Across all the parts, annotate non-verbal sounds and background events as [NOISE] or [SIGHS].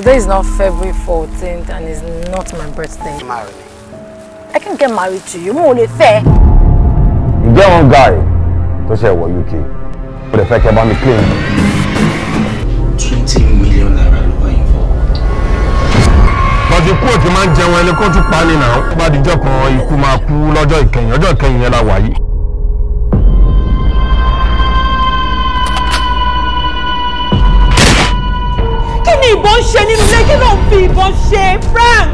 Today is not February 14th and it's not my birthday. Marry me. I can get married to you. More lè fẹ́. You get one guy tó ṣe wọ UK. Ó lè fẹ́ kẹ́ bá mi clean. 20 million naira But ló wà man, But the court máa ń jẹun ẹni kó tún pa ni náà. Ó bá dijọ́ kan you máa kú lọ́jọ́ ìkẹyìn. Ọjọ́ ìkẹyìn yẹn la wà yìí. ní ìbọn ṣe nínú ilé kí ló ń fi ìbọn ṣe Frank.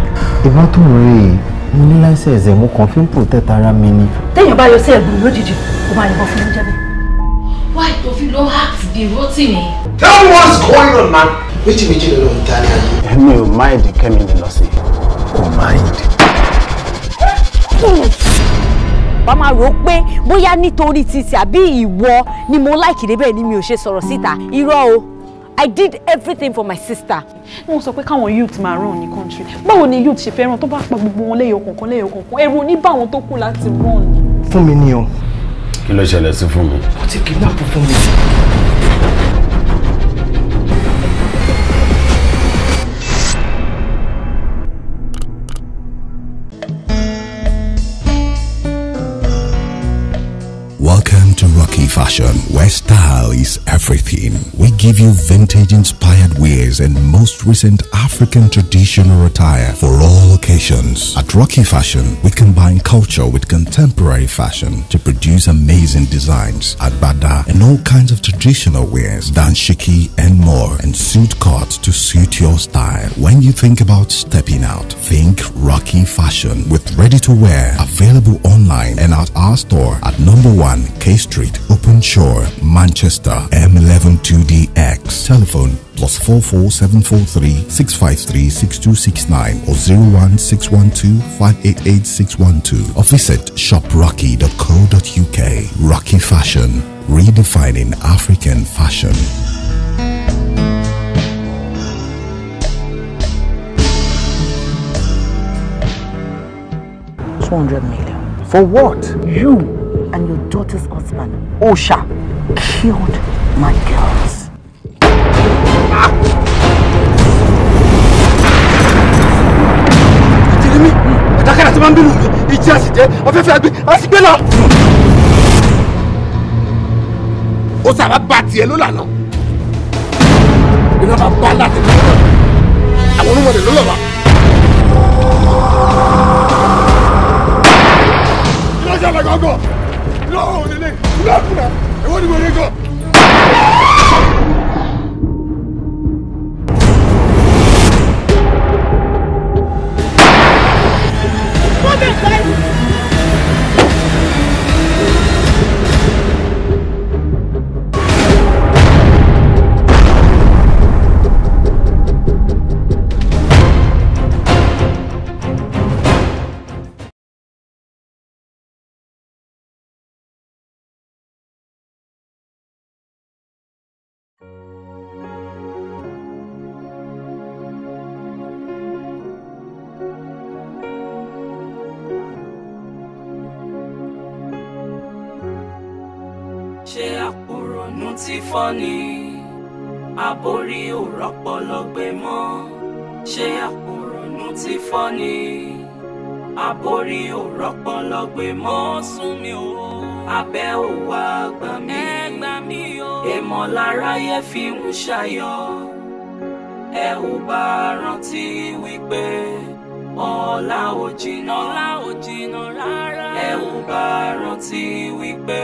ìwà tó ń rí i mo ní láìsí ẹ̀sẹ̀ mo kàn fi ń protect ara mi ni. téèyàn bá yọ sí ẹ̀gbọ́n lójijì ó máa yọ̀bọ̀ fún oúnjẹ bẹ́ẹ̀. why tó fi ló act the rotimi. tell me what's going on man. méjì méjì ló ń dalẹ̀ ayé. èmi mind kẹ́mi ni lọ sí kò mind. bá máa rò ó pé bóyá nítorí títí àbí ìwọ ni mo láìkì débẹ̀ ni mi ò ṣe sọ̀rọ̀ síta irọ́ o. I did everything for my sister. Wọ́n sọ pé káwọn youth máa ràn ní country. Báwo ni youth ṣe fẹ́ ràn tó bá pa gbogbo wọn lẹ́yọ kọ̀ọ̀kan lẹ́yọ kọ̀ọ̀kan? Ẹ̀rù ní báwọn tó kù láti ràn ni. Fún mi ni o. Kí ló ṣẹlẹ̀ sí fún mi? Wọ́n ti kidnap fún mi. fashion, where style is everything. We give you vintage-inspired wares and most recent African traditional attire for all occasions. At Rocky Fashion, we combine culture with contemporary fashion to produce amazing designs. At Bada, and all kinds of traditional wears, danshiki and more, and suit cuts to suit your style. When you think about stepping out, think Rocky Fashion with ready-to-wear available online and at our store at number 1 K Street, Open Open Shore, Manchester, m eleven two dx Telephone plus 44743 653 6269 or 01612 588 612. Or visit shoprocky.co.uk. Rocky Fashion, redefining African fashion. Two hundred million. For what? You and your daughter's husband, Osha, killed my girls. Jeremy, Dakara ti ma bínú mi, ìjì a sì jẹ́, afẹ́fẹ́ àgbẹ̀, a sì gbé lọ. Ó sábà bá tiẹ̀ ló lànà. Iná máa bá láti lọ́wọ́. Àwọn olúmọ̀dé ló lọ́wọ́. Ìlọ́jà lọ́gọ́gọ́ lọ́wọ́ òlélẹ̀ lọ́kùnrin ẹ̀wọ́n ni mo lè gbọ́. ẹ̀dùn ti fọ́ ni aborí ò rọ́pọlọ gbé mọ́ ṣé àpòrònú ti fọ́ ni aborí ò rọ́pọlọ gbé mọ́ sún mi o abẹ́ ò gbà mí ẹ mí o èèmọ̀ lára yẹ fi ń ṣayọ̀ ẹ ò bá rántí wípé ọ̀la ò jìnnà ọ̀la ò jìnnà rárá ẹ ò bá rántí wípé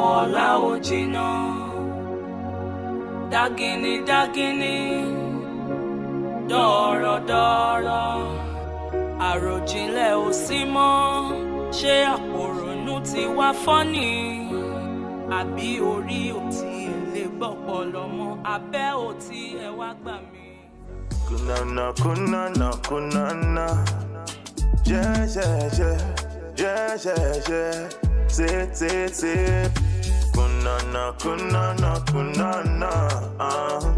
ọ̀la ò jìnnà dágínní dágínní dọ̀rọ̀dọ̀rọ̀ àròjinlẹ̀ ò sí mọ́ ṣé àpòrònú ti wá fọ́nì àbí orí ò tí ẹ lè gbọ́pọ̀ lọ́mọ abẹ́ ò tí ẹ wá gbà mí. kùnànà kùnànà kùnànà jẹ́jẹ́jẹ́ jẹ́jẹ́jẹ́. Say, say, say. Kunana, kunana, kunana. Uh.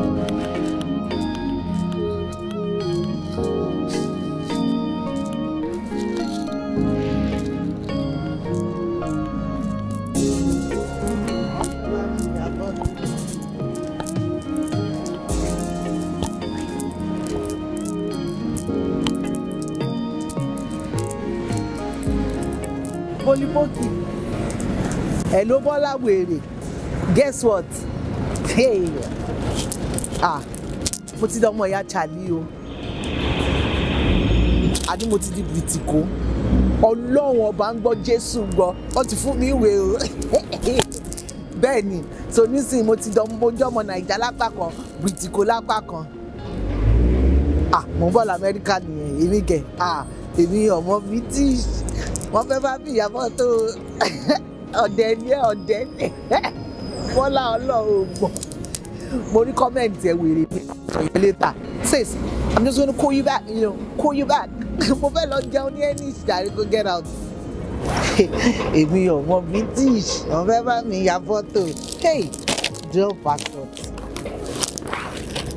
Uh-huh. ni polybokì ẹ̀ ló bọ́lá wèrè guess what hey ah mo ti dọ́mọ ìyá Charlie o àní mo ti di bìtìkó ọlọ́run ọba ń gbọ́ jésù gbọ́ wọ́n ti fún mi ìwé o [LAUGHS] bẹ́ẹ̀ ni so nísìnyí mo ti dán mojú ọmọ nàìjà lápá kan bìtìkó lápá kan ah mo ń bọ̀ lamẹ́ríkà nìyẹn èmi kẹ̀ ah èmi ọmọ mi ti wọ́n fẹ́ bá bí ìyàbọ̀ tó [LAUGHS] ọ̀dẹ̀ ní ọ̀dẹ̀ ní bọ́lá ọlọ́run gbọ́ mo rí kọ́mẹ̀ntì ẹ̀ wèrè ní ìṣòyìn létà says i'm just gonna call you back you know call you back [LAUGHS] mo fẹ́ lọ jẹun ní ẹni ìṣàrí go get out [LAUGHS] èmi ọmọ british wọ́n fẹ́ bá mi ya fọ́tò hey drop passport.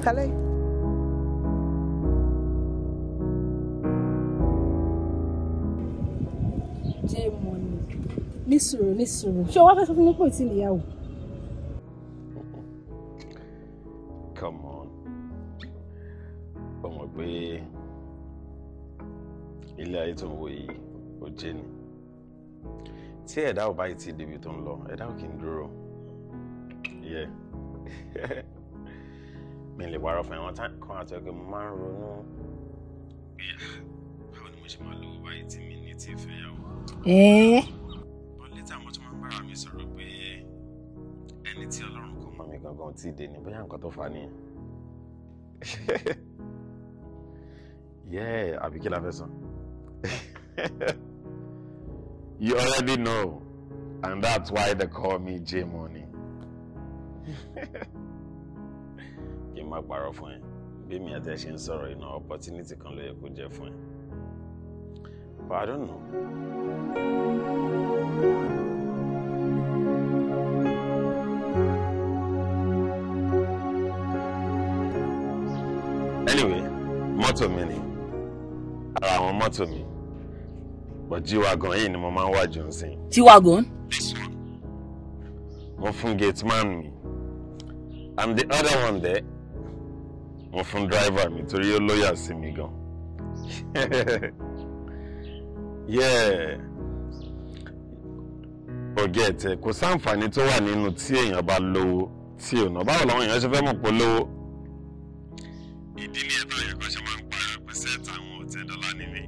Kale. ní sùúrù ní sùúrù ṣé o wá fẹ́ sọ fún mi pé o ti níyàwó. come on ọmọ pé ilé ayé tó ń wò yìí ó jẹ́ ni tí ẹ̀dá ò báyìí ti débi tó ń lọ ẹ̀dá ò kì í dúró yeah [LAUGHS] mi lè wàrọ̀ fún ẹ̀wọ̀n kan àti ọ̀gẹ̀ mo máa ń ronú báwo ni mo ṣe máa lówó báyìí tí mi ní ti fẹ́ yàwó fúnra mi sọ̀rọ̀ pé ẹni tí ọlọ́run kò mọ̀ gangan ti dé ni bóyá nǹkan tó fà nìyẹn. yeah àbí kí la fẹ́ sọ. [LAUGHS] you already know and that's why they call me J Money. [LAUGHS] kí n má parọ́ fún ẹ bí mi àti ẹ ṣe ń sọ̀rọ̀ iná opportunity kan ló yẹ kó jẹ́ fún ẹ. but I don't know. anyway mọ́tò mi ni ara àwọn mọ́tò mi but g-wagon yìí ni mo máa ń wá jù ń sìn. g-wagon. mo fún gate man mi and the other one there mo fún driver mi torí ó lóyà sí mi gan. [LAUGHS] yeah forget kò sáǹfààní tó wà nínú tí èèyàn bá lówó tí ò ná báwo làwọn èèyàn ṣe fẹ́ mọ̀ pé lówó ìdí ni ẹ̀tọ́ yẹn kan ṣe máa ń pariwo pé set àwọn ọ̀tẹ̀ dọ́là nílé.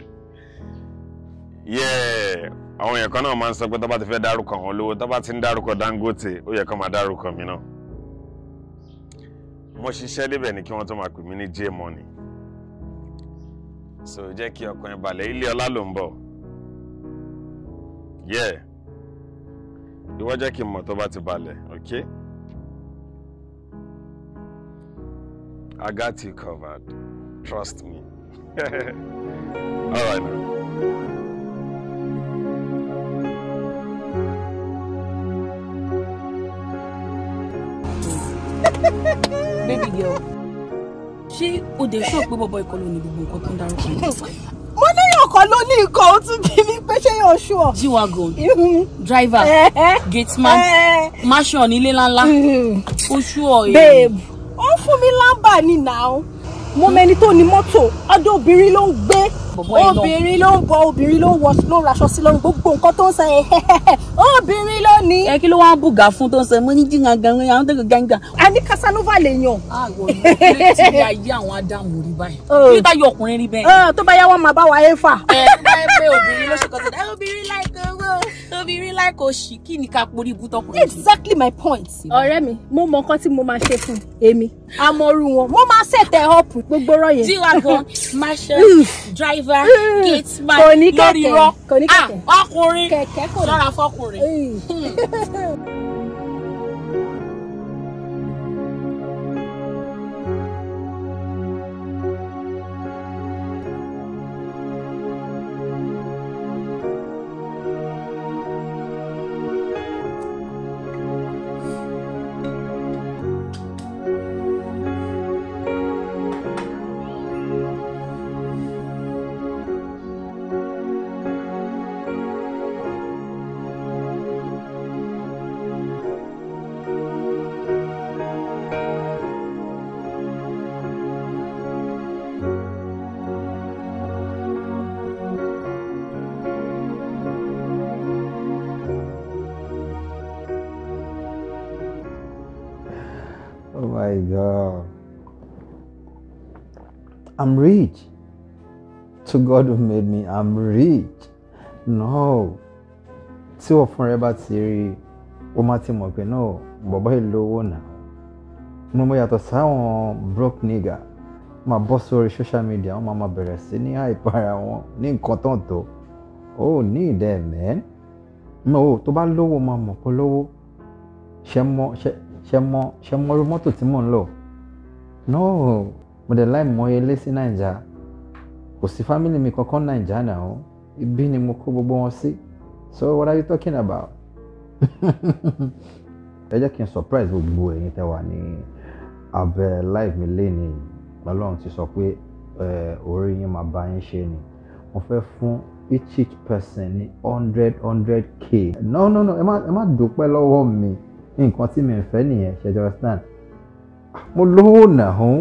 [LAUGHS] yẹ́ẹ̀ àwọn èèyàn kan náà máa ń sọ pé tó ti fẹ́ dárúkọ àwọn olówó tó ti ń dárúkọ Dangote ó yẹ kó máa dárúkọ mi náà. mo ṣiṣẹ́ débẹ̀ ni kí wọ́n tó máa pè mí ní J Money. so jẹ́ kí ọkàn ẹ balẹ̀ ilé ọlá ló ń bọ̀. yẹ́ẹ̀ ìwọ jẹ́ kí n mọ̀ tó ti balẹ̀ okay. I got you covered. Trust me. [LAUGHS] All right now. Baby girl, ṣé o dé ṣọ́ pé bọ́bọ́ ìkọlù ní gbogbo nǹkan tó ń darúgbó? Mo ní ọkọ̀ ló ní ikọ̀ ó tún bí mi pé ṣé yóò ṣú ọ. G-Wagon, driver, eh, eh. gateman, eh. mansion nílé ńláńlá, ó mm-hmm. ṣú Babe fún mi lámbà ni now mo mẹni tó ní mọ́tò ọ̀dọ̀ obìnrin ló ń gbé obìnrin ló ń bọ obìnrin ló ń wọ ló ń raṣọ sí lọ́rùn gbogbo nǹkan tó ń sẹ [LAUGHS] obìnrin ló ní. ẹ kí ló wá ń bùgà fún tó ń sẹ mo ní jìnnà ganan àwọn tó ń a ní Casanova lè yàn. àwọn ọkùnrin ti yà àwọn Ádámù rí báyìí. Oh. kí bá yọ ọkùnrin rí bẹ́ẹ̀. Ah, tó bá yá wọn máa bá wa é fà. [LAUGHS] ẹ ẹ pé obìnrin ló ṣe kọ́sẹ̀ obìnrin láìpẹ́ obìnrin láìkò sí kí ni ká porí ibú tọkùnrin. exactly my point. ọ̀rẹ́ mi mo mọ nǹkan tí mo máa ṣe fún èmi amọ̀rú wọn mo máa ṣètẹ̀ ọ̀pù gbogbo rọ̀ yẹn. díwá gan máa ṣe [LAUGHS] dry driver gate man lórí irọ́ ọkùnrin sọ́ra fọkùnrin. Hmm. [LAUGHS] Oh my God. I'm rich. To God who made me, I'm rich. No. Tí wọ́n fúnra ẹ bá ti rí i, ó má ti mọ̀ pé náà bọ̀bọ́ yìí náà. Mo mọ yàtọ̀ sáwọn broke nigga. Wọ́n máa bọ́ sórí social media, wọ́n máa máa bẹ̀rẹ̀ sí ní àìpara wọn ní nǹkan tán tó. Ó ní ìdẹ́ mẹ́. No, tó bá lówó máa mọ̀ pé lówó. Ṣé mọ́ ṣe ṣe mọ ṣe mọ irú mọ́tò tí mò ń lò no mo dẹ̀ láì mọ ilé sí nàìjà kò sí fámìlì mi kankan nàìjà náà ibi ni mo kó gbogbo wọn sí so what are you talking about [LAUGHS] ẹ jẹ́ kí n surprise gbogbo ẹ̀yin tẹ́ wà ní abẹ́ live mi léni lọ́lọ́run ti sọ pé orí yín máa bá yín ṣe ni mo fẹ́ fún each each person ní hundred hundred k no no no ẹ má ẹ má dúpẹ́ lọ́wọ́ mi. Mm. nǹkan tí mi ń fẹ́ nìyẹn ṣẹjọ understand mo lówó nàún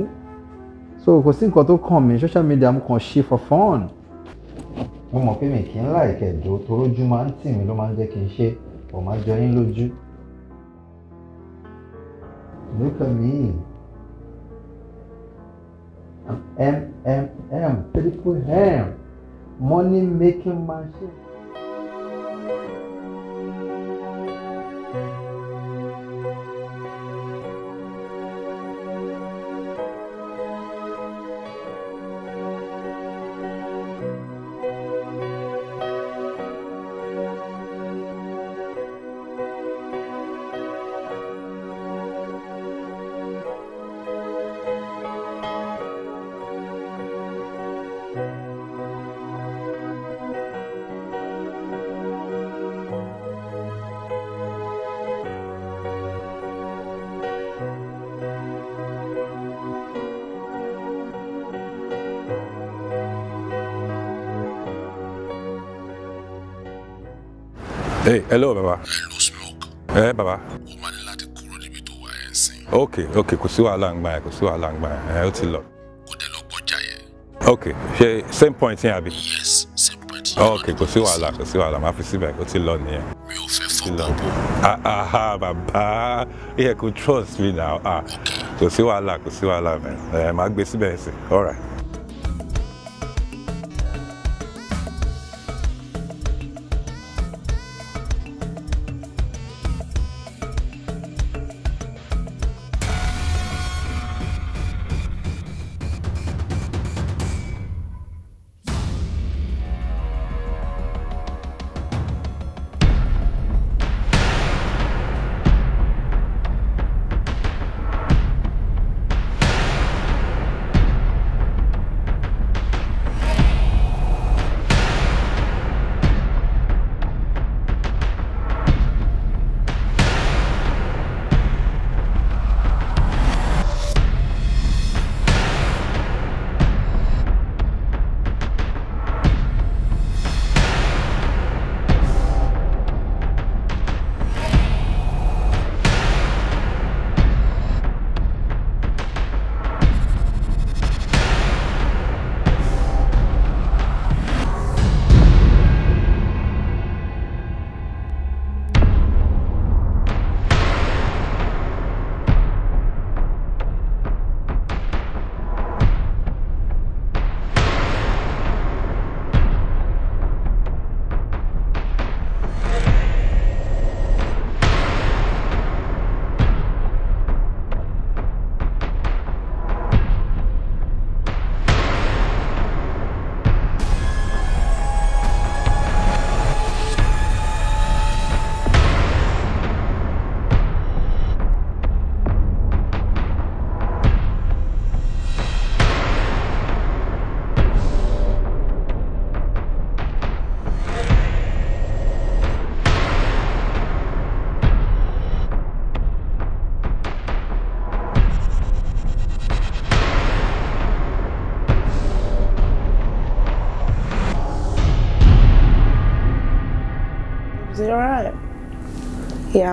so kò sí nǹkan tó kàn mí social media mo kàn ṣe for fun mo mọ̀ pé mi kì í láìkẹ́ dò torójú máa ń tì mí ló máa ń jẹ́ kí n ṣe ò máa jọ yín lójú. Look at me. MMM, triple M, money making machine. hello baba. hello smoke. ẹ eh, baba. o máa ní láti kúrò níbi tó wà ẹ̀ ń sìn. ok ok kò sí wàhálà ń gbà yẹn kò ti lọ. kò dé lọ kọjá yẹn. ok ṣe same point yẹn àbí. yes same point Okay. ok kò sí wàhálà kò sí wàhálà máa fi síbẹ̀ ó ti lọ nìyẹn. mi ò fẹ́ fọwọ́ bò. Ah, ah ah baba yẹ kò trust me now ah kò sí wàhálà kò sí wàhálà mẹ ẹ eh, máa gbé síbẹ̀ ẹ̀ sìn all right.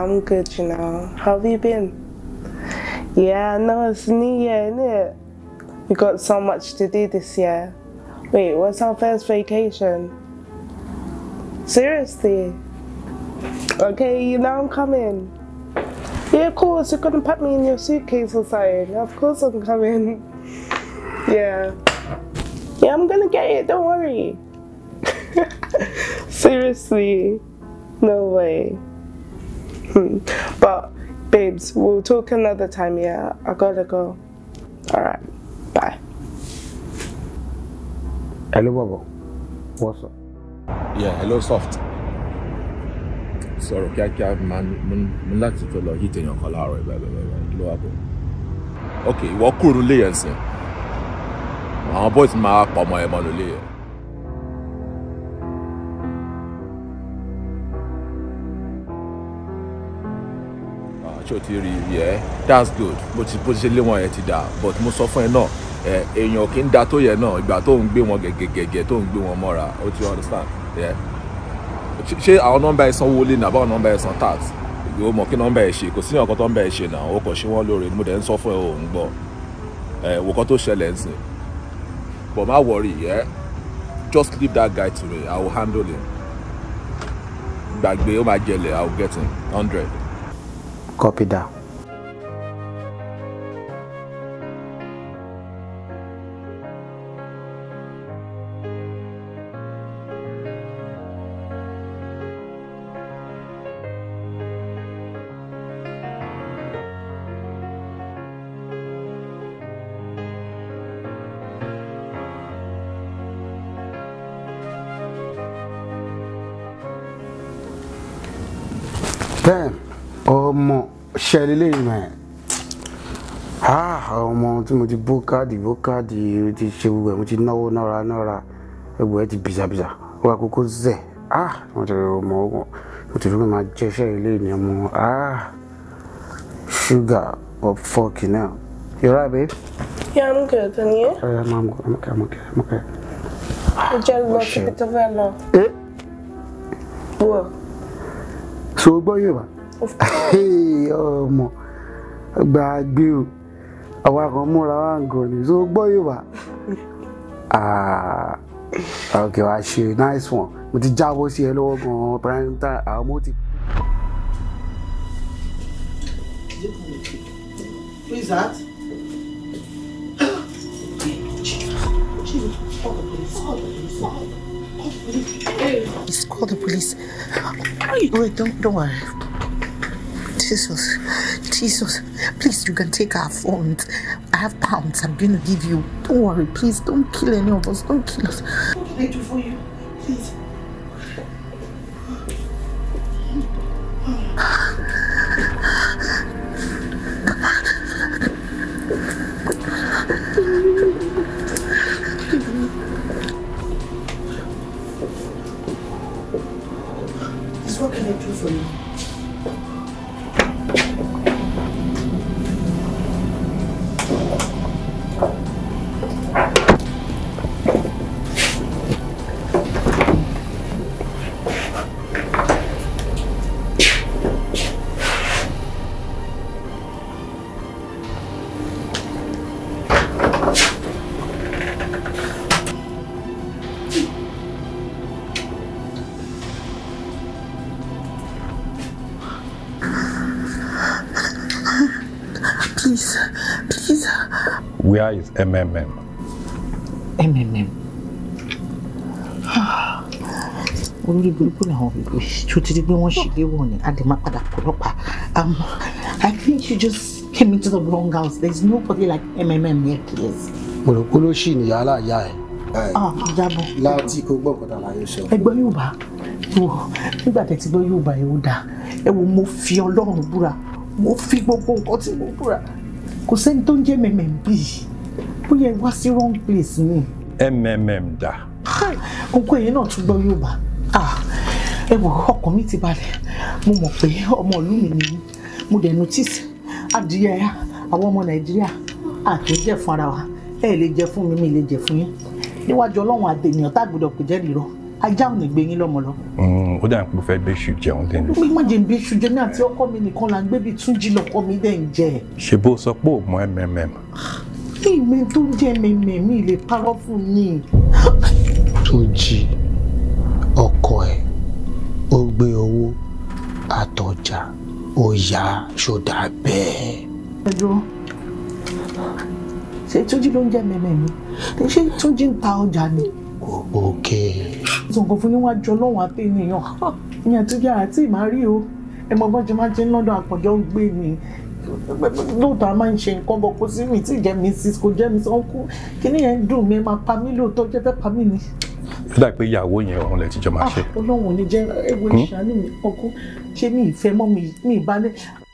I'm good, you know. How have you been? Yeah, I know it's new year, it? We got so much to do this year. Wait, what's our first vacation? Seriously? Okay, you know I'm coming. Yeah, of course, you're gonna put me in your suitcase or something. Of course I'm coming. [LAUGHS] yeah. Yeah, I'm gonna get it, don't worry. [LAUGHS] Seriously. No way. [LAUGHS] but babes, we'll talk another time, yeah? I gotta go. Alright, bye. Hello, Bobo. What's up? Yeah, hello, Soft. Sorry, kíákíá mo man, láti tó lọ yí tèèyàn kan láàárọ̀ ìgbà ìgbà ìgbà ìlú ààbò. Ok, ìwọ kúrò nílé yẹn sìn. boys máa pọ̀ ọmọ ẹ̀ mọ́ lólé ṣé ti rí yẹ that's good bó ti bó ti ṣe lé wọn yẹn ti dà but mo sọ fún ẹ náà ẹ èèyàn kì í da tó yẹ náà ìgbà tó ń gbé wọn gẹ̀gẹ̀gẹ̀ tó ń gbé wọn mọ́ra o ti understand yẹ ṣé àwọn nọ́mbà ẹ san wọlé náà báwọn nọ́mbà ẹ san tax o mọ̀ kí nọ́mbà ẹ ṣe kò sí ní ọ̀kan tó ń bẹ̀ ẹ ṣe náà o kò ṣe wọ́n lóore mo dẹ̀ ń sọ fún ẹ òun gbọ́ ẹ wò kọ́ tó ṣẹlẹ̀ ń sìn but má worry yẹ just leave that guy to me I will handle him gbàgbé ó máa jẹlẹ̀ I will get him hundred. copy down. ṣe lélẹ́yìn mẹ́ àwọn ọmọ tí mo ti bó káàdì bó káàdì mo ti ṣe gbogbo ẹ̀ mo ti náwó nára nára ẹgbẹ́ ẹ ti bìzàbìzà ó wà kókó zẹ̀ ah, mo ti rí ọmọ mo ti rí mi máa jẹ́ ṣe lélẹ́yìn ni ọmọ ah, ṣúgà up fọ́ọ̀kì náà you right babe? yeah i'm good and you? Uh, I'm, I'm, I'm okay i'm okay i'm okay. ó jẹ́ lọ oh, síbi tó fẹ́ lọ. Eh? wo. so gbọ́ yorùbá. [LAUGHS] ọmọ gbàgbé o àwa kan múra wá nǹkan ni so gbọ́ yorùbá [LAUGHS] ah, ok wàá ṣe nice one mo ti jáwọ́ sí ẹ lọ́wọ́ gan-an prime time àwọn ọmọ ti. Who is that? Call the police. Call the police. Call Call the police. Wait, don't, don't worry. Jesus, Jesus, please, you can take our phones. I have pounds I'm going to give you. Don't worry, please, don't kill any of us. Don't kill us. What do for you? where is MMM? MMM. olórí burúkú làwọn bèbè tó ti di pé wọ́n ṣì léwọ̀ ni a lè má padà pọ̀lọ́pàá um I think you just came into the wrong house there is nobody like MMM here please. olùkú ló ṣì níyà aláàyà ẹ. Ah, ah, jábọ̀ láti kó gbọ́ ọ̀kadà láyé sọ. ẹgbẹ́ yóò bá wò nígbà tẹ̀ tí gbọ́ yóò bá ẹ̀ ó dáa ẹ wo mo fi ọlọ́run búra mo fi gbogbo nǹkan tí mo búra kò sẹ́ni tó ń jẹ́ mmm bíi ó yẹ wá sí wrong place ni. mmm da. òkú ẹ̀yìn náà tún gbọ́ Yorùbá ẹ wò ọkàn mi ti balẹ̀ mo mọ̀ pé ọmọ ìlú mi ni mo dẹ̀ notice adìyẹ àwọn ọmọ Nàìjíríà àti ó jẹ́ fún ara wa ẹ lè jẹ fún mi mi lè jẹ fún yín níwájú Ọlọ́run àtẹ̀yìn ọ̀tá gbọ́dọ̀ kò jẹ́ rírọ ajá ò ní gbé yín lọ́mọ lọ. Mm jẹun ó dà pé o fẹ́ bẹ́ṣù jẹun lẹ́nu. mi má jẹ bẹ́ṣù jẹ mi àti ọkọ mi nìkan la gbé bí túnjí lọkọ mi dẹ̀ ń jẹ. ṣe bó sọ pé o mọ mmm. ìmẹ̀ tó ń jẹ mẹ̀mẹ̀ mi lè parọ́ fún mi. túnjí ọkọ ẹ̀ ó gbé owó àtọjà ó yá ṣọdà bẹ́ẹ̀. ẹ dúró ṣé túnjí ló ń jẹ mẹ̀mẹ̀ mi ṣé túnjí ń ta ọjà ni òkè. sọ̀gbọ̀n fún níwájú ọlọ́run àti ènìyàn ní àtúnjẹ àti ìmárí o ẹ mọ bọ́jú máa jẹ́ lọ́dọ̀ àpọ̀jọ́ ń gbé ni lóòótọ́ a máa ń ṣe nǹkan bọ̀ kó sí mi tí jẹ́ mrs kò jẹ́ mrs uncle kíní yẹn ń dùn mí ẹ máa pa mí lóòótọ́ jẹ́ fẹ́ pa mí ni. ó dà pé ìyàwó yẹn ọ̀run lẹ ti jọ máa ah, ṣe. ọlọ́run ò ní jẹ́ ewu ìṣàánú hmm? mi ọkọ ṣé mi ìfẹ́ mọ́ mi ìbálẹ̀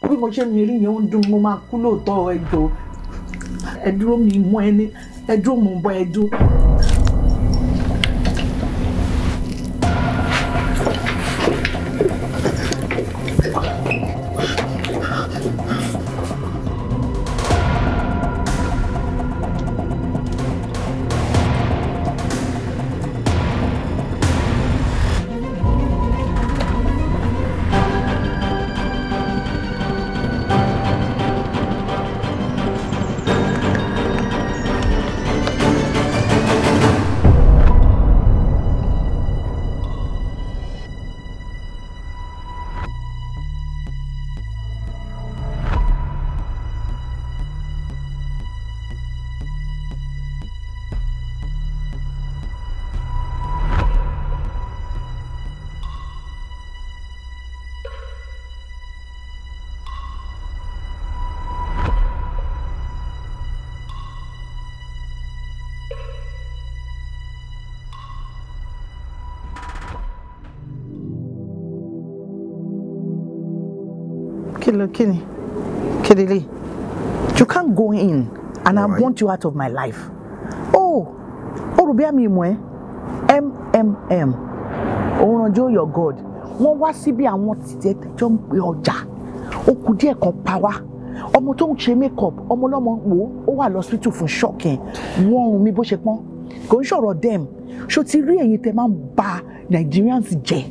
bí mo ṣe mi rí yẹn ó ń dùn mo máa kú lóòótọ́ ẹjọ́ ẹdúró mi mọ́ ẹni ẹdúró mo bọ́ ẹdú. kíni kedele you can't go in and no, I want you out of my life oh olùbí oh, àmì M M M. òǹranjó your god wọ́n wá síbi àwọn tìtẹ́ tẹ́jọ́ ń pe ọjà ó kù díẹ̀ kan pa wá ọmọ tó ń makeup ọmọ ọlọ́mọ wò ó wà lọ́sítù fún ṣọ́ọ̀kì wọ́n rún mi bó ṣe pọ́n kò ń sọ̀rọ̀ dem ṣó ti rí èyí tẹ́ máa ba Nigerians jẹ́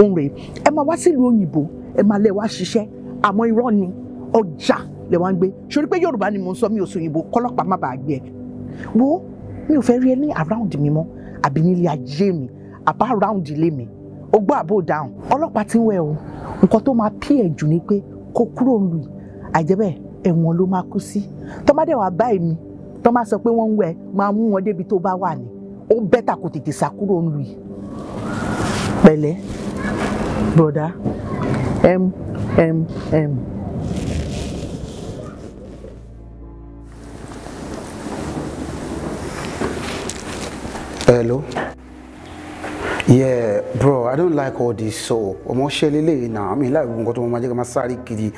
òun rèé ẹ máa wá sílùú òyìnbó ẹ máa lẹ wá ṣiṣẹ́ àmọ́ irọ́ ni ọjà lè wá ń gbé sori pé yorùbá ni mò ń sọ mi ò sọ òyìnbó kọ́lọ́pàá má bàa gbé ẹ wo mi ò fẹ́ rí ẹ ní around mi mọ́ àbí nílé ajé mi àbá around ilé mi ó gbọ́ àbò dáhùn ọlọ́pàá ti ń wẹ̀ o nǹkan tó máa pí ẹ̀ jù ni pé kó kúrò ń lu àjẹbẹ́ ẹ̀wọ̀n ló máa kú sí tọ́mádé wàá bá èmi tọ́ máa sọ pé wọ́n ń wẹ̀ máa mú wọn débi tó bá wà ní ó bẹ́tà kò tètè sá kúrò ń lu pẹ̀lẹ́ broda M M. Hello. Yeah, bro, I don't like all this so. I'm Ọmọ ṣe lélẹ́yìn now. I mean, like gbogbo nǹkan to mọ máa jẹ́ ká máa sáré kiri.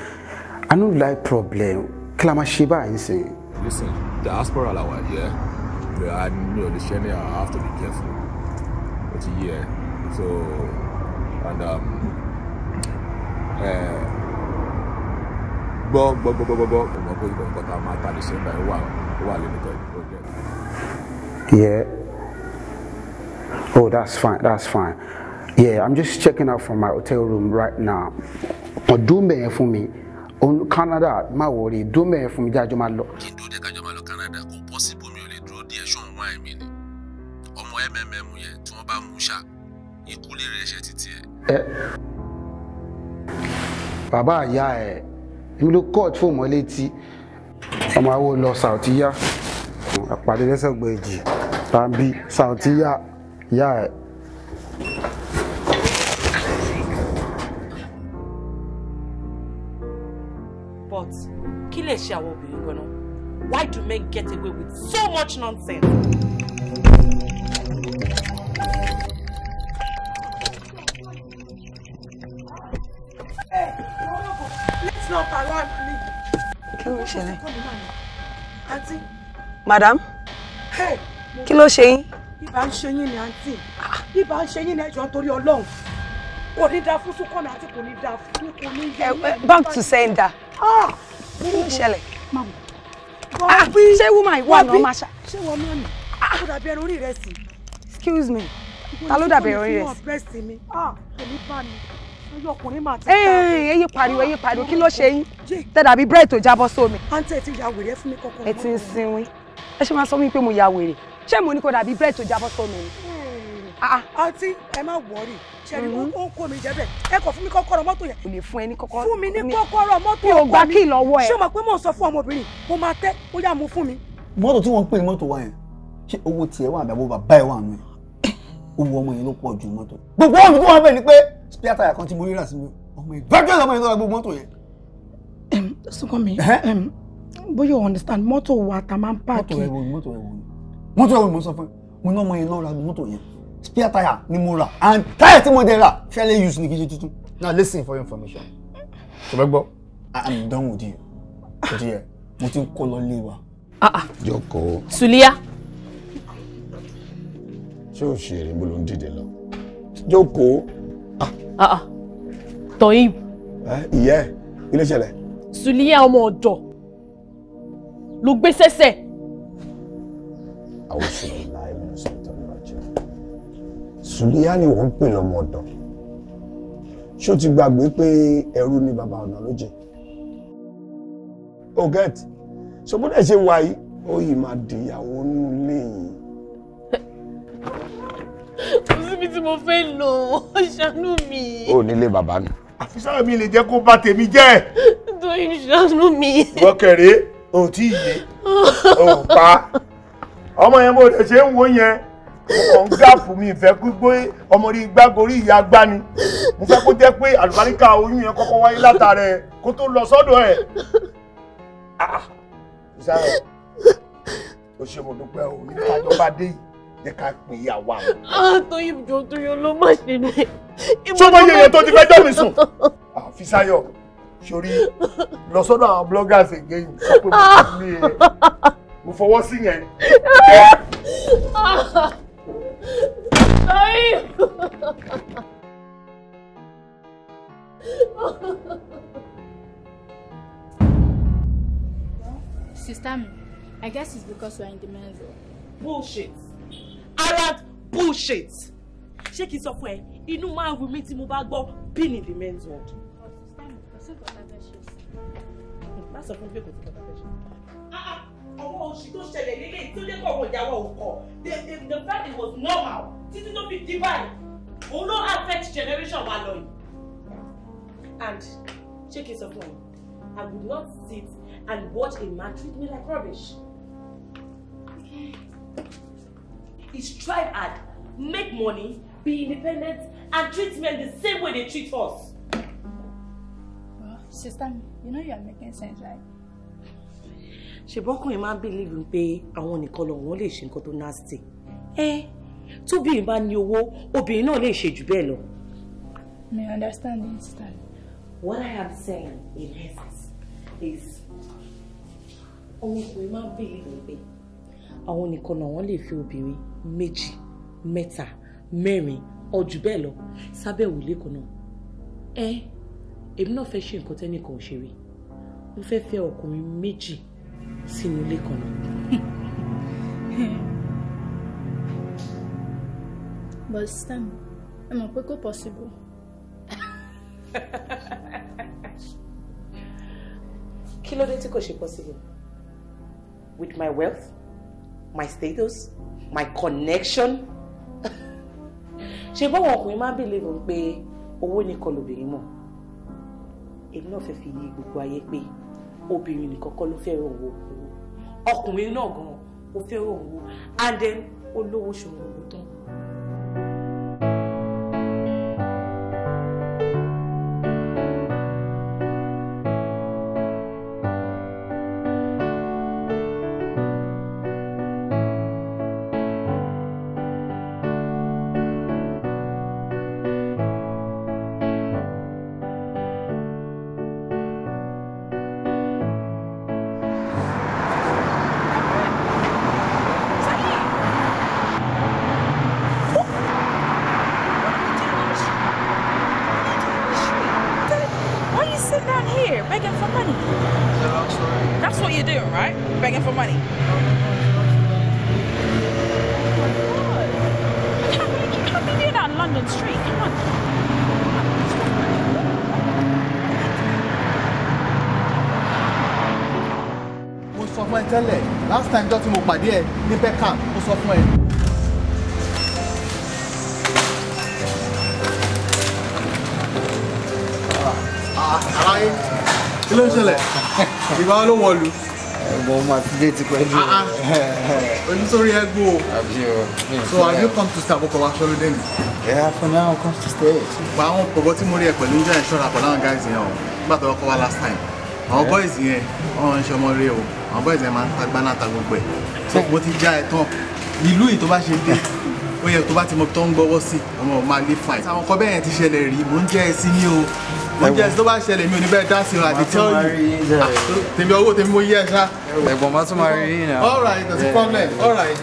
I don't like problem. Kí la Listen, diaspora la yeah. yẹ. Mi ò lè ṣe ní I have to be careful. But yeah, So, and um, gbọ́ gbọ́ gbọ́ gbọ́ gbọ́ ọmọ pé nǹkan tá a máa ta lè ṣe báyìí wà wà lónìkan project. yeah oh that's fine that's fine yeah i'm just checking out from my hotel room right now ọdún mẹ́yẹn fún mi canada má wọrí ọdún mẹ́yẹn fún mi jájọ́ máa lọ. kí n dúró dé kájọ́ máa lọ canada kò possible mi ò lè dúró díẹ̀ ṣóun wáìn mi ni ọmọ mmm yẹn tí wọ́n bá mú ṣá ikú lè rẹ̀ ṣe títí ẹ̀. Eh bàbá àyà ẹ̀ èmi ló court fóun mọ́ létí ọmọ awo lọ sàùtíyá àpàdé lẹ́sẹ̀gbọ̀n èjì tàbí sàùtíyá ìyá ẹ̀. but kí lè ṣe àwọn obìnrin gan-an why do men get away with so much nonsense. lọ pàrọ̀ àná kí ló ń ṣẹlẹ̀? àǹtí. madam kí ló ṣe yín? ibà ń ṣe yín ni àǹtí ibà ń ṣe yín ni ẹjọ́ torí ọlọ́run kò ní dáa fún Súnkànmí àti kò ní dáa fún kò ní yẹ. back to sender ah! kí ló ń ṣẹlẹ̀? Ah, ṣé woman ìwọ àná máa ṣá. ṣé wọ́n mọ̀ mi kó dàbí ẹran orí rẹ̀ sí. excuse me ta ló dàbí ẹran orí rẹ̀ sí. Ah, kò ní bá mi ẹyẹ ọkùnrin máa ti ká. ẹyẹ pariwo ẹyẹ pariwo kí ló ṣe yín tẹ̀dà bíi bírèdì tó jábọ́ sómi. àǹtí ẹ ti ya wèrè fún mi kọ́kọ́. ẹ ti ń sinwin ẹ ṣe máa sọ mí pé mo ya wèrè ṣé mo ní kó dàbí bírèdì tó jábọ́ sómi ni. àǹtí ah, ah. ẹ má wọrí ṣẹ́ni mm-hmm. ó ń kó mi jẹ́ bẹ́ẹ̀ ẹ kò fún mi kọ́kọ́rọ́ mọ́tò yẹn. kò lè fún ẹ ní kọ́kọ́rọ́ fún mi ní kọ́kọ́rọ́ mọ́tò ọkọ mi. mi ò gbà kí lọ́wọ́ ẹ. ṣé o mọ̀ pé mò ń sọ fún ọmọbìnrin mo máa tẹ́ ó yá mu fún mi. mọ́tò tí wọ́n ń pè spare tire kan tí mo rí rà sí mi ọmọ yìí bẹ́ẹ̀ bẹ́ẹ̀ lọ́mọ yìí lọ́ra gbogbo mọ́tò yẹn. sunkún mi bóyá o understand mọ́tò wa ta máa ń páàkì. mọ́tò ẹ̀wò ni mọ́tò ẹ̀wò ni mọ́tò ẹ̀wò ni mo sọ fún ẹ mo ní ọmọ yìí lọ́ra mọ́tò yẹn spare tire ni mo rà and tire tí mo dẹ̀ rà fairly use ni kì í ṣe tuntun. now listen for your information ṣùgbọ́n gbọ́ I am done with you kò tiẹ̀ mo ti ń kó lọ lé wa. Ah, ah. jókòó. sùlíyà. ṣé òṣèré bó ló ń dìde lọ jókòó. Ah, ah. Toyib. ìyẹ́ ilé ìṣẹ̀lẹ̀. Sùlíyà ọmọ ọ̀dọ̀ ló gbé sẹ́sẹ̀. àwọn sọ̀rọ̀ láì mú sọ̀tọ̀ lọ́jọ́ Sùlíyà ni wọ́n ń pè lọ́mọ ọ̀dọ̀ ṣó ti gbàgbé pé ẹrú ni bàbá ọ̀nà ló jẹ o get so bó ṣe wà ó yìí máa dìyàwó nínú yìí. [LAUGHS] kò síbi tí mo fẹ́ lọ ṣàánú mi. o nílé bàbá mi. àfisára mi lè jẹ́ kó bà tèmi jẹ́. nítorí ṣàánú mi. wọ́kẹ̀rẹ́ òun tí yé òun pa ọmọ yẹn bó ṣe ṣe ń wo yẹn mo ń gáàpù mi ìfẹ́ gbígbó ọmọ rí gbágorí ìyá gbani mo fẹ́ kó jẹ́ pé àlùbáríkà oyún yẹn kọ́kọ́ wáyé látara kó tó lọ sọ́dọ̀ ẹ̀ ìsára ah, o ṣe mo dúpẹ́ o nípa àjọba dé yìí jẹ́ ká pè é àwa àwọn. àtọyìn ah, jọ torí ló má ṣe rẹ. sọmọ iye yẹn tó ti fẹjọ́ mi sùn. àfisáyọ̀ ah, sórí lọ sọ́dọ̀ àwọn bloggers again sọ pé mo ti ní ah. e mo fọwọ́ sí yẹn. Sister, I guess it's because we're in the men's Bullshit arrogant bullshit. ṣé kí n sọ fún ẹ inú máa ń ru mi tí mo bá gbọ́ pin in the men's world. má sọ fún mi pé kò sí kọ́tà fẹ́ ṣe. Ah, ah, ọwọ́ oṣù tó ṣẹlẹ̀ nílé tó lé kọ̀ wọ̀nyí àwọn òkọ̀ the the family was normal títí tó fi divide òun ló affect generation wa lọ yìí. and ṣé kí n sọ fún ọ I would not sit and watch a man treat me like rubbish. is strive hard, make money, be independent, and treat men the same way they treat us. Well, sister, you know you are making sense, right? ṣèbọ́kùnrin máa pay, I want to call lọ́wọ́ lè ṣe nǹkan tó nasty ẹ tóbìnrin bá ní owó obìnrin náà lè ṣe jù bẹ́ẹ̀ lọ. mi understand the what i am saying in essence is ọmọkùnrin máa living bìlíìfù pé àwọn nìkan náà wọ́n lè fi obìnrin méjì mẹ́ta mẹ́rin ọ̀jù bẹ́ẹ̀ lọ sábẹ́ òwúlé kan náà ẹ èmi náà fẹ́ ṣe nǹkan tẹ́nìkan ò ṣe rí mo fẹ́ fẹ́ ọkùnrin méjì sínú ilé kan náà. [LAUGHS] but stem ẹ mọ̀ pé kò possible. kí ló dé tí kò ṣe possible with my wealth my status my connection ṣe báwọn ọkùnrin máa ń believe pé owó nìkan lobìnrin mọ̀ èmi náà fẹ́ẹ́ fi yí gbogbo ayé pé obìnrin nìkan kọ́ ló fẹ́ràn owó ọkùnrin náà gan-an ó fẹ́ràn owó and then olówó ṣòro owó tán pàdé ẹ ní pẹ́kà ó sọ fún ẹ. aláyé kí ló ń ṣẹlẹ̀ ìgbà ló wọlú. ẹ̀gbọ́n máa ti dé ti pẹ́ ah, ah. onítorí ẹgbẹ́ so have you come to stay àbúkọ wa ṣọlódé ni. yeah for now I come to stay. gba àwọn pọ̀gbọ́ tí mo rí ẹ pẹ̀lú ń jẹ́ ìṣọ́ra pẹ̀lú àwọn guys yẹn o nígbà tó wọ́n kọ́ wa last time àwọn boys yẹn wọ́n ń ṣe ọmọ rẹ o àwọn boys yẹn máa ń tagbá náà ta gbogbo ẹ̀ tán wọ́n ti já ẹ tán ìlú yìí tó bá ṣe dé ó yẹ tó bá ti mọ tó ń gbọ́wọ́ sí ọmọ máa lè fà àwọn kan bẹ́ẹ̀ yẹn ti ṣẹlẹ̀ rí mò ń jẹ́ ẹ sí ní o mò ń jẹ́ ẹ sí tó bá ṣẹlẹ̀ mi ò ní bẹ́ẹ̀ dá sí o àti tẹ́ òyìn tèmi owó tèmi mo yí ẹ ṣá. ẹ̀gbọ́n máa tún máa rí yín náà. all right that's the problem all right.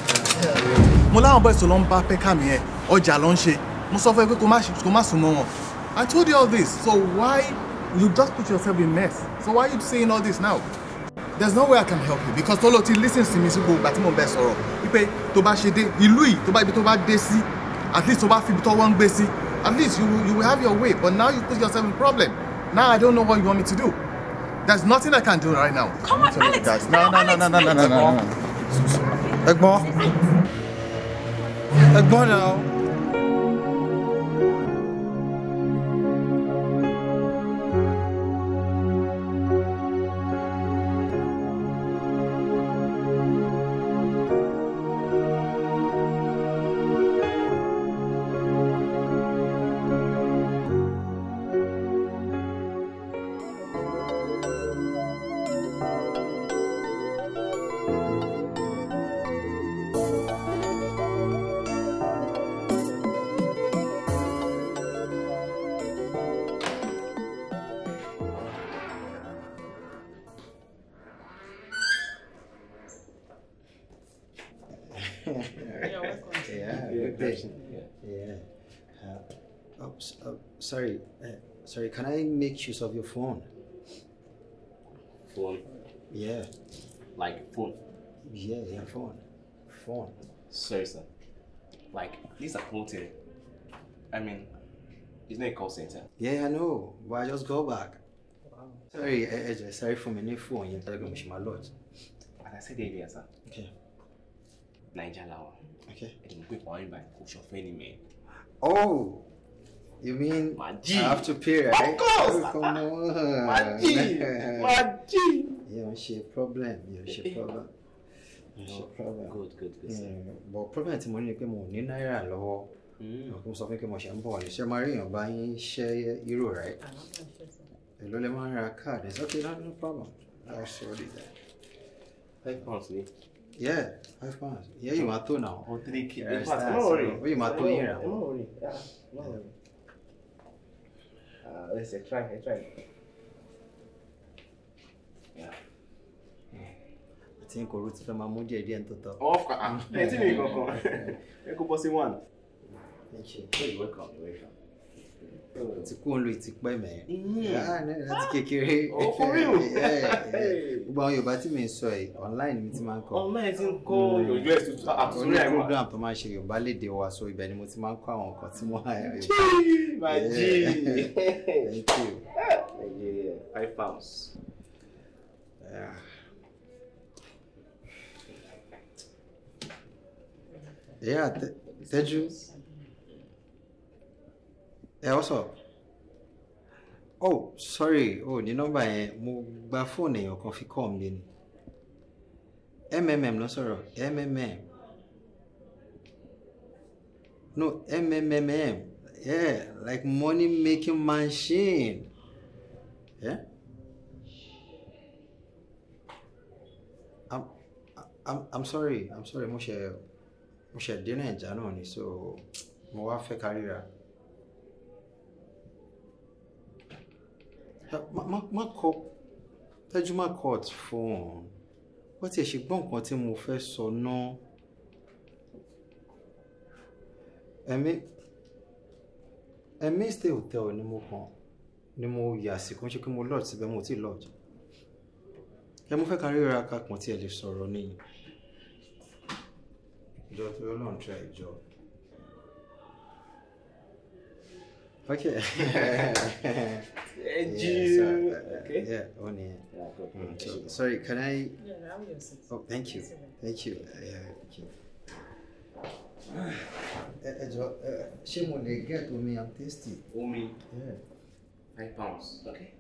mo láwọn bọ́ ìṣòro ń bá pẹ́kà mi yẹn ọjà ló ń ṣe mo sọ fún ẹ pé kó má sùn mọ́ wọn I told you all this so why you just put yourself in mess so why you saying all this now there's no way I can help you because tọ́lọ́ ti listen sí mi sí gbogbo ìgbà tí mò ń bẹ sọ̀rọ̀ wípé to bá ṣe dé ìlú yìí to bá ibi tó bá dé sí at least tó bá fi ibi tọ́wọ́ ń gbé sí at least you, you will have your way but now you put yourself in problem now I don't know what you want me to do there's nothing I can do right now. come on Alex guys. no no no no no no no no. ẹ̀gbọ́n ẹ̀gbọ́n now. Sorry, can I make use of your phone? Phone? Yeah. Like phone? Yeah, yeah, phone. Phone. Seriously? Like, these are haunted. I mean, it's not a call center. Yeah, I know, but I just go back. Wow. Sorry, Eje, eh, eh, sorry for my new phone. You're talking to my lot. As I said earlier, sir. Okay. Nigeria. Okay. i didn't to buy a coach of any man. Oh! You mean my G. I have to pay, right? Of course! Oh, come on. My G! [LAUGHS] My G! You don't share problem. You don't a problem. No problem. Good, good, good. Mm. But problem tí mo ní ni pé mo ní náírà lọ́wọ́. Mm. Mo sọ fún pé mo ṣe ń bọ̀ ní ṣe máa rí èèyàn bá yín ṣe euro, right? Èló lè máa ra card. It's okay, no problem. I'll sort it out. Five pounds ni. Yeah, five pounds. Yeah, you are two now. Or oh, three kids. Don't worry. Oh, you are two here Don't worry. Yeah, don't worry. Uh, let's uh, try, uh, try. Yeah. I think we're rooting for my mood idea and total. Of course, I'm. Let's see me go. Let's go, bossy one. Thank you. You're welcome. You're welcome ti kú òun lo ìtìpẹ́ mẹ́ mm-hmm. ah, láti ah. kékeré ọkùnrin oh, o [LAUGHS] gbogbo àwọn Yorùbá tí mi ń sọ yìí online mi ti máa ń kọ online ti ń kọ mm. ojú ẹ̀ tuntun àtúnrí àìmọ̀ program tó máa ń ṣe Yorùbá léde wa so ibẹ̀ ni mo ti máa ń kọ àwọn nǹkan tí mo hàn yìí. maji thank you five pounds. Yeah, Teju ẹ ọ sọ oh sorry oh ní nọ́mbà yẹn mo gba fóònù èèyàn kan fi kọ́ mi ni mmm ló sọ̀rọ̀ mmm no mmm yeah like money making machine yeah? I'm, I'm, I'm sorry I'm sorry mo ṣe mo ṣe dínà ìjà náà ni so mo wá fẹ́ káríra. má kọ tẹjúmọ́ court fún wọ́n tiẹ̀ ṣe gbọ́ nǹkan tí mo fẹ́ sọ náà ẹ̀mí ẹ̀mí stay hotel ni mo kàn ni mo yà sí kó ń ṣe pé mo lọ́ọ̀dì síbẹ̀ mo ti lọ́ọ̀dì ẹ mo fẹ́ kárí ra kakùn tí ẹ lè sọ̀rọ̀ nìyí ìjọ tó yọ lọ́n tra ìjọ. Okay. yeah, you... so, uh, okay. Yeah, on here. Yeah, mm. so, sorry, can I? Yeah, I'm Oh, thank you. Thank you. Uh, yeah, thank you. Ṣé mo lè get omi? I'm tasty. Omi? Yeah. Five pounds. Okay.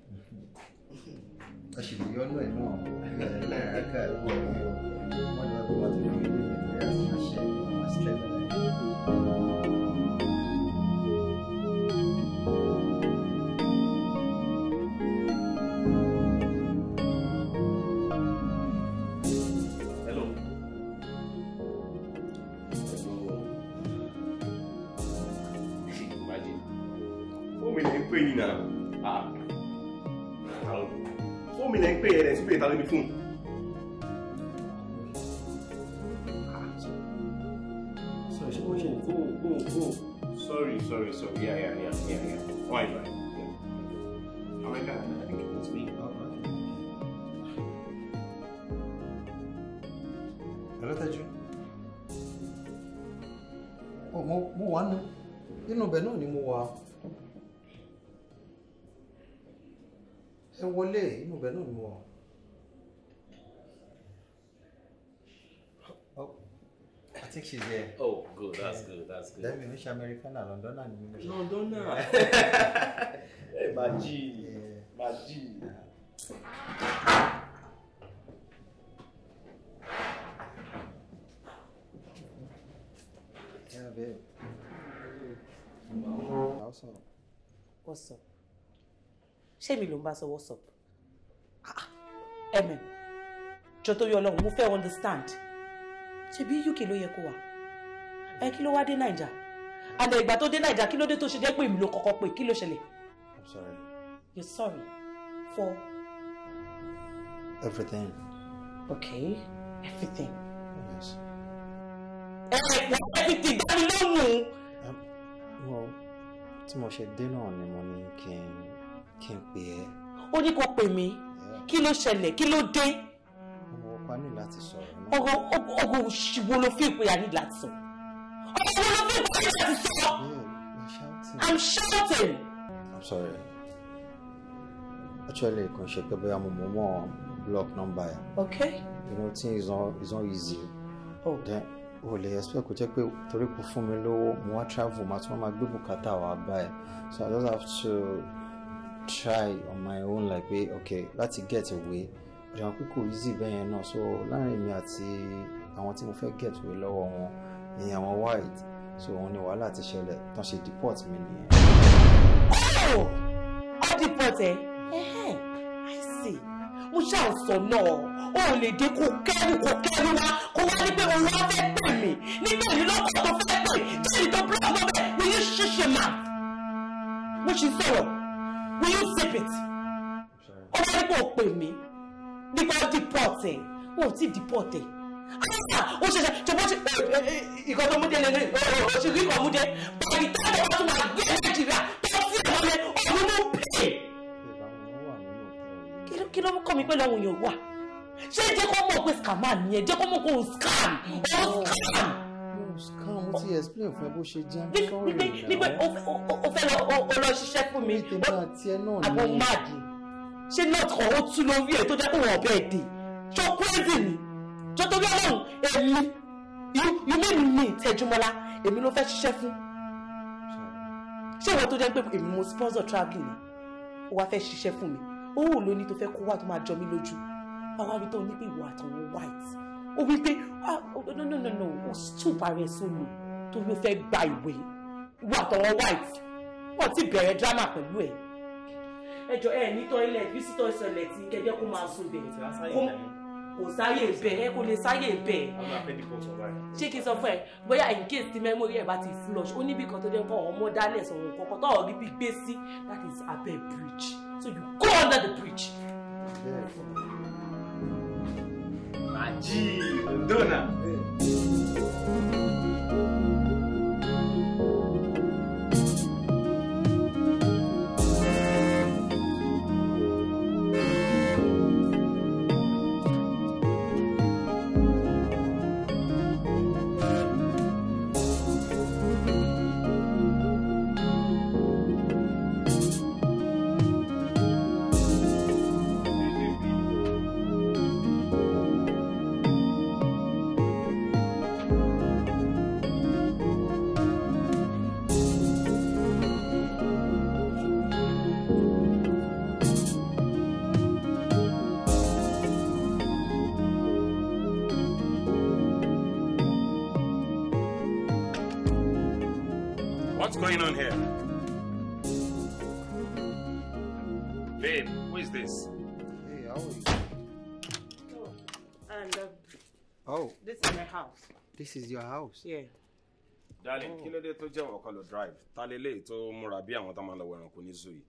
A ṣì lè yọ́nú ẹ̀ náà. Lára ká ẹ̀kọ́ mi o. Wọ́n ní ọdún wa ti fi mí lè bẹ̀rẹ̀ àti ṣe àwọn sílẹ̀ bẹ̀rẹ̀. mi Sorry, sorry, sorry. Yeah, yeah, yeah, yeah, yeah. Why, why? Yeah. Oh my God, I think it was me. Oh, Hello, Taju. Oh, mo, mo one. You know, Beno ni mo wà. Ẹ wọlé, inú bẹ̀ náà ni mo wà. think she's here. Oh, good. That's yeah. good. That's good. Then we know. Americana, Londoner, and English. Londoner. [LAUGHS] hey, Maji. Yeah. babe. What's up? What's up? Ṣé mi ló ń what's up? Ẹ̀mẹ̀, Choto tó yọ ọlọ́run, mo fẹ́ understand ṣebí UK ló yẹ kó wà ẹ kí ló wá dé Naija àlẹ ìgbà tó dé Naija kí ló dé tó ṣe jẹ́ pé èmi ló kọ́kọ́ pé kí ló ṣẹlẹ̀. I'm sorry. You're sorry for. Everything. Okay, everything. Yes. ẹ ẹ everything dá mi lóhùn. Um, well tí mo ṣe dé náà ni mo ní kí n kí n pè é. ó ní kó pè mí kí ló ṣẹlẹ̀ kí ló dé bá ní láti sọ̀rọ̀ náà. ọgọ ọgọ òṣìwò ló fi ìpè àní láti sọ ọgọ òṣìwò ló fi ìpè àní láti sọ. Oh, I'm shouting. I'm sorry. Actually, kàn ṣe pé bóyá mo mọ̀ mọ́ block number yẹn. Okay. You know, things is not is not easy. Oh. Then o lè expect kò jẹ́ pé torí kò fún mi lówó mo wá travel màá tún máa gbé bùkátà wá báyìí so I just have to try on my own like pé okay láti get away ìjà pé easy bẹ́ẹ̀ yẹn náà so láàrin mi àti àwọn tí mo fẹ́ get wé lọ́wọ́ wọn ni àwọn white so òun ni wàhálà ti ṣẹlẹ̀ tán ṣe deport mi nìyẹn. ọ̀ oh! deport ẹ̀ ẹ̀hẹ́n I see mo ṣáà sọ náà o ò lè dé kó kẹ́rù kó kẹ́rù wá kó wá ní pé òun wá fẹ́ pè mí nígbà yìí lọ́kọ̀ tó fẹ́ pè jẹ́rìí tó búrọ́ọ̀mù ọbẹ̀ will you shut your mouth mo ṣì sọ̀rọ̀ will you zip it ọ̀rẹ́ pò pè mí nípa deport ẹ̀ wọn ò tí deport ẹ̀ ó ṣẹṣẹ tó bó ṣe ìkan tó múdé lélẹ̀ ó ṣe rí ìkan múdé báyìí táwọn ọmọ tó wà gbé nàìjíríà tó fi ìmọ̀lẹ̀ ọ̀run ló pè. kí ló kọ́ mi pé lọ́wọ́ yẹn wà ṣé jẹ́ kó mọ̀ pé scammer nìyẹn jẹ́ kó mọ̀ pé òun scam o scam. scam mo ti explain fún ẹ bó ṣe jẹ́ mi sọ́ọ̀rì nígbà o fẹ́ lọ ṣiṣẹ́ fún mi àbọ̀ máàdì ṣé náà kàn ó tú lórí ẹ̀ tó jẹ́ kó wọ́n ọ̀bẹ èdè ṣó kúrẹ́sì ni ṣó torí ọlọ́run èmi you mean me tẹjúmọ́lá èmi ló fẹ́ ṣiṣẹ́ fún ṣé ìwọ tó jẹ́ pé èmi mo sponsor travelling ni ó wá fẹ́ ṣiṣẹ́ fún mi owó ló ní tó fẹ́ kó wà tó máa jọ mí lójú àwa rí tó ní pé ìwọ àtọwọ́ white ó wí pé ah, no no no no ó stoop ara ẹ̀ sómi tó ló fẹ́ gba ìwé ìwọ àtọwọ́ white wọ́n ti bẹ̀rẹ̀ drama pẹ̀lú ẹ̀ ẹjọ ẹ nítọ́ ilẹ̀ bísítọ́ ìṣẹ̀lẹ̀ tí kẹjẹ́ kó máa sùn bẹ̀ kò sáyè bẹ̀ ẹ kò lè sáyè bẹ̀ ṣé kí n sọ fún ẹ bóyá in case ti memory ẹ bá ti flush ó níbi kan tó jẹ́ nǹkan ọmọ dálẹ̀ sọ̀rọ̀ kọ̀ọ̀kan tó ọ̀rí bí gbé sí that is abẹ́ bridge so you go under the bridge. Maji, Dona. Yeah. this is your house. Yeah. darling oh. kí ló dé tó jẹ́ ọ̀kan lọ drive ta lè léyìí tó múra bí àwọn tó máa ń lọ wẹ̀rànkú ní zoo yìí.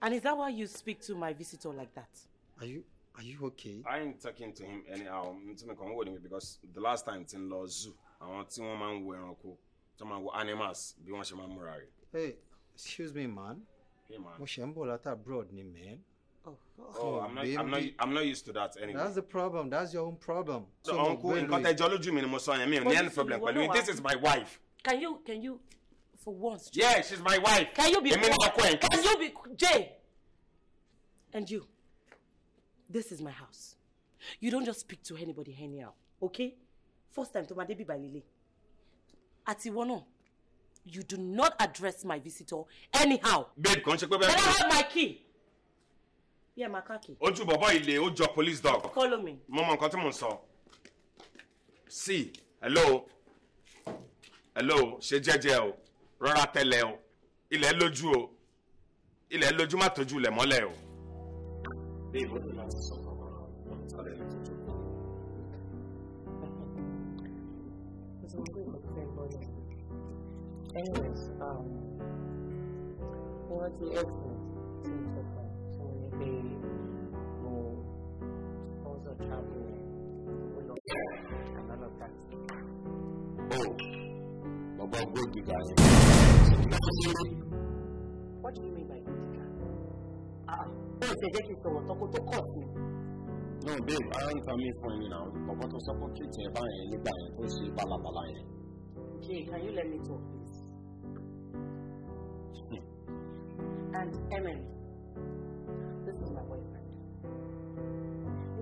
and is that why you speak to my visitor like that. are you are you okay. i ain't talking to him anyhow ntumi kan wò ni mi because the last time ti ń lọ zoo àwọn tí wọ́n máa ń wo ẹranko tó máa ń wo animals bí wọ́n ṣe máa ń múra rẹ̀. hey excuse me man. hey man. mo ṣe ń bọ̀ látà abroad ni man. Oh, oh, I'm, not, I'm, not, I'm not used to that anyway. That's the problem. That's your own problem. So, so uncle, nǹkan tẹjọ́ lójú mi ni mo sọ yẹn mi ò ní any problem But This is my wife. Can you, can you, for once? Jay? Yeah, she's my wife. Can you be, Èmi ni ọkọ Can you be, Jay? And you, this is my house. You don't just speak to anybody anyhow, okay? First time to my baby by Lily. ìwọ náà. You do not address my visitor anyhow. Babe, kàn ṣe pé bẹ́ẹ̀. Can I have my key? yẹ máa káàkiri. ojú bọ̀bọ̀ ilé ó jọ police dog. follow me. mo mọ nǹkan tí mò ń sọ. sí hello hello ṣe jẹ́jẹ́ o rọra tẹ̀lẹ̀ o ilẹ̀ lójú o ilẹ̀ lójú má tójú ilẹ̀ mọ́lẹ̀ o. bí ìbò tó láti sọ kọ́kọ́ wọn sálẹ̀ lè tó jókòó. Anyways, um, what's the exit? pay for sponsor travel, and all of that. Oh, Baba you guys. What do you mean by good? Digger? Ah, ó ṣe jẹ́ kí n sọ̀rọ̀ tọ́kọ tó No babe, I ń ta mí fún ẹni náà. Bàbá tó sọ fún kìtì ẹ̀ báyẹn nígbà yẹn tó Okay, can you let me talk please? [LAUGHS] and Emily.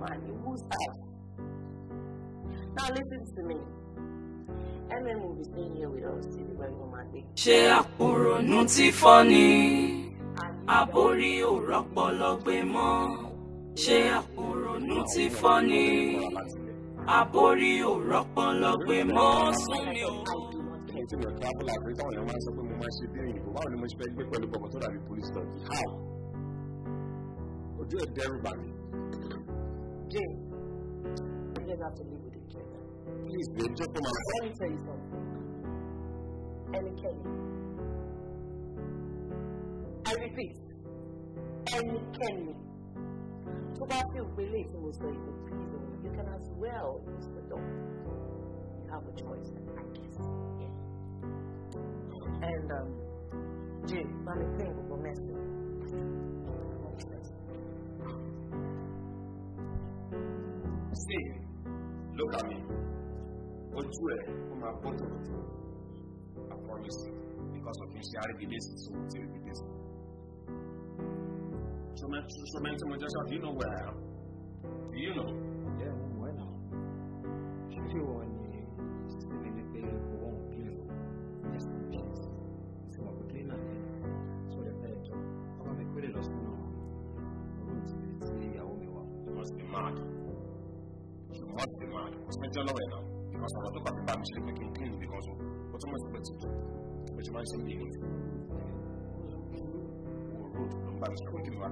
money. Who's that? Now listen to me. Ellen will be staying here with us till the wedding on Monday. Ṣé àpòrònú ti fọ́ ni? Àbórí ò rọ́pọlọ gbé mọ́. Ṣé àpòrònú ti fọ́ ni? Àbórí ò rọ́pọlọ gbé mọ́. Súnmi ò. Ojú ẹ̀ dẹ́rù bà jail. You're going have to live with Please, babe, just come on. Let me tell you something. Ellie Kelly. I repeat, Ellie Kelly. So that believe and was going to oh, you can as well use the door. You have a choice, I guess. Yeah. And, um, Jim, Mami Pringle will mess with look at me. Ojú ẹ̀ ó máa bọ́ tòótọ́. I promise you because of you ṣe àrídìlẹ́sì tó ti So, so Ṣọmọ so mo so ṣáà, do you know where I am? Do you know? lokaci mace ma sun biyu horo don ba su kuma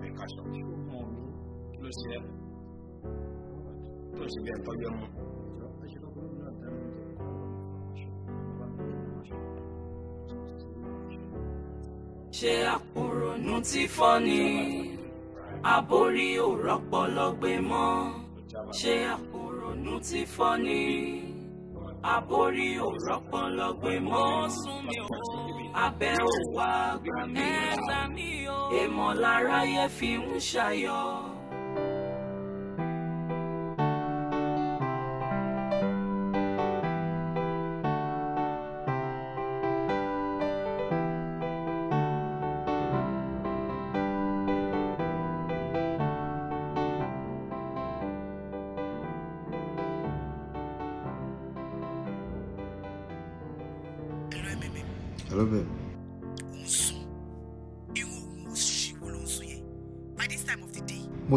ṣe àpòrònú tí fọ́ni aborí òrọ́pọ̀ lọ́gbẹ̀mọ́ ṣe àpòrònú tí fọ́ni aborí òrọ́pọ̀ lọ́gbẹ́ mọ́ abẹ́ òwà gbà mí èèmọ̀ lára yẹ fi ń ṣayọ̀.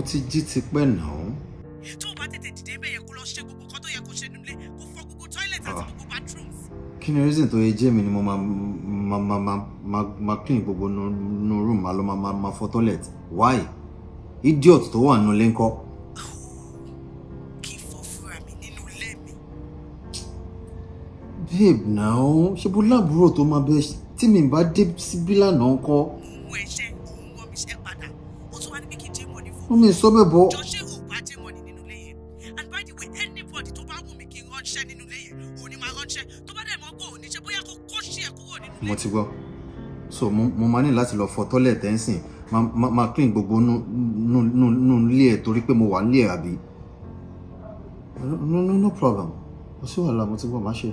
mo ti jí tipẹ́ náà. tó o bá tètè dìde bẹ́ẹ̀ yẹ kó lọ ṣe gbogbo nǹkan tó yẹ kó ṣe nílé kó fọ gbogbo toilet àti ah. gbogbo bathrooms. kí ni reason tó yẹ jẹ́ mi ni mo máa máa máa máa clean gbogbo nu room ma lọ máa máa fọ toilet why idiot tó wà nínú ilé ńkọ́. kì í fọ fúra mi nínú ilé mi. babe náà ṣe bó láàbúrò tó máa bẹ tí mi bá dé síbí lánàá ńkọ́. Fún mi sómi bọ̀. Jọ ṣé o wá dé mọ́ni nínú ilé Mo ti gbọ́. So mo máa ní láti lọ fọ tọ́lẹ̀ tẹ́ǹsìn. Máa clean gbogbo nínú ilé ẹ̀ torí pé mo wà nílé ẹ̀ àbí. No no no problem. Kò sí wàhálà mo ti gbọ́ máa ṣe.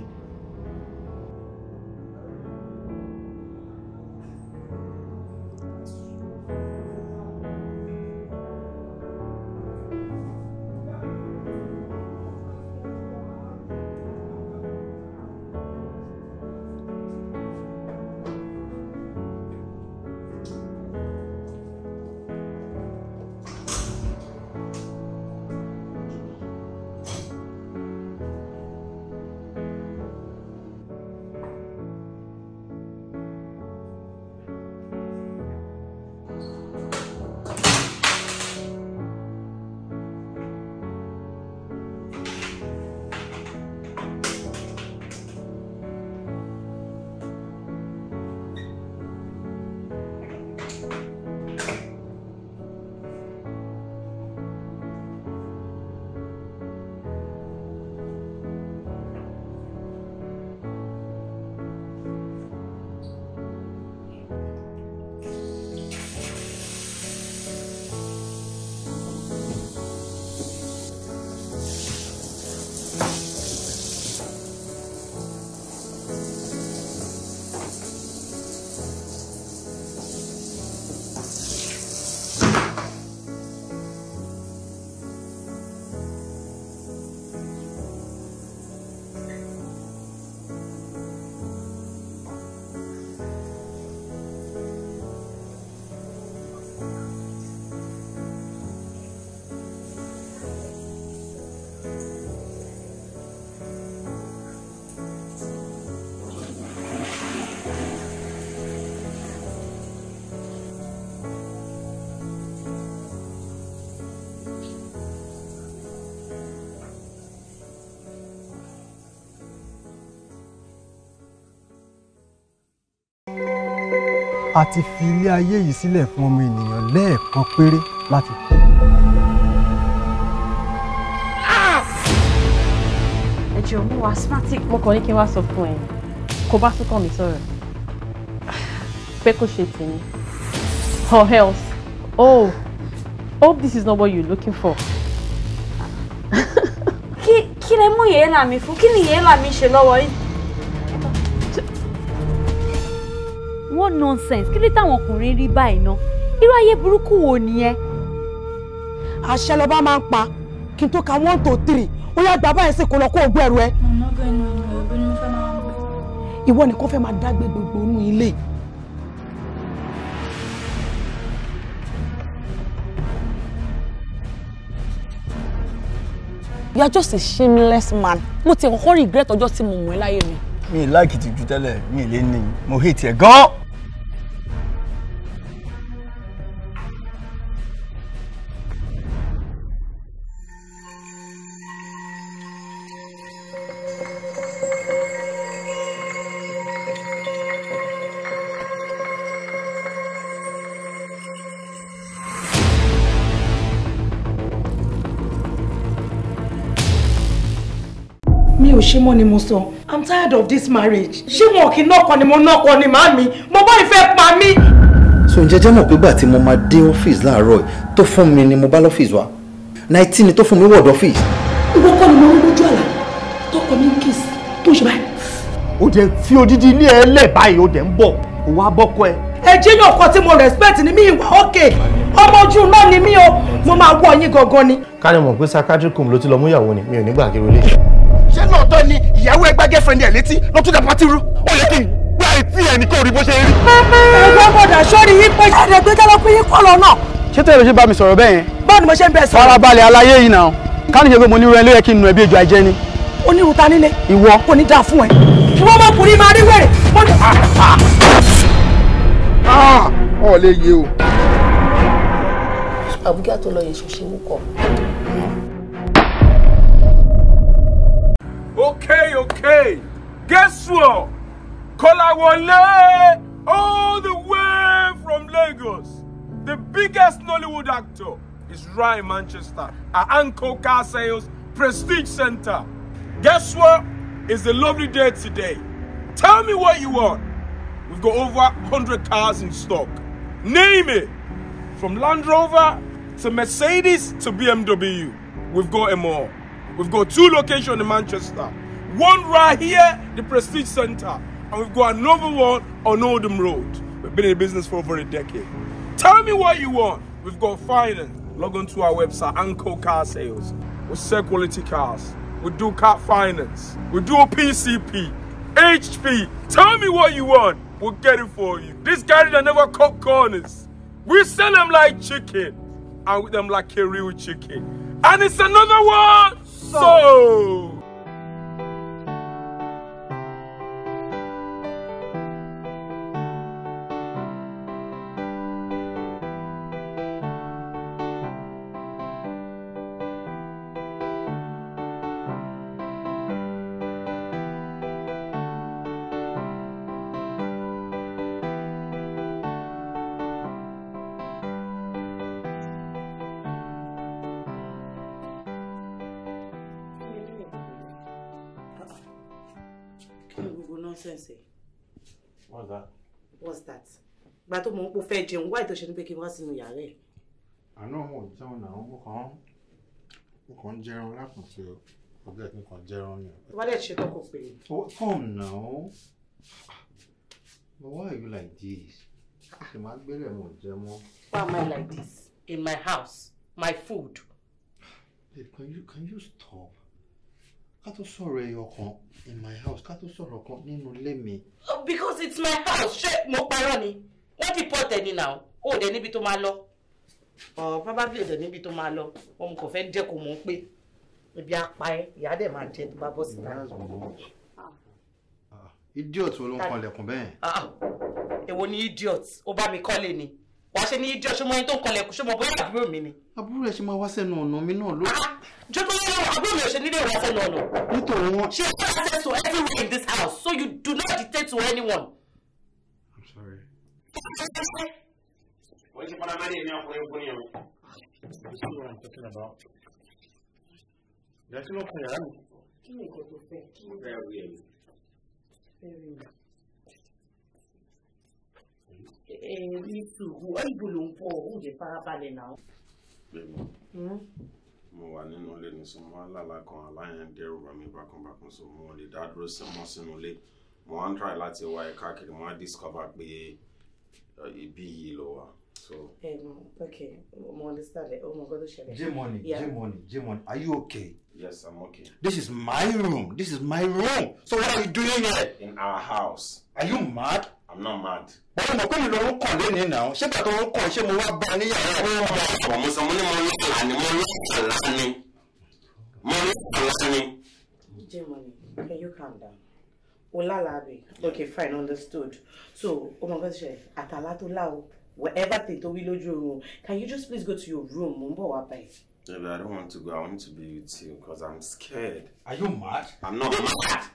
a ti fi ilé ayé yìí sílẹ̀ fún ọmọ ènìyàn lẹ́ẹ̀kan péré láti kú. ẹ jọ̀ọ́ mú wa smartic mo kàn ní kí n wá sọ fún ẹ kó bá tún kàn mí sọ̀rọ̀ pé kó ṣe tèmi or else oh hope this is not what you're looking for. kí kí lè mú yèélà mi fún kí ni yèélà mi ṣe lọ́wọ́ yìí. nonsense kí ló táwọn ọkùnrin rí báyìí ná irú ayé burúkú wo nìyẹn. àṣẹ lọba máa ń pa kí n tó ka one to three ó yá gbà báyìí sí kó lọ kó o gbọ́ ẹ. ìwọ nìkan fẹ́ máa dágbé gbogbo inú ilé you are just a shameless man mo ti kọ́kọ́ regret ọjọ́ tí mo mọ̀ ẹ́ láyé mi. mi ì láìkìtì ju tẹ́lẹ̀ mi ì lé ní mo hate ẹ̀ gan-an. ò ṣe mọ́ ni mo sọ i'm tired of this marriage ṣé wọn kì í nọkọ ni mo nọkọ ni màá mi mo bá ìfẹ́ pa mí. so ǹjẹ́ jẹ́ mọ̀ pé gbà tí mo máa dé ọ́fíìsì láàárọ̀ tó fún mi ni mo bá lọ́fíìsì wa nineteen ni tó fún mi wọ̀d ọ́fíìsì. ìwọ kọ́ ni mo rí lójú àlá tọkọ mi ń kiss tó ń ṣe báyìí. ó jẹ́ fi odidi ilé ẹ lẹ̀ báyìí ó dẹ̀ ń bọ̀ ó wá bọ́kọ ẹ ẹjẹ yóò kọ tí mo respect ni mi ìwà òkè ọmọ ojú náà ni mi o mo máa wọ yín gangan ni. ká ní mọ̀ pé psychiatric ló ti lọ mú ìyàwó ni mi ò nígbà kí wọlé lóòótọ́ ni ìyàwó ẹgbẹ́ girlfriend ẹ̀ létí ló tún dá pátí rú. ó yẹ kí n gbá etí ẹ̀ ní kó rí bó ṣe rí. ẹ̀gbọ́n bọ̀dà sórí yín pé ṣẹ́ẹ̀dẹ̀ gbé jálọ pé yín kọ́ lọ náà. ṣé tẹ́lẹ̀ ló ṣe bá mi sọ̀rọ̀ bẹ́ẹ̀ yẹn. báwo ni mo ṣe ń bẹ sọ̀rọ̀. farabalẹ̀ aláyé yìí náà kánìjẹ́ pé mo ní irun ẹ ló yẹ kí n nu ẹbí ejò ajẹ́ ni. onírun ta nílé. ìwọ kò ní dáa fún ẹ. ìwọ ọmọkùnrin máa rí wèrè. Ah, ah, ah. ọ̀ lè yé o. àbúkẹ́ àtọ́lọ́yẹ̀ ṣọ̀ṣẹ́ wúkọ̀. Okay, okay. Guess what? Kolawole, all the way from Lagos, the biggest Nollywood actor, is right in Manchester at Anko Car Sales Prestige Center. Guess what? It's a lovely day today. Tell me what you want. We've got over 100 cars in stock. Name it. From Land Rover to Mercedes to BMW. We've got them all. We've got two locations in Manchester. One right here, the Prestige Centre. And we've got another one on Oldham Road. We've been in business for over a decade. Tell me what you want. We've got finance. Log on to our website, Anko Car Sales. We sell quality cars. We do car finance. We do a PCP, HP. Tell me what you want. We'll get it for you. This garage that never cut corners. We sell them like chicken. And with them like a real chicken. And it's another one. Sou! What's that? What's that? Gba tó mọ̀ pé fẹ́ jẹun, wáyé tó ṣe ní pé kí n wá sínú yàrá ẹ̀. Àná mo jẹun náà, mo kàn án. Mo kàn ń jẹun lákùnfẹ́ o. Ọ̀gá ẹ̀kí kan jẹun ni. Wọ́n dẹ̀ ṣe kọ́kọ́ pé. Come now. But why are you like this? Ṣé máa gbélé mo jẹ mọ́? Why am I like this? In my house, my food. Babe, can you, can you stop? ká tó sọ̀rọ̀ ẹyọ kan in my house ká tó sọ̀rọ̀ kan nínú ilé mi. Oh, because it's my house ṣé mo parọ́ ni wọ́n ti pọ̀ tẹ̀ni náà ó dẹ̀ níbi tó máa lọ probably uh, ó dẹ̀ níbi tó máa lọ òun kò fẹ́ jẹ́ kó mọ̀ pé ibi apá ẹ ìyá dẹ̀ máa jẹ tó bá bọ́ síta. Ah, idiot wo ló ń kanlẹ̀kùn bẹ́ẹ̀. Ah, ah. èwo ni idiot ó bá mi kọ́lé ni wàá ṣe ní ìdí ọṣọmọ yẹn tó ń kọlẹ̀kùn ṣọmọ bóyá àbúrò mi ni. àbúrò ẹ ṣe máa wá sẹ́nu ọ̀nà mi náà ló. Ah, jọ́pọ̀ yẹn àbúrò mi ò ṣe nílé ìwà sẹ́nu ọ̀nà. nítorí wọn. she has access to everywhere in this house so you do not dictate to anyone. I'm sorry. wọ́n ti fara máa ní ẹ̀mí ọkùnrin fún yẹn o. you see what I'm talking about. ìdásílọ́kùn yàrá mi. kí ni nǹkan tó fẹ́ kí. bẹ́ẹ̀ rí ẹ̀ ní sùúrù ìbò ló ń bọ̀ ó lè farabalẹ̀ náà. bẹ́ẹ̀ni mo wà nínú ilé ní sọmọ alálà kan aláyẹn dẹrù bàmí bákanbákan so mo lè dá dúró sẹmọ sínú ilé mo wá ń try láti wá ẹ káàkiri mo wá discover pé ibi yìí ló wà. okay, I'm understand. it. Oh my God, J-Money, yeah. J-Money, J-Money, are you okay? Yes, I'm okay. This is my room. This is my room. So what are you doing here? In our house. Are you mad? i'm not mad. báwo mọ̀ pé mi ló ń kàn lónìí náà ṣé tàtó ń kàn ṣé mo wá bá níyàrá rẹ̀. ọ̀pọ̀ mo sọ mo ní mo ní àlá ni mo ní àlá ni mo ní àlá ni. jimmy can you calm down olalabi okay fine understood so ọmọ nǹkan ti ṣe àtàlá tó láwo whatever thing tó wí lójú oorun can you just please go to your room mo ń bọ̀ wá báyìí. Baby, I don't want to go. I want to be with you because I'm scared. Are you mad? I'm not mad.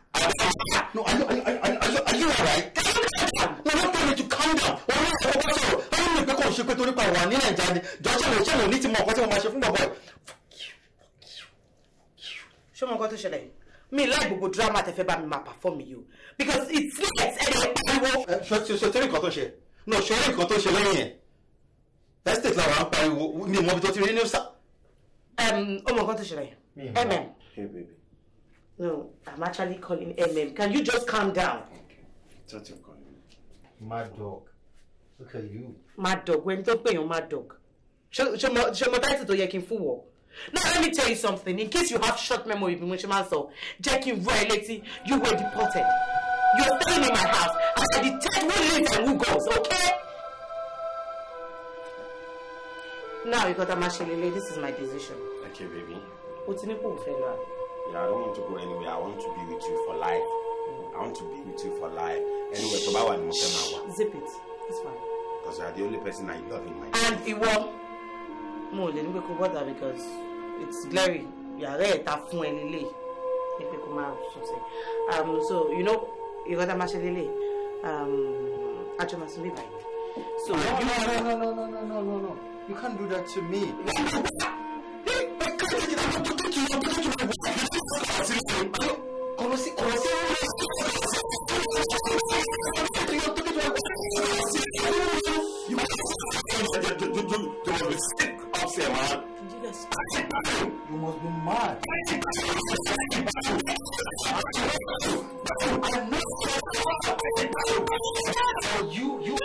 No, are you, are you, are you, are you, are you alright? wọn ló tẹ̀lé to calm down wọn ló sọ kọ́kọ́ sọ̀rọ̀ wọn ló ní pé kò ṣe pé torí pa ìwà ní nàìjíríà ni jọ́sẹ̀ ló ṣẹ̀wọ̀n ní ti mọ ọ̀kan tí mo máa ṣe fún bọ̀bọ̀ ẹ̀. ṣé mo nǹkan tó ṣẹlẹ̀ mi láì gbogbo drama tẹ̀fẹ́ bá mi máa perform yìí o because it's late ẹ̀rẹ̀ pariwo. ṣòtẹ́rì nǹkan tó ṣe no ṣòrí nǹkan tó ṣe lẹ́yìn ẹ̀ estate làwọn á pariwo mi mọ ibi tó ti rí ní ọ̀sà. ọmọ nǹkan tó ṣẹlẹ̀ mm. Hey, baby. No, I'm actually calling MM. Can you just calm down? Okay. That's your call mad dog look at you. mad dog when tó pè your mad dog ṣe mo táìtì tó yẹ kí n fún now let me tell you something in case you have short memory bí mo ṣe Jackie ń sọ you were deported you are staying in my house as i detect who lives and who goes okay. now you got a mashelele this is my decision. okay baby. o ti ní kò fẹ́ yeah i don't want to go anywhere i want to be with you for life. I want to be with you for life. Anyway, tó bá wà ní mo Zip it. It's fine. Because you are the only person I love in my life. And it won't. No, ní pé kó bọ́dà because it's glaring. Yàrá ẹ̀ ta fún ẹ lélẹ̀ ní pé kó máa sùn sí. So you know ìwọ tá a máa ṣe lélẹ̀ àjọ máa sùn bí báyìí. So no, you no, no, no, no, no, no, no, no. You can't do that to me. I I I can't do to you. Kọ̀rọ̀ sí kọ̀rọ̀ sí to, to, to sick of Seman. You must be mad. I'm not oh, you, you,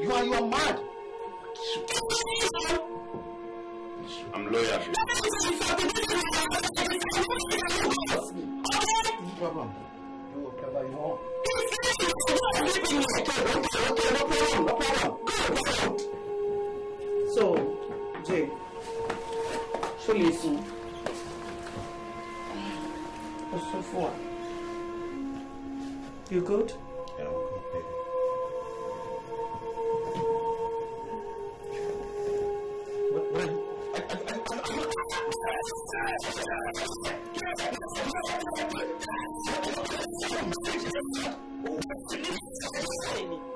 you are, you are mad. I'm lawyer. No problem. Do whatever you want. No problem. No problem. No problem. So, Jay, show me sùn? You good? Yeah, I'm good, baby. What? what?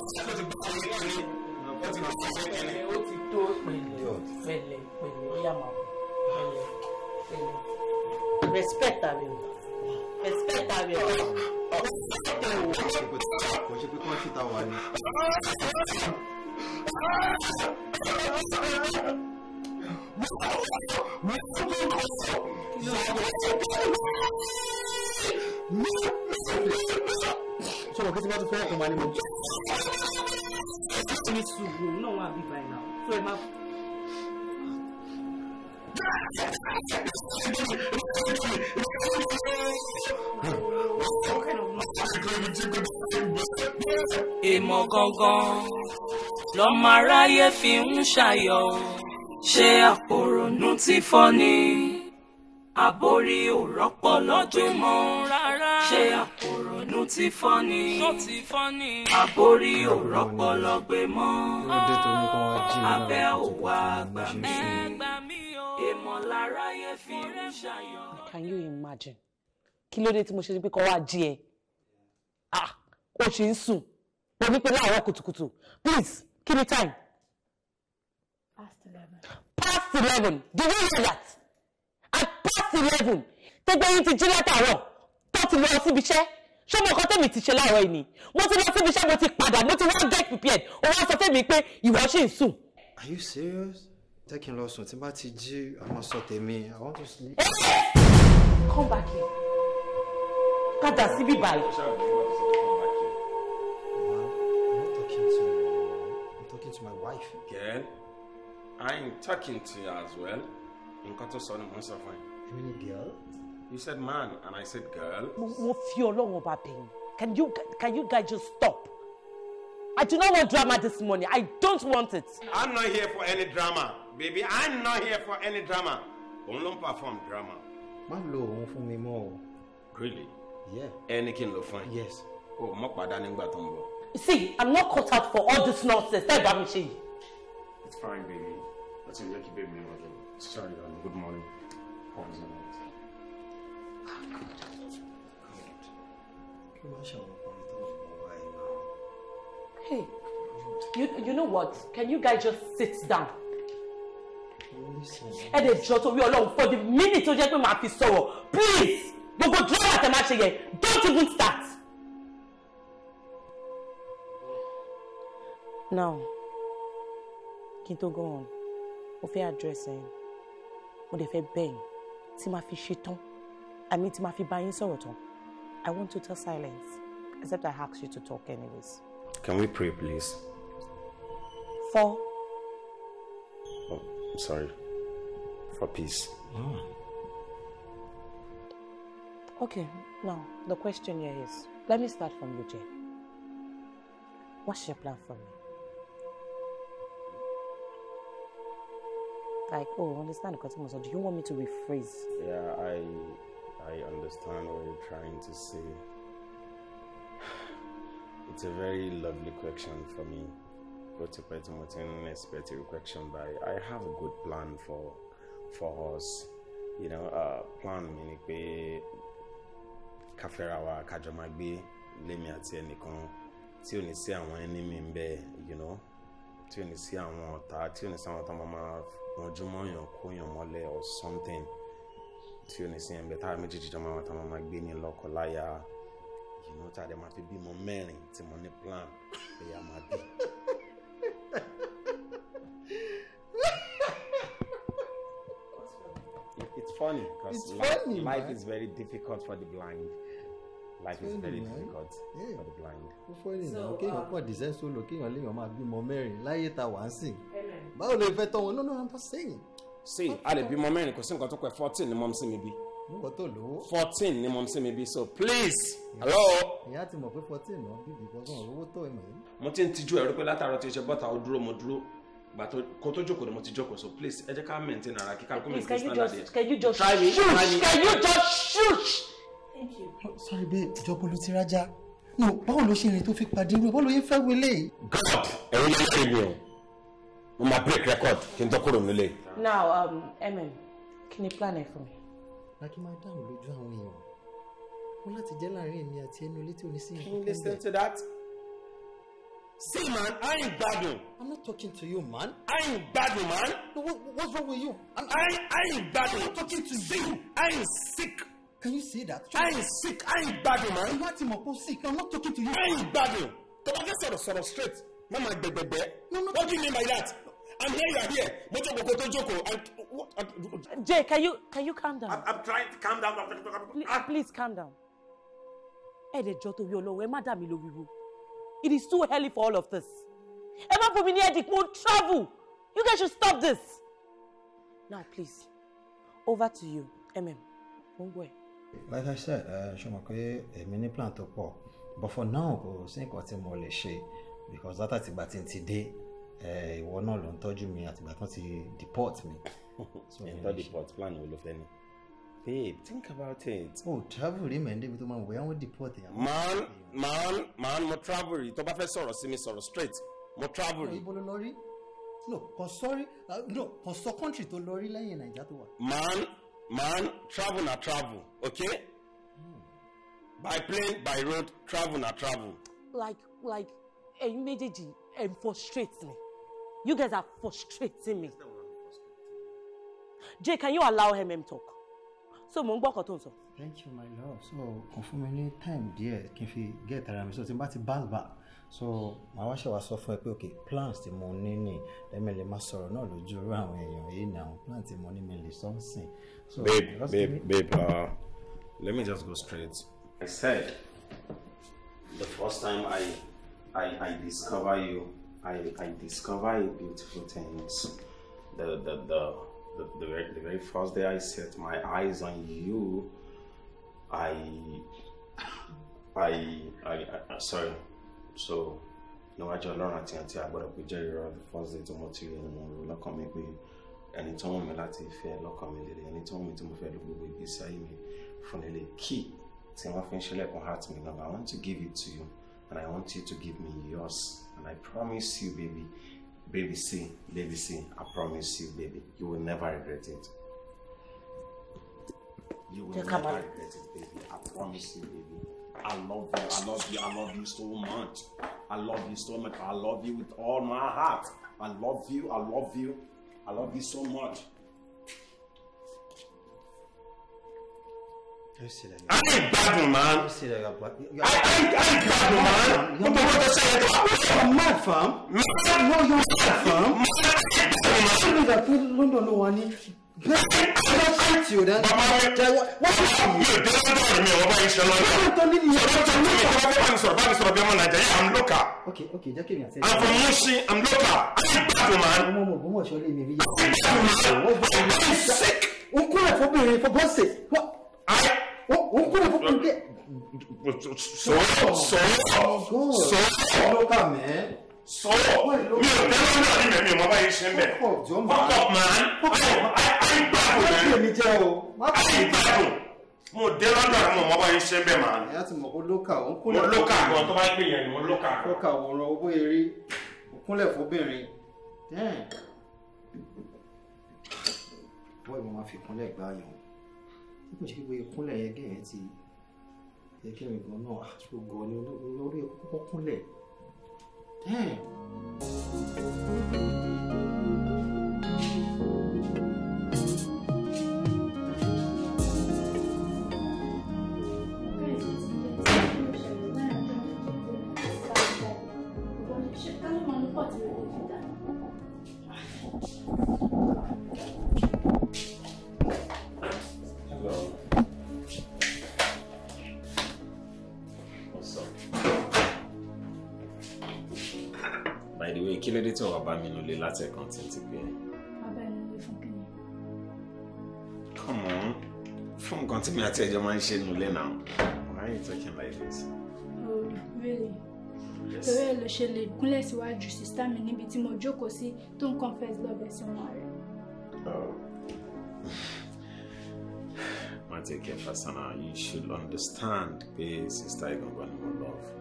So what is about the fair from animal? Miss Sugu, no I'll be by now. So my what kind of Ìmọ̀ gangan lọ́mọ aráyé fi ń ṣàyọ̀. Ṣé àpòrònú ti fọ́ ni? Àbórí ò rọ́pọ̀ lọ́dún mọ́. Ṣé àpòrònú ti fọ́ ni? Àbórí ò rọ́pọ̀ lọ́gbẹ́ mọ́. Abẹ́ ò wá gbà Ìmọ̀ láráyé fi ń ṣàyọ̀. Can you imagine? Kí ló dé tí mo ṣe pé kọ́ wá jí ẹ? o ṣì ń sùn o ní pé láàárọ̀ kùtùkùtù please give me time. past eleven. past eleven do you know that at past eleven tẹgbẹ́ yín ti jí látàárọ̀ tó ti lọ síbi iṣẹ́ ṣé mo kọ́ tèmi ti ṣe láàárọ̀ yìí ni mo ti lọ síbi iṣẹ́ mo ti padà mo ti wá get prepared o wá sọ fẹ́mi pé ìwọ ṣì ń sùn. are you serious? jẹ́ kí n lọ sùn tí bá ti jí àmọ́ sọ tèmi i want to sleep. come back here. kájà síbí báyìí. I'm talking to you as well. Nǹkan tó sọ ni mò ń sọ fún ẹ. You mean girl? You said man and I said girl. Mo fi Ọlọ́run ọba bẹ̀yìn. Can you can you guys just stop? I do not want drama this morning. I don't want it. I'm not here for any drama, baby. I'm not here for any drama. Òun ló ń perform drama. Má lo òun fún mi mọ́ o. Really? Yeah. Ẹni kí n lò fún ẹ? Yes. O mọ̀ padà nígbà tó ń bọ̀. You see, I'm not cut out for all this nonsense. Tẹ́ ẹ bá mi ṣe yìí. It's fine, baby. That seems like you bid Sorry, darling. Good morning. What was it? Hey, you, you know what? Can you guys just sit down? ẹ lè jọ torí alone for the minute tó jẹ́ pé màá fi sọ̀rọ̀ please gbogbo drama tẹ máa match again. don't even start. now kí n tó go on mo fẹ́ àdírẹ́sì yẹn mo dẹ̀ fẹ́ bẹ́ẹ̀ yín tí máa fi ṣe tán i mean tí máa fi bá yín sọ̀rọ̀ tán i want total silence except i ask you to talk anyways. can we pray please. for. oh sorry for peace. Oh. Okay, now the question here is let me start from you, Jay. What's your plan for me? Like, oh, understand the question. So, do you want me to rephrase? Yeah, I, I understand what you're trying to say. [SIGHS] It's a very lovely question for me. But to put an expected question by, I have a good plan for, for us. You know, uh, plan mi ni pé wa ká jọ máa gbé lémi àti ẹnìkan tí ò ní sí you know tí ò ní sí àwọn ọ̀tá tí ò ní sí àwọn ọ̀tá máa rànjú mọ́ yàn kó yàn mọ́lẹ̀ or something tí ò ní sí ẹ̀ńbẹ́ táwa méjèèjì jọ máa tá máa gbé ní lọ́kọ láya ìnáwó tá a dẹ̀ máa fi bímọ mẹ́rin tí mo ní plan ẹ̀yà máa bí. It's funny because life, life is very difficult for the blind life is very eh? difficult yeah. for the blind. ó fọ́ ènìyàn kéèyàn pọ̀ um, dìsẹ́ sólò kéèyàn léèyàn máa bímọ mẹ́rin láyé ta wá ń sìn báwo lè fẹ́ tọ́ wọn no no i'm not saying. ṣé a lè bímọ mẹ́rin kò sí nǹkan tó pẹ́ fourteen ni mo ń sìn mi bí. níwọ̀ tó lò ó. fourteen ni mo ń sìn mi bí so please hello. ìyá ti mọ̀ pé fourteen náà bíbí gbọ́ngàn owó tó ìmọ̀ yìí. mo ti ń tijú ẹ̀rọ pé látàárọ̀ tí o ṣe bọ́ta ó dúró mo dúró but kò tó ni mo ti jókòó so please ẹ jẹ́ ká maintain ara kíkà kó maintain standard yẹn. can you just can you just shush can you just shush. Thank you. Oh, sorry babe, ìjọba olú ti rájá. No, báwo ló ṣe rìn tó fi pàdé irú ẹ̀? Báwo ló yẹ fẹ́ wọlé? God, ẹ̀rọ yẹn ṣe mi o. Mo máa break record kí n tó kúrò nílé. Now, um, Emin, kí ni plan ẹ fún mi? Lákì máa dáhùn lójú àwọn èèyàn. Wọ́n láti jẹ́ láàrin èmi àti ẹnu létí oníṣẹ́ ìfúnpẹ́. Can you listen to that? See man, I ain't gbádùn. I'm not talking to you man. I ain't gbádùn man. No, what, what's wrong with you? I'm, I, I ain't gbádùn. I'm not talking to you. See, I ain't sick. Can you say that? I am sick. I am bad, man. Wá ti mọ̀ kó sick. I'm not talking to you. I am bad. Tó bá fẹ́ sọ̀rọ̀ sọ̀rọ̀ straight, má máa gbẹgbẹgbẹ. No, no. What do you mean by that? I'm here, you are here. Mo jókòó kó tó Jay, can you can you calm down? I'm, I'm trying to calm down. Please, ah. please calm down. Ẹ lè jọ torí olówó, ẹ má dà It is too early for all of this. Ẹ má fún mi ní headache, mo travel. You guys should stop this. Now please, over to you, MM. Mo ń gbọ́ like i said eh, ṣe mọ̀ pé èmi ní plan tó pọ̀ but for now kò sí nǹkan tí mo lè ṣe because data ti gbà tí n ti dé eh, ìwọ náà ló ń tọ́jú mi àtìgbà tó ti deport mi. ẹ̀ńtọ́ deport plan wo ló fẹ́ ni. babe think about it. o oh, travel rí mẹ́ndé mi tó máa ń wọ yàwọn deport yẹn. man man man mo travel rí tó bá fẹ́ sọ̀rọ̀ sí mi sọ̀rọ̀ straight mo travel rí. ibo ló lọ rí no kò sọ́rí ah, no kò sọ country tó lọ rí lẹ́yìn nàìjíríà tó wà. man man travel na travel okay mm. by plane by road travel na travel. like like ẹ̀yin méjèèjì ẹ frustrate me you guys are frustrating me jay can you allow him mm talk so mo ń gbọ́ ọkọ tó ń sọ. thank you my love so kàn fún time díẹ̀ kí n fi get ara mi so tí n ti bounce back so màá wá ṣèwà sọ fún ẹ pé ok plans tí mo ní nì ẹ̀mí lè má sọ̀rọ̀ náà lójú irú àwọn èèyàn yìí ni àwọn plans tí mo ní mi lè sọ́nsìn. babe babe babe uh, let me just go straight. I said the first time I I I discover you I I discover you beautiful things the the the the the very, the very first day I set my eyes on you I I I, I uh, sorry. so níwájú ọlọ́run àti àti àgbọ̀dọ̀ pé jẹ́ ìrora the first day tí mo ti rí ìrìn rò lọ́kàn mi pé ẹni tó wùn mí láti fẹ́ lọ́kàn mi lélẹ̀ ẹni tó wùn mí tí mo fẹ́ lo gbogbo ìgbésí ayé mi fún lélẹ̀ key tí wọ́n fi ń ṣílẹ̀kùn heart mi náà I want to give it to you and I want you to give me yours and I promise you baby baby see baby see I promise you baby you will never regret it. You will never regret it baby I promise you baby. I love you. I love you. I love you so much. I love you so much. I love you with all my heart. I love you. I love you. I love you so much. I ain't grabbing, man. I ain't, I ain't grabbing, man. What the You're mad, fam. No, you're mad, fam. Mad, fam. Mad, Mad, fam. Mad, Mad, fam. Mad, Mad, fam tí o dán. bàbá mi jẹ wọ́n ti sùn. mi ò dé sọ́dọ̀ mi ò bá yín sọ́dọ̀ mi. sọ́dọ̀ tó ní mi ò bá yín sọ́dọ̀ mi. bá mi sọ̀rọ̀ bá mi sọ̀rọ̀ bí ọmọ nàìjà yìí i'm local. ok ok jẹ́ kí mi àti ẹ̀. i'm from Mushin i'm local. i'm gbàdùn man. ọmọ ọmọ ògbómọ̀ ṣọlé mi rí yà. i'm gbàdùn man. i'm sick. n kúrẹ̀ fóbìnrin for God's sake. n kúrẹ̀ fóbìnrin. sọ̀rọ̀ sọ̀rọ̀ sọ̀rọ̀ sọ mi ò tẹ́lẹ̀ ní àdìmẹ̀ mi ò mọ báyìí ṣe ń bẹ̀. fuck up man ayi gbàgbọ́ man ayi gbàgbọ́ mo dé lọ́dọ̀ àwọn ọmọ báyìí ṣe ń bẹ̀ man. ẹ̀yà ti mọ̀ ó lókà ó ń kúnlẹ̀. mo lókà gan tó bá gbé yẹn ni mo lókà. lókà wòran owó eré òkúnlẹ̀ fóbìnrin. bọ́ọ̀ ìmọ̀ máa fi kúnlẹ̀ gbá yẹn o kò ṣe pé kúnlẹ̀ yẹn gẹ̀yẹ́ ti yẹ kí mi gan náà àti gbogbo ọ ní olórí kúkọ́ kúnlẹ̀. 哎。dé tó wà bá mi nulẹ̀ láti ẹ̀kan tí n ti pè abẹ́ ló lè fún kínní. kọ́mọ̀ fún nǹkan tí mi àti ẹ̀jọ̀ máa ń ṣe nulẹ̀ náà why are you talking like this. oh really torí ẹ ló ṣe lè gúnlẹ̀ síwájú sísá mi níbi tí mo jókòó sí tó ń confess lọ́bẹ̀ sí wọn rẹ̀. Oh. [SIGHS] má take it personal you should understand pé sista ìgbọ̀ngàn ni mo love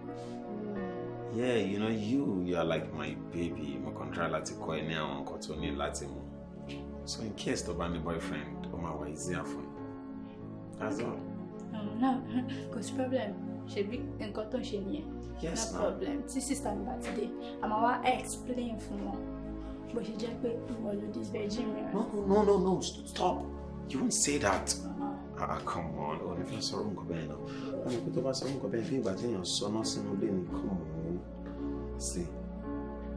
yeah you know you you are like my baby mo kàn try láti kọ́ ẹ ní àwọn nǹkan tó ní so in case tó bá ní boyfriend ó máa wà easier fún ẹ that's all. Um, no [LAUGHS] kò sí problem She nǹkan tó ń ṣe nìyẹn yes no problem tí sister mi bá ti dé àmọ́ wá explain fún wọn bó ṣe jẹ́ pé ìwọ ló dis virgin mìíràn. no no no no stop you won't say that. Uh-huh. Ah, come on, ò ní fẹ́ sọ̀rọ̀ nǹkan bẹ́ẹ̀ náà. Wọ́n ní pé tó bá sọ̀rọ̀ nǹkan bẹ́ẹ̀ bí ìgbà tí èèyàn sọ náà sínú ilé nìkan mọ̀ sí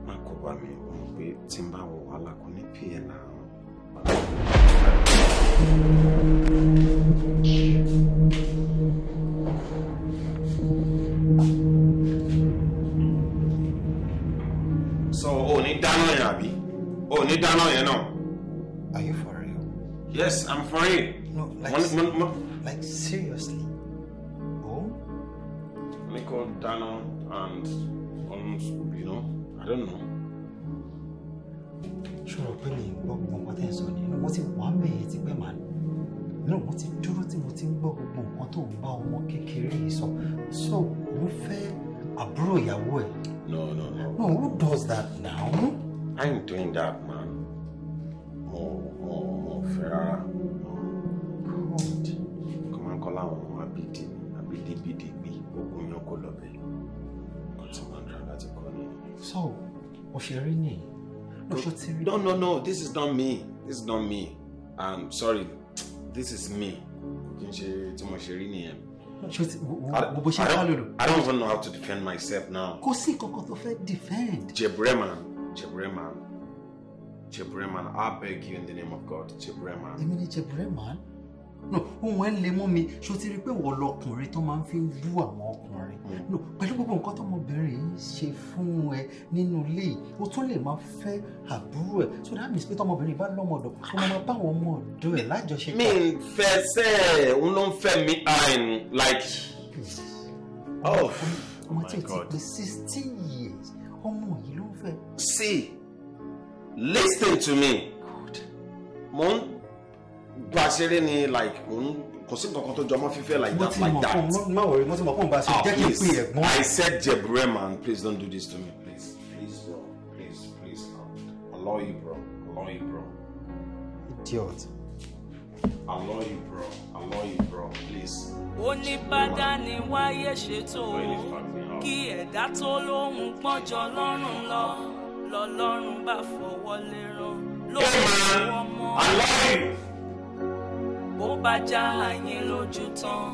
má kó bá mi ò pé tí n bá wọ wàhálà kò ní pè é náà. so o ní dáná yẹn àbí o ní dáná yẹn náà. are you for real. yes i'm for real. no like mon, mon, mon... like seriously. oh. let me call dáná and own school you know i don't know. Sure, pé you gbọ́ gbogbo nǹkan tẹ́ you sọ ni mo ti wà ń bẹ̀yẹ man. pẹ́ màá náà mo ti dúró tí mo ti ń gbọ́ gbogbo nǹkan tó ń bá ọmọ kékeré yìí sọ so mo fẹ́ àbúrò ìyàwó ẹ̀. no no no. no who does that now. i am doing that man More, mo mo mo fẹ́ rárá. God. kọ́mọ́kọ́ láwọn abidi abidi bidi gbé ogun yàn kó lọ it. So, Oshirini. No, no, no, no, this is not me. This is not me. I'm um, sorry. This is me. Kì í ṣe tí mo I don't even know how to defend myself now. Kò sí kankan defend. Jebreman, Jebreman, Jebreman, I beg you in the name of God, Jebreman. Èmi mean, Jebreman no ohun ẹ lè mú mi ṣó ti rí pé wọ́n lọkùnrin tó máa ń fi bú àwọn ọkùnrin mm. no pẹ̀lú gbogbo nǹkan tọmọbìnrin yìí ṣe fún ẹ nínú ilé yìí o tún lè máa fẹ́ àbúrò ẹ so that means pé tọmọbìnrin bá lọ́mọdọ̀ o máa bá àwọn ọmọ ọ̀dọ́ ẹ lájọṣepọ̀. mi ń fẹ́ sẹ́ ẹ̀ ń ló ń fẹ́ mi àìn like. Oh, oh. oh my God! ti sixteen years ọmọ yìí ló ń fẹ́. see listen to me mo ń bá a ṣeré ni like kò kò sí nǹkan tó jọ mọ́ fífẹ́ like that like that. mo ti mọ̀ fún mo máa wọ̀rí mo ti mọ̀ bá ṣe ah, jẹ́ kí n pè ẹ̀gbọ́n. I said Jebreman please don't do this to me please please bro please please allow you bro allow you bro. idiot. allow you bro allow you bro please. oníbàdàn ni wáyé ṣètò kí ẹ̀dá tó lóhùn pọ́njọ lọ́rùn lọ lọ́lọ́run bá fọwọ́ lérò lóhùn ọmọ. Hey man, you bó bá já yín lójú tán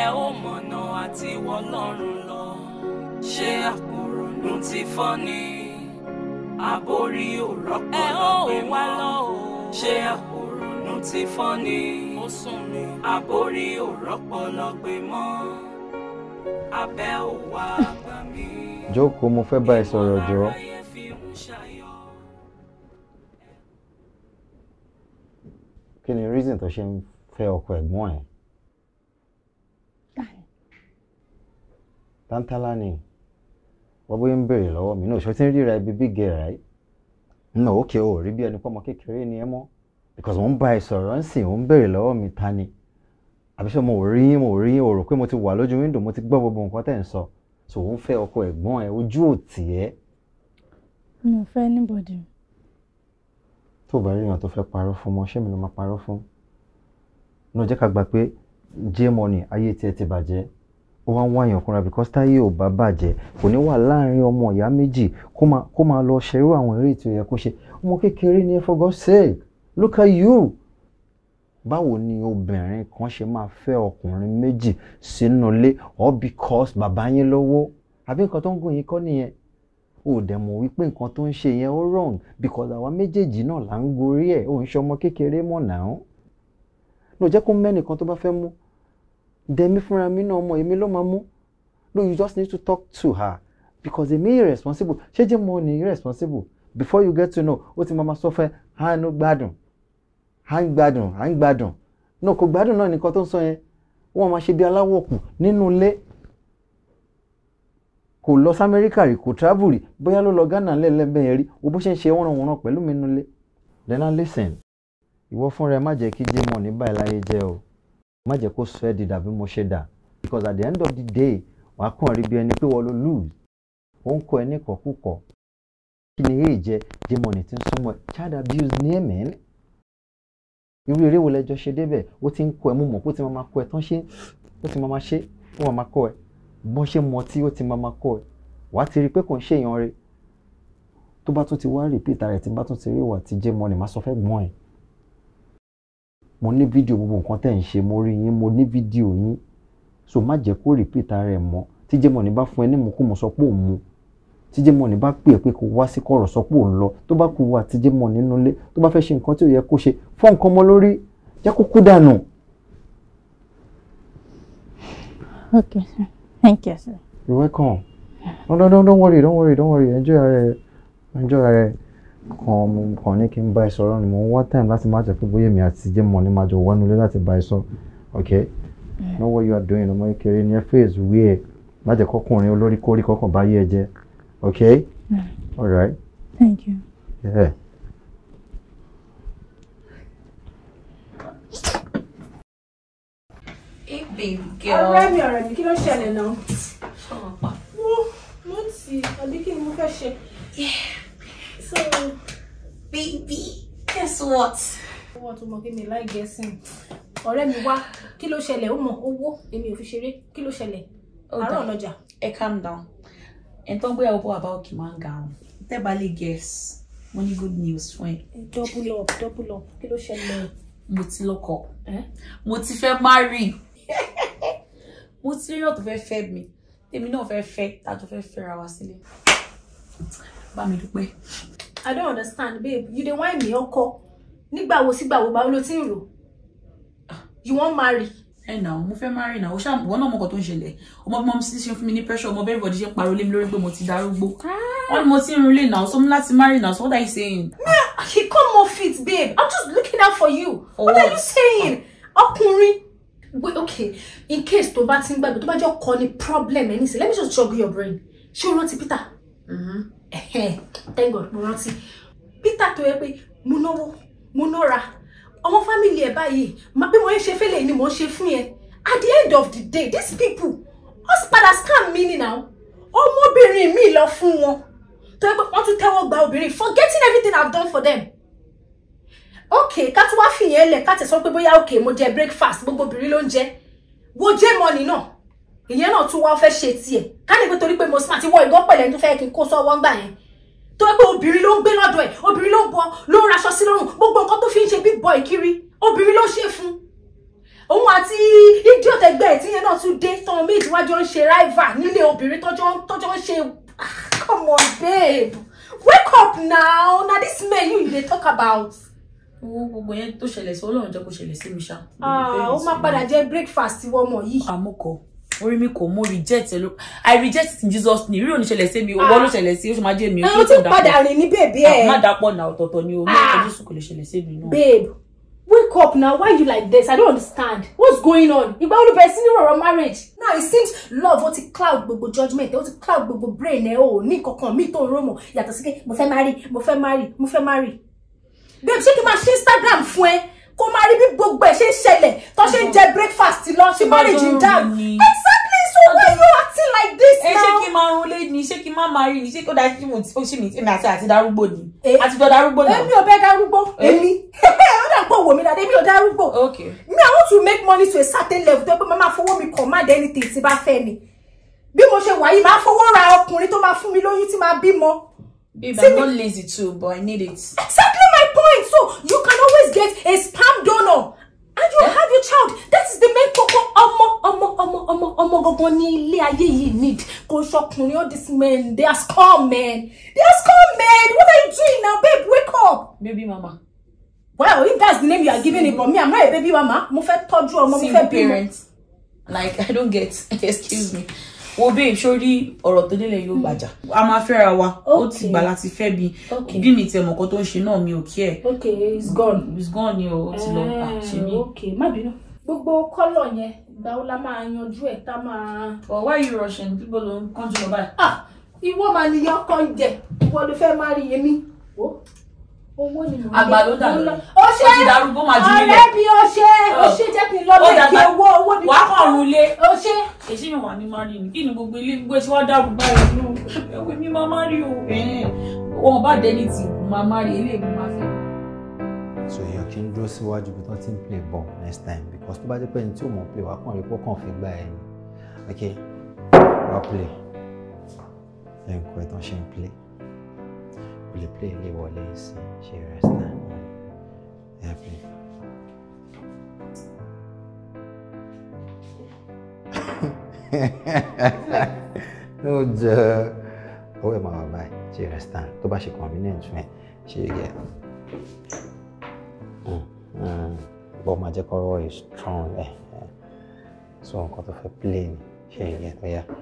ẹ ó mọ̀nà àti wọlọ́run lọ ṣé àpòrònú ti fọ́ àbórí òrọ́ pọ̀ lọ́pẹ́ mọ́ ṣé àpòrònú ti fọ́ àbórí òrọ́ pọ̀ lọ́pẹ́ mọ́ abẹ́ òwà àgbà mi. jókòó mo fẹ́ bá ẹ sọ̀rọ̀ jọ. kí ni reason tó ṣe ń fẹ́ ọkọ ẹ̀gbọ́n ẹ̀. tántálá ni wọ́n bóyá ń béèrè lọ́wọ́ mi náà ṣé o ti ń ríra ibi big girl right? nà ókè oh, o rí bí ẹni pọ́nmọ kékeré ni ẹ mọ́ because mo ń bá ẹ ń sìn ò ń béèrè lọ́wọ́ mi ta ni àbí ṣé mo rí mo rí o pé mo ti wà lójú wíńdò mo ti gbọ́ gbogbo nǹkan tẹ̀ ń sọ so òun fẹ́ ọkọ ẹ̀gbọ́n ẹ ojú ò tì mi ò fẹ́ anybody. tó o bá rí èèyàn tó fẹ́ parọ́ fún mọ ṣé mi ló máa parọ́ fún náà jẹ́ ká gbà pé J-Money ayé tiẹ̀ ti bàjẹ́ ó wá ń wáyàn kúnra because táyé ò bá bàjẹ́ kò ní wà láàrin ọmọ ìyá méjì kó máa lọ ṣerú àwọn eré tí yẹ kó ṣe ọmọ kékeré ni for God's sake look at you báwo ni obìnrin kan ṣe máa fẹ́ ọkùnrin méjì sínú ilé all because bàbá yín lówó àbí nǹkan tó ń gùn yín kọ́ nìyẹn ò dẹ̀ mọ̀ wípé nǹkan tó ń ṣe yẹn ó wrong because àwa méjèèjì náà là ń gorí ẹ̀ ò ń ṣe ọmọ kékeré mọ̀ náà. No, jẹ́ kó mẹ́nìkan tó bá fẹ́ mú dẹ̀mí fúnra mi náà ọmọ èmi ló máa mú no you just need to talk to her because èmi irresponsible ṣé jẹ́ mo ní irresponsible before you get to know ó ti máa ma sọ fẹ́ hánú gbádùn hán gbádùn hán gbádùn náà kò gbádùn náà nìkan tó ń sọ yẹn wọ́n máa ṣe bí aláwọ̀ kù nínú ilé kò lọ sí amẹ́ríkà rí kò travel rí bóyá ló lọ Ghana lẹ́lẹ́bẹ̀ẹ́ rí o bó ṣe ń ṣe wọ́nranwọ̀nran pẹ̀lú mi nulẹ̀ then I listen ìwọ fúnra ẹ má jẹ́ kí jimoh ní báyìí láyé jẹ́ o má jẹ́ kó sọ ẹ́ di dàbí mo ṣe dà because at the end of the day wàá kàn rí bí ẹni pé wọ́n ló lose ó ń kọ ẹ ní ìkọ̀kúkọ̀ kí ni èyí jẹ́ jimoh ní ti ń súnmọ́ child abuse ní ẹ̀mí irú eré wo lẹjọ ṣe débẹ̀ ó ti ń kọ ẹ mo mọ̀ pé ó ti máa kọ ẹ tán ṣe ó ti máa ṣe ó máa kọ ẹ bọ́n ṣe mọ tí ó ti máa kọ ẹ wàá ti rí i pé kò ń ṣèyàn rẹ tó bá tún ti wá rìpíìtà rẹ̀ tí bá tún ti rí ìwà tí jimoh ní máa sọ fẹ́ gbọ́n ẹ̀ mo ní fídíò gbogbo nǹkan tẹ̀ ń ṣe mo rí yín mo ní fídíò yín so má jẹ́ kó repeat ara ẹ̀ mọ́ tí jẹ́mọ̀ ní bá fún ẹ ní mo kó mo sọ pé òun mu tí jẹ́mọ̀ ní bá pè é pé kó wá sí kọ̀rọ̀ sọ pé òun lọ tó bá kú wa tí jẹ́mọ̀ nínú ilé tó bá fẹ́ ṣe nǹkan tí ò yẹ kó ṣe fọ́ nǹkan mọ́ lórí jẹ́ kó kú dànù. okay thank you sir. you're welcome no no no don't worry don't worry don't worry enjoy ara ẹ enjoy ara ẹ kan mo kàn ní kí n bá ẹ sọ̀rọ̀ ni mo ń wá time láti má jẹ́ pé bóyá èmi àti jẹ́ mọ̀ ní máa jọ wá nulẹ̀ láti bá ẹ sọ ok mm. know what you are doing ọmọ kékeré ní ẹ face wíẹ̀ má jẹ́ kọkùnrin olórí kórí kọkàn bá yé ẹ jẹ́ ok mm. all right. thank you. Yeah. Hey, big girl. ọ̀rẹ́ mi ọ̀rẹ́ mi kí ló ṣẹlẹ̀ náà. mo ti àbí kí ni mo fẹ́ ṣe. So, baby, guess what? What tó mọ̀ me like guessing? gẹ̀ẹ́sìn. Ọ̀rẹ́ mi wá, kí ló ṣẹlẹ̀? Ó mọ̀ owó, èmi ò fi ṣeré. Kí calm down. Ẹ̀ tán gbéyàwó bọ̀ àbá òkè máa ń ga guess, Money good news fún eh, Double up, double up, Kilo ló ṣẹlẹ̀? Mo ti lọ́kọ. Eh? Mo ti fẹ́ marry. Mo ti rí ọ̀tọ̀ fẹ́ fẹ́ mi. Èmi fe fẹ́ fẹ́, tàjọ fe fẹ́ra wa sílé. Bá mi dúpẹ́ i don't understand babe you don't want me ọkọ nígbàwo sígbàwo báwo ló ti ń you wan marry. Hey now, mo fẹ́ marry now. ọ̀ṣà wọn náà mọ̀kàn tó ń ṣẹlẹ̀ ọmọ bí mo ti ṣe fún mi ní pressure ọmọ bẹ́ẹ̀ bọ̀dí ṣe ń pariwo lé mi lórí pé mo ti darúgbó ah! wọ́n ni mo ti ń rinlé nà ọ̀ṣọ́ mi marry now. ọ̀ṣọ́ what are you saying. Me, ah! he come off it babe i'm just looking out for you for what, what are you oh. saying Wait, okay in case tó bá ti ń gbàgbé tó bá jẹ́ ni problem ẹ̀ nísìnyí let me just jog your brain She o rántí Peter thank God mo rántí Peter tó yẹ pé mo náwó mo nára ọmọ fámìlì ẹ báyìí bí mo ń ṣe fẹ́lẹ̀ ni mo ń ṣe fún yẹn at the end of the day these people ó sì padà scam mi nìyà ọmọbìnrin mi lọ fún wọn tó yẹ pé wọ́n tún tẹ́wọ́ gba obìnrin forgetting everything I've done for them okay ká tún wá fìyẹn lẹ̀ ká tẹ̀sán pé bóyá okay mo jẹ breakfast gbogbo obìnrin ló ń jẹ wo jẹ́ mọ́ni náà ìyẹn náà tún wá fẹ́ ṣe tiẹ̀ ká ní pé torí pé mo smart wọ ìgbọ́ pẹ̀lẹ́ tó fẹ́ kí n kó sọ́wọ́ ńgbà yẹn tó pé obìnrin ló ń gbé lọ́dọ̀ ẹ̀ obìnrin ló ń bọ ló ń raṣọ sí lọ́rùn gbogbo nǹkan tó fi ń ṣe big boy kiri obìnrin ló ṣe fún òun àti idiot ẹgbẹ́ ẹ̀ tíyẹn náà tún dé tán méjì wájú ń ṣe rival nílé obìnrin tọ́jọ́ ń ṣe ah, come on babe wake up now na this man you dey talk about. owó gbogbo yẹn tó ṣẹlẹ̀ sí ọlọ́run jẹ́ kó ṣẹlẹ̀ sí mi ṣá. Ah, ó máa padà jẹ́ breakfast wọ́mọ yìí. Amoko orí mi kò mú reject ẹ ló i reject it in jesus name rírò ní ṣẹlẹ̀ sí mi owó ló ah. ṣẹlẹ̀ sí oṣù máa jẹ mi. àwọn tí ń padà rìn ní bèbí ẹ. Ah, má dàpọ̀ náà ọ̀tọ̀ọ̀tọ̀ ni o mẹ́ta ah. jésù kò lè ṣẹlẹ̀ sí mi náà. babe wake up now why you like this i don't understand what's going on ìgbà wo ló bẹ̀rẹ̀ sí ní rọ̀rọ̀ marriage. now it seems love ó ti cloud gbogbo judgement ó ti cloud gbogbo brain ẹ o ní kankan mi tó rómọ yàtọ̀ sí pé mo fẹ́ marry mo fẹ́ marry mo fẹ́ marry. babe ṣé kí n máa ṣe instagram fún ẹ kó máa rí bí gbogbo ẹ̀ ṣe ń ṣẹlẹ̀ tó ṣe ń jẹ breakfast lọ sí marriage ń dàrú exactly so why you acting like this now. ẹ ṣé kí n máa rún lé ní ṣé kí n máa máa rí ní ṣé kí ó dáa kí mo ti ó ṣì mí èmi àti àti darúgbó ni àti eh, jọ darúgbó náà. èmi ò bẹ darúgbó eh? èmi [LAUGHS] ó dà pọ̀ wò mí dáadáa èmi ò Okay. Me, I want to make money to a certain level tó pé mo máa fowó mi command anything tí bá fẹ́ ni bí mo ṣe wà yìí máa fowó ra ọkùnrin tó máa fún mi lóyún tí máa bímọ. babe i'm not lazy too but i need it. exactly point so you can always get a sperm donor and you yeah. have your child that is the main koko ọmọ ọmọ ọmọ ọmọ ọmọ gangan ní ilé ayé yìí need kò sọkùnrin all these men they are scum men they are scum men what are you doing now babe wake up. baby mama. well if that's the name you are giving it but me i'm not a baby mama mo fẹ́ tọ́jú ọmọ mo fẹ́ bímọ. single parent like i don't get [LAUGHS] excuse me wo babe sórí ọ̀rọ̀ tó délẹ̀ yóò gbàjà a máa fẹ́ra wa ó ti gbà láti fẹ́ bi bí mi tẹ mọ̀kọ́ tó ń ṣe náà mi ò kí ẹ̀. ok it's gone. it's gone ni o ó ti lọ pa ṣe mí. Eh, ok má bínú. gbogbo kọ́lọ̀ yẹn ìgbà la máa yanjú ẹ̀ tá máa. but why you rushing people ló ń kánjú lọ báyìí. ah ìwọ máa ní yọkọ ń jẹ ìwọ ló fẹ́ má rí yẹmí owó ni mo ní àgbàdo dàgbà ó ṣe ọ̀rẹ́ mi ó ṣe ó ṣe jẹ́ kí n lọ bẹ́ẹ̀ kí owó owó ni mo kọ́ wàá kàn rún lé ó ṣe. èsì mi wà ní mari ni kí ni gbogbo ilé gbogbo ẹṣin wàá dàrú báyìí nù ẹwé mi máa mari o wọn bá dẹni tì í máa mari ilé mi máa fẹ́. so èèyàn kì í dúró síwájú bí wọ́n ti ń play ball next time because tó bá jẹ́ pé ẹni tí ò mọ̀ play wàá kàn rí pọ́kàn fi gbá ẹni ok wàá play ẹ̀ ń kọ́ ẹ̀ tán ṣe ń play o lè play ilé wọlé sí ṣe rest time every. ó jẹ owó ẹ̀ máa wà báyìí ṣe rest time tó bá ṣe convenient fún ẹ ṣe é gẹ̀. bọ́ọ̀ máa jẹ́ kọ́rọ́ is strong ẹ̀ eh, eh. so nǹkan tó fẹ́ play ni ṣe é gẹ̀ tó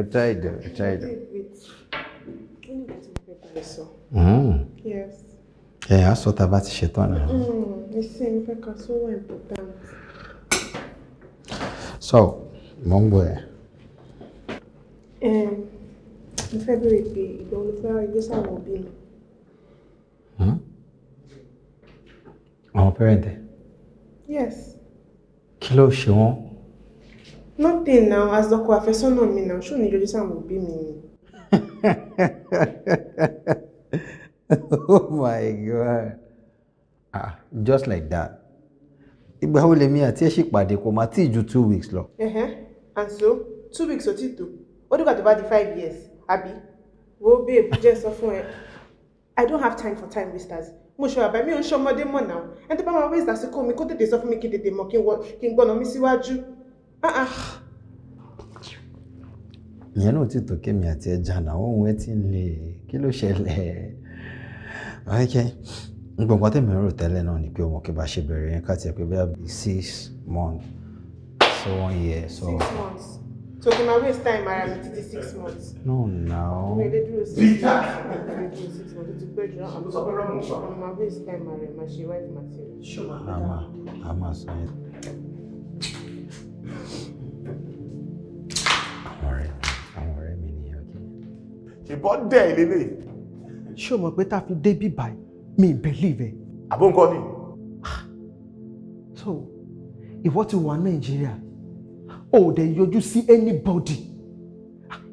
ẹ̀tá ìdẹ̀ ẹ̀tá ìdẹ̀. ẹ á sọ tá a bá ti ṣetán náà. ìsìn ìfẹ́ kan tó wà important. so mo ń gbọ́ ẹ. mo fẹ́ béèrè pé ìgbà wo ló fẹ́ ẹgbẹ́ sáwọn òbí mi. àwọn parent yes. kí ló ṣe wọ́n nothing now as dọ́kọ̀ àfẹ́sọ́nà mi now ṣó ní yọjú sáwọn òbí mi oh my god ah just like that If I will àti ẹ ṣì pàdé kò máa tí ì ju two weeks Uh huh. and so two weeks ò two. What do you got bá di five years àbí wo babe jẹ́ sọ fún ẹ i don't have time for time wasters mo by me mi ò ń ṣọmọdé mọ̀ náà ẹni tó bá ways that's àsìkò mi kó tètè sọ fún mi kí the tètè mọ̀ kí n gbọ́nà mi síwájú ìyẹn náà ti tó kémi àti ẹja náà ohun ẹ ti ń le kí ló ṣẹlẹ̀ ọ̀hẹ́kẹ́ gbogbo àti mi rò tẹ́lẹ̀ náà ni pé ọmọ kí bá ṣe bẹ̀rẹ̀ yẹn ká tiẹ̀ pé bí i six months so one year so. six months so kí n máa waste time ara mi títí six months. no na o. ọmọ ilé dúró six months six months ó ti pẹ́ jù náà àmọ́ ọmọ waste time ara ẹ̀ máa ṣe wife material. a máa a sọ yẹn ìbọn dẹ̀ ìlélẹ̀. ṣé o mọ̀ pé tá a fi dé bí báyìí mi ì believe ẹ̀. àbó nǹkan ni. so ìwọ ti wà nàìjíríà o ò dẹ̀ yọjú sí anybody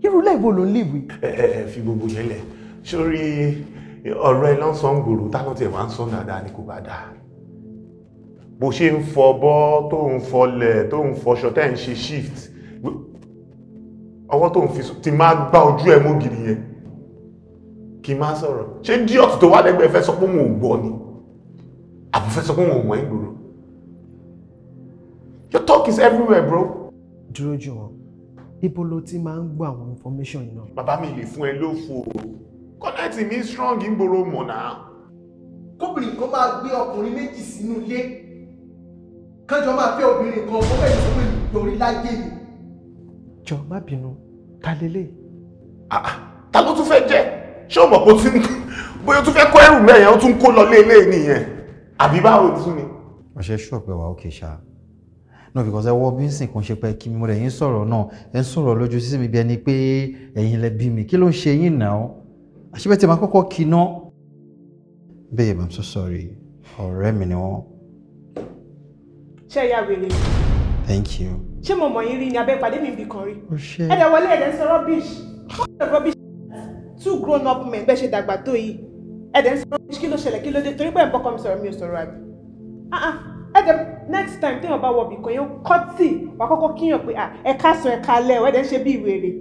irú lẹ́ẹ̀bù ló ń léwu. ẹ ẹ fi gbogbo yẹn lẹ sórí ọ̀rọ̀ ẹ lọ́sàn-án gbòòrò táwọn tiẹ̀ wá ń sọ dáadáa ni kò bá dáa bó ṣe ń fọbọ́ tó ń fọlẹ̀ tó ń fọṣọ tẹ́ ń ṣe shift ọwọ́ tó ń fi ti máa gbá ojú ẹ̀ mú gidi yẹn kí máa sọ̀rọ̀ ṣé díọ̀tù tó wà lẹ́gbẹ̀ẹ́ fẹ́ sọ pé òun ò gbọ́ ni àbò fẹ́ sọ pé òun ò wọ́n ìgboro your talk is everywhere bro. dúró jù wọn ibo ló ti máa ń gbọ́ àwọn information yìí náà. bàbá mi lè fún ẹ lófo kọ́nẹ́tì mi strong ń gbòòrò mọ̀ náà. kóbìnrin kan máa gbé ọkùnrin méjì sínú ilé kájọ máa fẹ́ obìnrin kan ó fẹ́ ìṣòwò ìtorí láyé ni. jọ má bínú ta lélẹ̀. Ah, ah, ta ló tún fẹ́ jẹ́ ṣé o mọ̀ pé o ti bóyá o tún fẹ́ kọ́ ẹrù mẹ́yẹn o tún kó lọ lé ilé nìyẹn àbí báwo tún ni. wọ́n ṣe ṣú ọ̀pẹ wa òkè ṣá no because ẹ wọ bí n sìn kan ṣe pé kí mo rẹ̀ yín sọ̀rọ̀ náà ẹ ń sọ̀rọ̀ lójú sísè mi bí ẹni pé ẹ̀yin lẹ bí mi kí ló ń ṣe yín náà àṣìbẹ́tẹ̀ máa kọ́kọ́ kí náà. babe i'm so sorry ọ̀rẹ́ mi ni wọ́n ṣé ẹ̀yà wèrè thank you. ṣé mo mọ̀ yín rí ni abẹ́ pàdé mi bì kan rí. o ṣe. ẹ̀dẹ̀ wọlé ẹ̀dẹ̀ sọ rubbish wọ́n sọ rubbish two grown up men bẹ́ẹ̀ ṣe dàgbà tó yìí ẹ̀dẹ̀ ń sọ rubbish kí ló ṣẹlẹ̀ kí ló dé torí pé ẹ̀ ń bọ́kọ mi sọ̀rọ̀ mi ò sọ̀rọ̀ àbí. ẹ̀dẹ̀ next time téèyàn bá wọ bì kan yẹn kọ́ tì wà kọ́kọ́ kíyàn pé ẹ̀ka sọ ẹ̀ka lẹ̀ ẹ̀dẹ̀ ń ṣe bí ìwèrè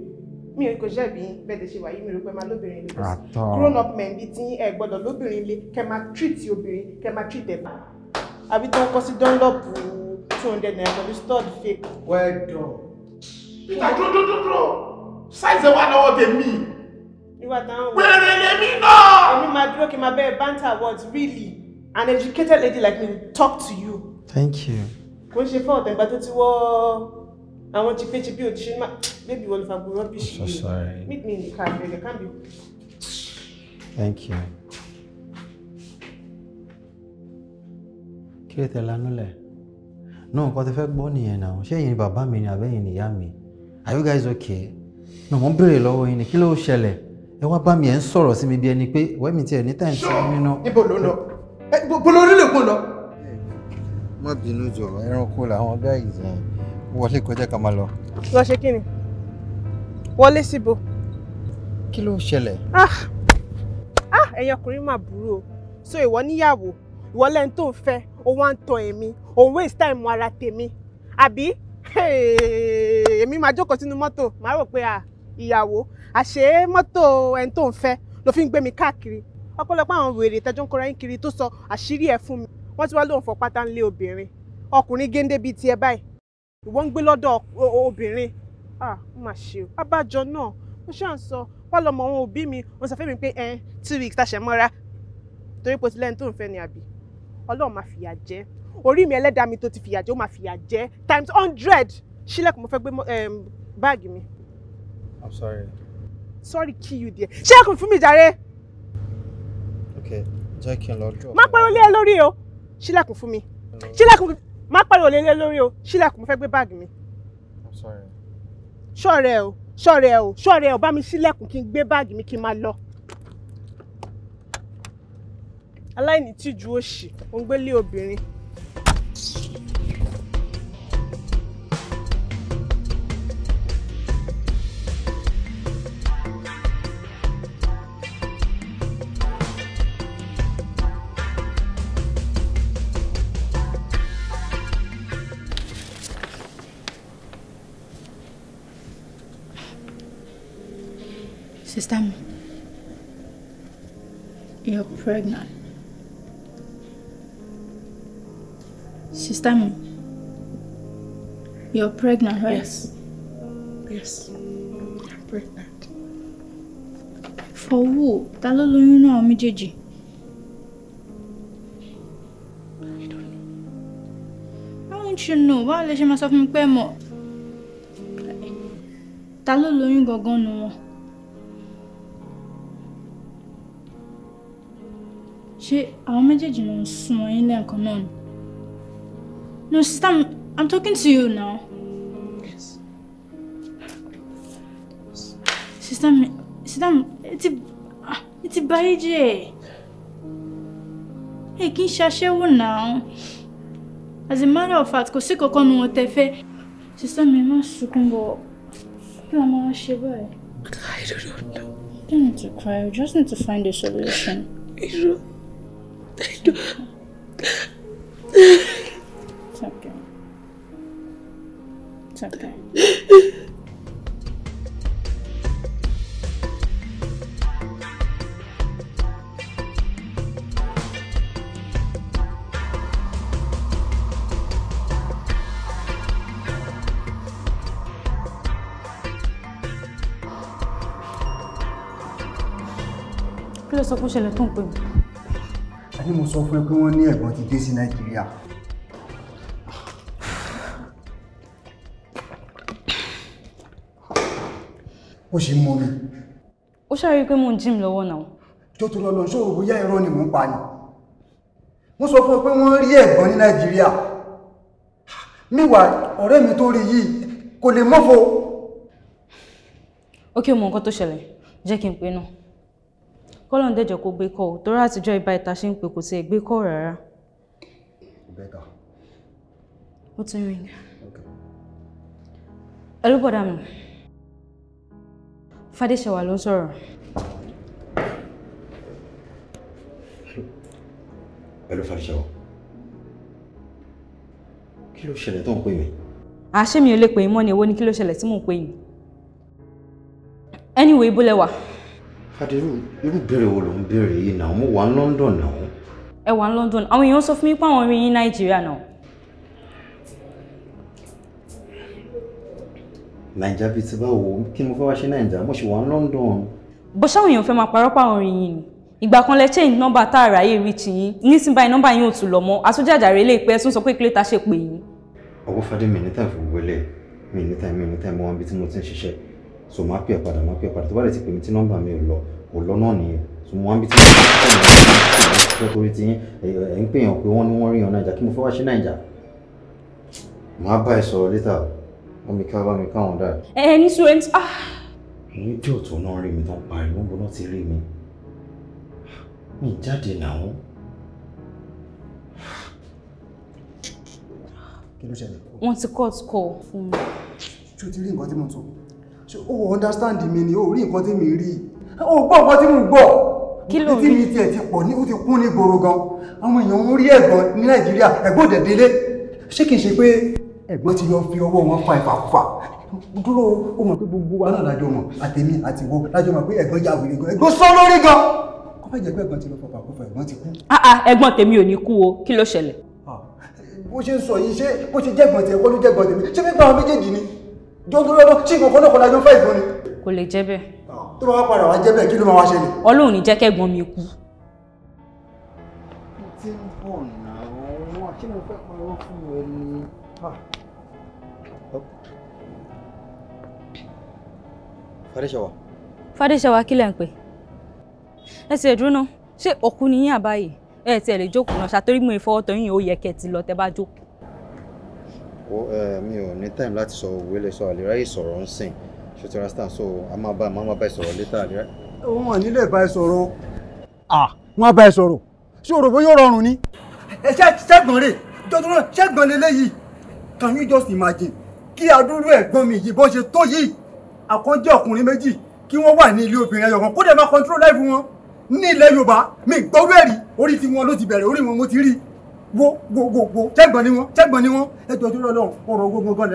mi ò kò ṣẹ̀bi bẹ́ẹ̀ tẹ̀ ṣe wà yìí mi rò pé máa lóbìnrin lé grown up men bíi ti ẹ̀ gbọ́dọ̀ lóbìnrin lé kẹ́ máa treat obìnrin kẹ́ máa treat ẹ̀ bá àbí tó ń kọ́ sí Dunlop two hundred naira pẹ̀lú stud fake. well done. peter dúró dúró dúró ṣáìsì wà lọ́wọ́ tèmi. nígbà táwọn wò. wèrè lèmi náà. èmi máa dúró kí n máa bẹ̀rẹ̀ banter words really an educated lady like me talk to you. thank you. kò ń ṣe fún ọ̀tẹ̀ ìgbà tó ti wọ́ àwọn chipechipe òjíṣẹ́ máa bébí wọlé fagbọ̀n rọ́bìṣì. so sorry. meet me in the car baby i can't be. thank you. ṣé tẹ lanúlẹ̀ náà nǹkan tẹ fẹ́ gbọ́ nìyẹn náà ṣé ẹ̀yin bàbá mi ni àbẹ́yìn ni ìyá mi are you guys okay náà mo ń béèrè lọ́wọ́ yín ni kí ló ṣẹlẹ̀ ẹ wá bá mi ẹ̀ ń sọ̀rọ̀ sí mi bí ẹni pé ìwé mi tiẹ̀ ní tẹ̀ ń sọ mí náà. ibo ló lọ ibo ló rílẹ̀ kó lọ. má bínú jọ ẹranko làwọn gáàyè wọlé kọjá ká máa lọ. lọ ṣe kí ni wọlé síbo. kí ló ṣẹlẹ̀. ah ah ẹ̀yin ọkùnrin mà burú o so ìwọ níyàwó ìwọ lẹ́ni tó ń fẹ́ ó wá ń tan èmi òun waste time ara tèmi àbí èmi máa jókòó sínú mọ́tò máa rò pé ìyàwó àṣé mọ́tò ẹni tó ń fẹ́ ló fi ń gbé mi káàkiri ọ̀pọ̀lọpọ̀ àwọn wèrè tẹjọ ń kọra yín kiri tó sọ àṣírí ẹ̀ fún mi wọ́n ti wá lóun fọ pátá ńlé obìnrin ọkùnrin géńdé bíi tiẹ̀ báyìí ìwọ ń gbé lọ́dọ̀ obìnrin ah má ṣe o abájọ náà mo ṣáà ń sọ wọn lọmọ àwọn òbí mi wọn sọ fún mi pé ẹ two weeks tá a ṣe mọ́ra torí pé o tó ń fẹ́ ni àbí ọlọ́run máa fìyà jẹ́ orí mi ẹlẹ́dàá mi tó ti fìyà jẹ́ ó máa fìyà jẹ́ times hundred ṣílẹ̀kùn mo fẹ́ gbé báàgì mi. i'm sorry. sorry kí you there ṣílẹ̀kùn fún mi jàre. okay jẹ́ kí n lọ drop. má pariwo lé ẹ lórí o ṣílẹ̀kùn fún mi ṣílẹ̀kùn má pariwo lé lórí o ṣílẹ̀kùn mo fẹ́ gbé báàgì mi. i'm sorry. ṣọ́ọ̀rẹ́ o ṣọ́ọ̀rẹ́ o ṣọ́ọ̀rẹ́ o bá mi ṣílẹ̀kùn kí n gbé báàgì mi kí n máa lọ. aláìnítìjú òṣì òǹgbélé obìnrin. Sister, you're pregnant. sister you're pregnant right? yes yes I'm pregnant. for who ta you know, me, méjèèjì. I don't know. I want you to know? Why? Let ṣe myself sọ fún mi pé mọ̀ ta ló lóyún gangan nu wọn. ṣé àwọn méjèèjì ló ń sún ọyún lẹ́ẹ̀kan náà ni. No, sister, I'm, I'm talking to you now. Yes. Sister, sister, it's it's a bad Baije. Hey, kí n ṣaṣẹ́wó now. As a matter of fact, kò sí kankan nu wọn Sister my má sunkún bọ̀. Kí la máa I don't know. You don't need to cry. You just need to find a solution. I don't. I don't. It's okay. kí ló sọ fún ṣẹlẹ̀ tó ń pè mí. a ní mo sọ fún ẹ pé wọ́n ní ẹ̀gbọ́n ti dé sí nàìjíríà ó sì ń mú mi. ó ṣàrí pé mò ń jim lọ́wọ́ náà. tó tó lọ́lọ́ ṣòro bóyá irọ́ ni mò ń pa ni wọ́n sọ fún ọ pé wọ́n rí ẹ̀gbọ́n ní nàìjíríà míwà ọ̀rẹ́ mi tó rí yìí kò lè mọ́fò. ó kí o mọ nǹkan tó ṣẹlẹ̀ jẹ́ kí n pe náà kọ́lọ̀ dẹ̀jọ́ kó gbé kọ́ ọ torí àtijọ́ ibà ìta ṣe ń pè kò tiẹ̀ gbé kọ́ rárá. ó ti rìn. ẹlú mi. Okay. Fadéṣẹwà ló ń sọ̀rọ̀. Pẹ̀lú Fadéṣẹwà. Kí ló ṣẹlẹ̀ tó ń pè mí? Àṣé mi ò lè pè yín mọ́ ni èwo ni kí ló ṣẹlẹ̀ tí mò ń pè yín? Anyway, ibo lẹ wà? Fadé irú béèrè wo ló ń béèrè yìí náà? Mo wà ní London náà. Ẹ wà ní London. Àwọn èèyàn sọ fún mi pé àwọn rí yín Nàìjíríà náà. naija bíi ti báwo kí ni mo fẹ́ wá ṣe naija mo ṣì wà ní London. bó ṣáwọn èèyàn fẹ́ máa parọ́ pàwọn orin yìí ni ìgbà kan lẹ change nọ́mbà tá a ráyè rí ti yín nísìnyí báyìí nọ́mbà yín ò tún lọ mọ́ àtúnjàjàre lè pẹ́ tún sọ pé kílẹ̀ ta ṣe pè yín. ọwọ́ fadé mi níta fún wọlé mi níta mi níta mọ́ ibi tí mo ti ń ṣiṣẹ́ so máa pè é padà máa pè é padà tó bá lè ti pè mí tí nọ́mbà mi ò lọ kò lọ náà nìyẹn so mo wá ń bí tí mo ti ń ṣiṣẹ́ torí ti yín ẹ̀ ń pè yàn pé wọ́n ní wọ́n rí yàn náà kí mo fẹ́ wá ṣe náà ìjà bá ẹ sọ̀rọ̀ Omi ká bá mi káwọn dáàdì. Ẹ ní student. Àwọn ìdí ọ̀tọ̀ náà rí mi tán pariwo ń bọ́ náà ti rí mi. Mi jáde náà. Kí ló ṣẹlẹ̀? Wọ́n ti court call fún mi. Ṣé o ti rí nǹkan tí mo sọ? Ṣé o understand mi ni o rí nǹkan tí mi rí? O gbọ́ nǹkan tí mo gbọ́. Kí ló rí? Títí mi tiẹ̀ ti pọ̀ ní o ti kún ní gbòòrò gan. Àwọn èèyàn ń rí ẹ̀gbọ́n ní Nàìjíríà ẹ̀gbọ́n òdẹ̀dẹ́lé. Ṣé kìí ṣe pé ẹ̀gbọ́n ti yọ fi ọwọ́ wọn fa ìfàkùfà dúró ó mọ̀ pé gbogbo wa náà lájọ mọ̀ àtẹ̀mí àti wo lájọ mọ̀ pé ẹ̀gbọ́n yà wèrè gan ẹ̀gbọ́n sọ lórí gan kó fẹ́ jẹ́ pé ẹ̀gbọ́n ti lọ fa ìfàkùfà ẹ̀gbọ́n ti kú. Ah, ah, ẹ̀gbọ́n tèmi ò ní kú o kí ló ṣẹlẹ̀. Ah, bó ṣe ń sọ yìí ṣé bó ṣe jẹ́gbọ́n tiẹ̀ kọ́ ló jẹ́gbọ́n tèmi ṣé fífa àwọn méjèèjì ni kò lè jẹ́ bẹ́ẹ̀. tó bá wá padà wá jẹ́ bẹ́ẹ̀ kí ló máa wá ṣẹlẹ̀. ọlọ́run ní jẹ́ kẹ́gbọ́n mi kú. tí ń bọ̀ náà wọ́n kí ló fẹ́ parọ́ fún ẹni. Fadéṣewà. Fadéṣewà kí lẹ̀ ń pè? Ẹ ṣe ìdúró náà, ṣé òkú ni yín àbáyé? Ẹ tiẹ̀ lè jókòó náà ṣàtórí mú ìfọwọ́ tọ́ yín ó yẹ kẹ́ ti lọ tẹ́ bá jókòó. Wo mi ò ní time láti sọ òwe lè sọ àlèrà yìí sọ̀rọ̀ ń sìn. Ṣé ti so a máa bá a máa bá ẹ sọ̀rọ̀ létà àlèrà? Wọ́n à nílẹ̀ bá ẹ sọ̀rọ̀. À wọ́n á bá ẹ sọ̀rọ̀. Ṣé o rò bó yóò rọrùn ni? Ẹ ṣẹ́gbọ̀n rè jọdún ṣẹ́gbọ̀n lélẹ́yìí. Can you just imagine kí adúrú ẹ̀gbọ́n mi yìí bó ṣe tó yìí? àkànjẹ́ ọkùnrin méjì kí wọ́n wà ní ilé obìnrin ẹyọ kan kó dẹ̀ máa control life wọn ní ilẹ̀ Yorùbá mi gbọ́rú ẹ̀rí orí ti wọn ló ti bẹ̀rẹ̀ orí wọn mo ti rí wo wo wo wo tẹ́gbọ̀n ni wọ́n tẹ́gbọ̀n ni wọ́n ẹjọ́ tó lọ́lọ́ ọ̀rọ̀ gbogbo gan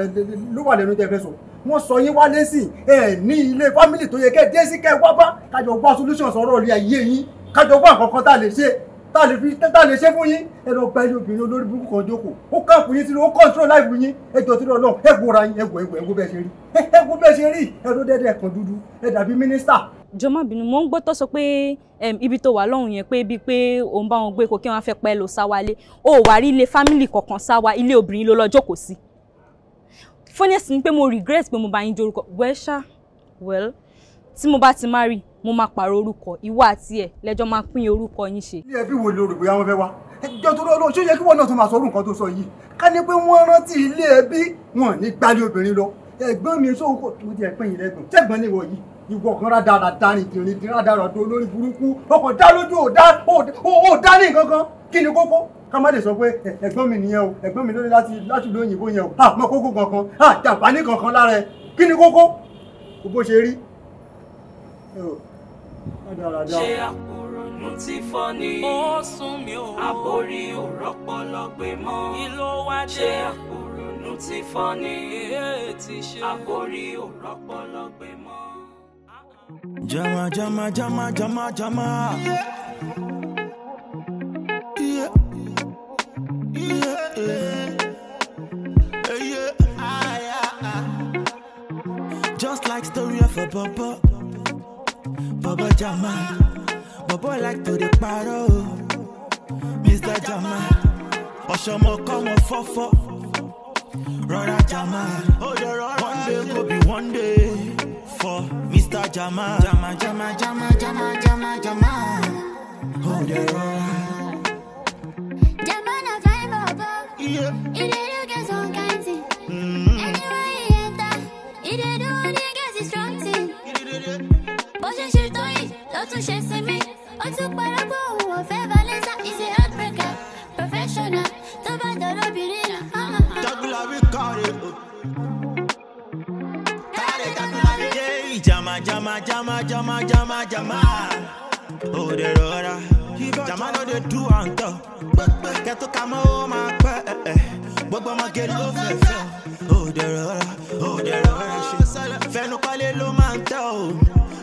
ló wà lẹ́nu tẹ́fẹ́ sọ wọ́n sọ yín wá lẹ́sìn ẹ̀ ní ilé fámìlì tó yẹ kẹ́ dé sí kẹ́ wá bá kájọ wá solution sọ̀rọ̀ rí ayé yín kájọ wá nǹkan kan tá a lè ṣe tá lè fi tá lè ṣe fún yín ẹ̀rọ gba ilé obìnrin olórí burúkú kan jókòó ó kàǹpù yín sínú ó kọ́ńtúrò láìpù yín ẹjọ́ tí lọ́nà ẹ wo ra yín ẹ wo ẹ wo ẹ wo bẹ́ẹ̀ ṣe rí ẹ wo bẹ́ẹ̀ ṣe rí ẹ̀rọ dẹ́dẹ́ kan dúdú ẹ dàbí mínísítà. jọ bínú mo ń gbọ́ tó sọ pé ibi tó wà lọ́hùn yẹn pé bíi pé òun bá wọn gbé kó kí wọ́n fẹ́ pẹ́ lọ sáwálé ó wà rí ilé fámìlì kọ̀ọ̀kan sáwá ilé obìnrin ló lọ mo regret pé mo bá well tí mo bá ti marry mo máa pààrọ̀ orúkọ ìwọ àti ẹ̀ lẹ́jọ́ máa pín orúkọ yín ṣe. ilé ẹbí wo ló rò bóyá wọ́n fẹ́ wá ẹjọ́ tó lọ́ọ́ ṣé yẹ kí wọ́n náà tún máa sọ orú nǹkan tó sọ yìí ká ní pé wọ́n rántí ilé ẹbí wọn ní gbálẹ̀ obìnrin lọ ẹ̀gbọ́n mi sóhun kò tó di ẹ̀pẹ́ yìí lẹ́gbọ̀n tẹ́gbọ́n ni wọ̀nyí ìwọ kan rádàrà dání ìdìrín ìdìrín rádàrà tó lórí burúkú ọkọ̀ dá lójú ò dá ò dá ní nǹkan kan kí ni kókó ká má lè sọ pé ẹ̀gbọ́n mi nìyẹn o ẹ̀gbọ́n mi lórí láti láti ìlú òyìnbó yẹn o àmọ́ kókó kankan àjàǹfààní kankan lára ẹ kí ni kókó kò bó ṣe rí. jama jama jama jama jama. Yeah. Yeah. Yeah. Yeah. Just like story of a bubble. Baba Jama, Baba like to the paro, Mr. Jama, Oshomo come fofo, Rora Jama, one day go be one day for Mr. Jama, Jama Jama Jama Jama Jama Jama, hold the Rora. Jama na fine Baba, yeah, it did get some kind thing. Anyway he enter, it did do what he gets strong thing. la 我想是多疑，到处写 C V，我只管了不，我非把脸上一些 la professional，都把头都比你了。Jama jama jama jama jama jama Jama. Oh the roda Jama no dey do on top Kẹ́tù ká mọ́ ó máa pẹ́ Gbogbo ọmọge ló Oh the roda Oh the roda Fẹnukọ́lé ló máa ń tẹ́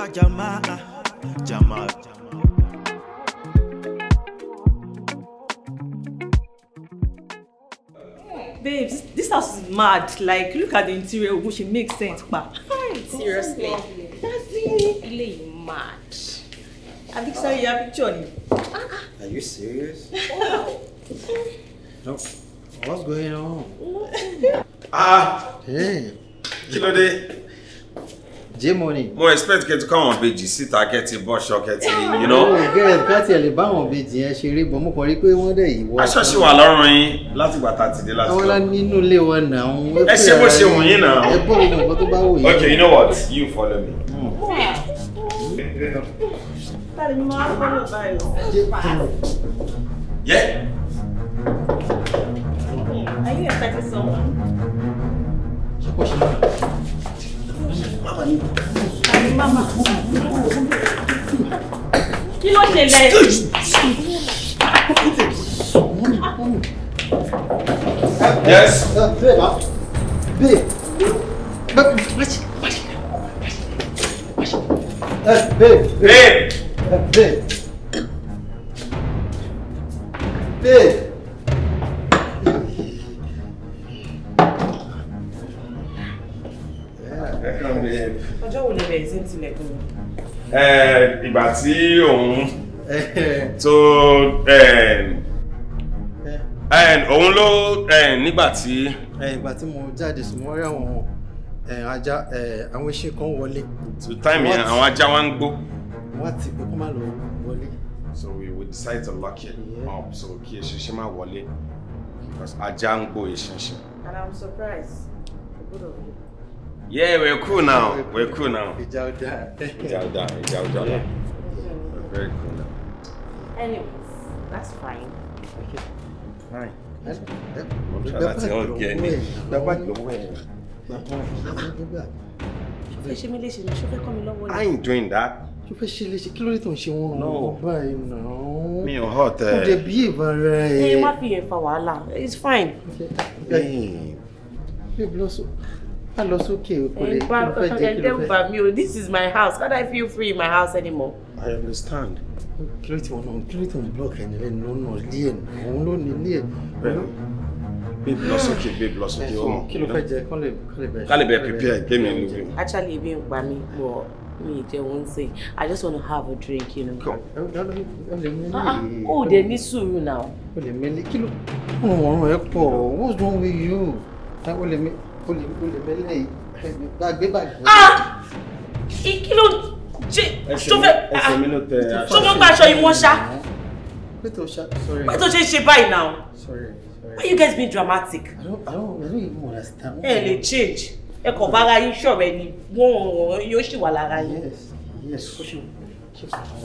bá Jamal Jamal. babes this house is mad like look at the interior ogun she make sense pa. seriously that's really mad. I abi sorry ya picture ni. Ah, ah. are you serious. [LAUGHS] no, what's going on. ah hey, ló J-Money. mo expect kẹ́tù káwọn bèjì síta kẹ́tì bọ́ṣọ kẹ́tì you know. mo gẹ́rẹ́ káàtì ẹ̀ lè bá àwọn bèjì yẹn ṣeré bọ̀ mo kàn rí pé wọ́n dẹ̀ yìí wọ́. aṣọ ṣì wà lọ́rùn yín láti gbà tá a ti dé láti lọ. àwọn nínú ilé wọn nà ń. ẹ ṣe bó ṣe wù yín nà. ẹ bọ́ gbogbo nǹkan tó bá wù yín. okay you know what you follow me. tàbí mo máa ń fọlọ báyìí. Are you expecting someone? kí ló ṣẹlẹ̀. yes. babe. babe. babe. babe. tilẹ̀kùn wọn. ìgbà tí òun [LAUGHS] tó òun ló nígbà tí. ìgbà tí mo jáde sùn wọ́n rí àwọn ajá àwọn iṣẹ́ kan wọlé. to time yẹn àwọn ajá wa ń gbó. wọ́n ti pé kó má lọ wọlé. so we we decide to lock it up so kí eṣinṣin má wọlé because ajá ń gbó eṣinṣin. and i'm surprised the both of you. Yeah, we're cool now. We're cool now. Ijauda. Ijauda. Ijauda. Yeah. We're very cool now. Anyways, that's fine. Okay. Fine. I'm trying not to all get me. I ain't doing that. tó fẹ́ ṣe léṣe kí ló dé tó ń ṣe wọn ọ̀hún báyìí náà. mi ò hot ẹ. kò eh. dé bí ìbọn rẹ. ẹ má fi yẹn fa wàhálà it's fine. Okay. babe blow so a lọ sókè kò lè kí ló fẹ́ jẹ́ kí ló fẹ́. ẹ̀dẹ́gbà mi o this is my house how do I feel free in my house anymore. I understand kí ló ti wọn náà kí ló ti wọn block ẹni lẹ́nu ló nà lé ẹ̀ òun ló ní lé ẹ̀. babe lọ sókè babe lọ sókè ọmọ kí ló fẹ́ jẹ kálí bẹ prepare gbẹmí ẹni lóbi. actually ebi ń pa mi bọ̀ mi jẹun sí i just wanna have a drink you know. o ah, ah, dẹ̀ ní sùúrù náà. o lè mẹ́lẹ̀ kí ló ń wọ̀n ẹ̀ pọ̀ what's wrong with you? o lè o lè mẹ́lẹ̀ yìí gbàgbé bàjẹ́. Ah! kí ló ṣe tó fẹ́ tó ah, fẹ́ gba aṣọ ìwọ̀n ṣá. Peter Osha, sorry. Why don't Why you guys being dramatic? I don't, I don't, even understand. Hey, they change. Ẹ kò bára yín ṣọ̀rẹ́ ni wọ́n yóò ṣì wà lára yín. Yes, yes, ó ṣe wọ́n.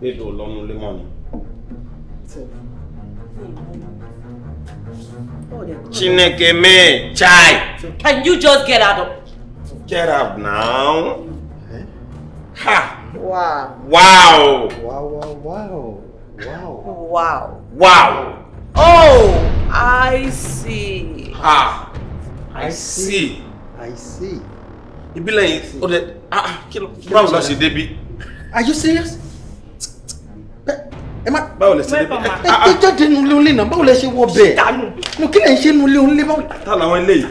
Bébí ò lọ́nu lé mọ́ ni. Chineke me, chai. Can you just get out of? Get out now. Eh? Ha! Wow. Wow. Wow, wow, wow. Wow. Wow. Wow. Oh, I see. Ah, I, I see. see. I see. You be like, oh, that, ah, kill, Bravo, kill, kill, Are you serious? ẹ má báwo lẹ ṣe dé bẹ ẹ ẹ ah, ah. jáde nu ilé onílé náà báwo lẹ ṣe wọ bẹ́ẹ̀ nù kí lẹ ń ṣe nu ilé onílé báwo. ta làwọn eléyìí.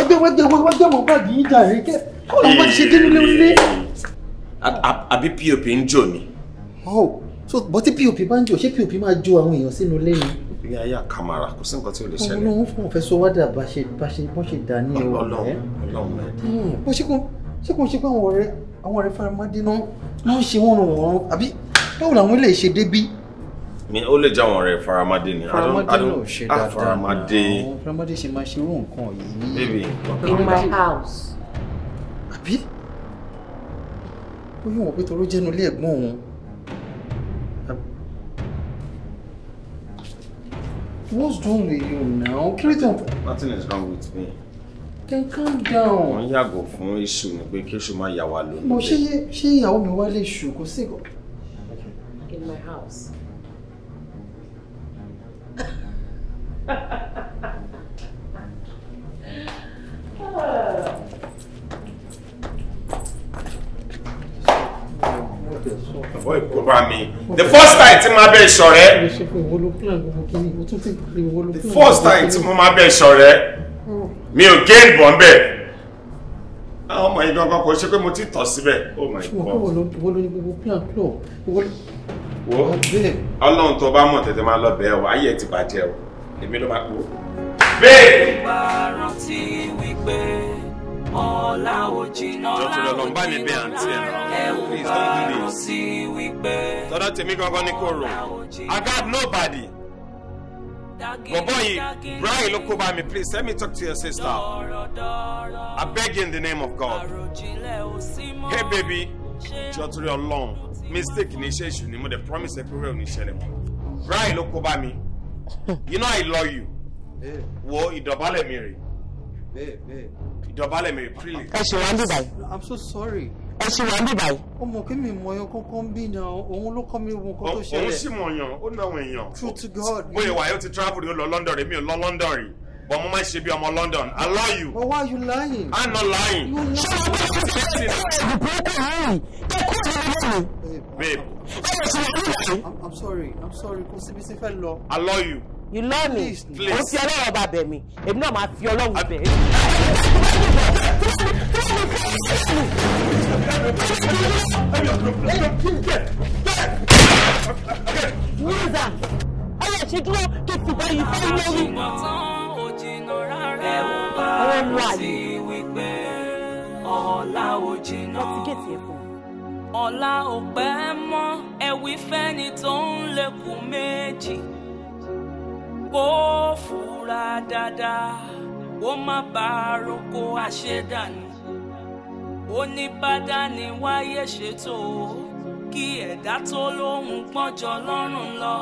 ẹgbẹ́ wẹ́gbẹ́ wẹ́gbẹ́ wọn bá di ìjà rẹ kẹ́ báwo làwọn bá ti ṣe dé nu ilé onílé. àbí pop ń jò ni. ọ so bọ́tí pop bá ń jò ṣé pop máa jó àwọn èèyàn sínú ilé ni. ilé ayé àkàmàrà kò sí nǹkan tí ò lè ṣẹlẹ̀. ọlọ́run fún ọ̀fẹ́ sọ wádà bá ṣe dání ọ̀rẹ́ ọlọ́run ọlọ́run àwọn ọ̀rẹ́ faramádé náà ló ń ṣe wọ́n ràn wọ́n àbí báwo làwọn ilé ṣe débí. mi ò lè jáwọn ọ̀rẹ́ faramádé ni faramádé náà ṣe ah, dáadáa faramádé faramádé ṣe máa ṣe irú nǹkan yìí. baby in my house. àbí ó yóò wọ́n pé toró jẹ́nu ilé ẹ̀gbọ́n òun. What's wrong with you now? Nothing is wrong with me. Then calm down. Wọ́n yàgò fún iṣu ni pé kí iṣu máa yà wá lónìí. Mo ṣe ṣé ìyàwó mi wá lè ṣù kó sí ìgò. In my house. The first time tí máa bẹ̀ ṣọ̀rẹ́. The first time tí mo máa bẹ̀ mi ò gé ìbọn bẹ́ẹ̀ àwọn ọmọ yìí gangan kò ṣe pé mo ti tọ̀ síbẹ̀ oh wo ló ní gbogbo plan club wo ọlọ́run tó bá mọ̀ tètè máa lọ bẹ́ẹ̀ o ayé ẹ̀ ti bàjẹ́ o èmi ló máa kú bẹ́ẹ̀. ìgbà rántí wípé ọ̀la ò jìnnà ọ̀la ò ẹ̀wù bá rántí wípé ọ̀la ò jìnnà ọ̀la ò Bobo, Brian me, please let me talk to your sister. I beg you in the name of God. Hey baby, Jotri long. mistake initiation. ṣe ṣù promise ẹ pé rẹ̀ ò ní ṣẹlẹ̀ mọ́. Brian you know I love you. Wo ìdọ̀bálẹ̀ mi rè. Ìdọ̀bálẹ̀ babe. rè, please. Ẹ ṣe wá ń I'm so sorry ẹ ṣì wà níbí báyìí. ó mọ kí mi mọ yan kankan bí yan òun ló kọ́ mi ohun kan tó ṣẹlẹ̀. òun sì mọ yan ó náwọn èèyàn. true to god. bóyá wàá yóò ti travel yóò lọ London rèé mi ò lọ London rèé but mo máa ṣe bí ọmọ London I love you. but why are you lying. I'm not lying. ṣé o bá fi fẹ́ẹ́ ṣe ìdìbò ọkọ̀ yìí tó kú ọ̀rọ̀ mi. babe. ẹ lè ṣe ìdìbò. I'm sorry I'm sorry kò síbi sí fẹ́ lọ. I love you you love me o ti ọlọ́run ọba bẹ̀ mi èmi náà máa fi ọlọ́run bẹ̀ ẹ́. Musa, ayọ̀ ṣe dúró kí Ọ̀la ò mọ́ ẹ̀wí fẹ́ni tó ń lekùn méjì kó fura dáadáa kó má bàa roko àṣedànù ó ni wáyé ṣètò kí ẹ̀dá tó lóhùn pọ́njọ lọ́rùn lọ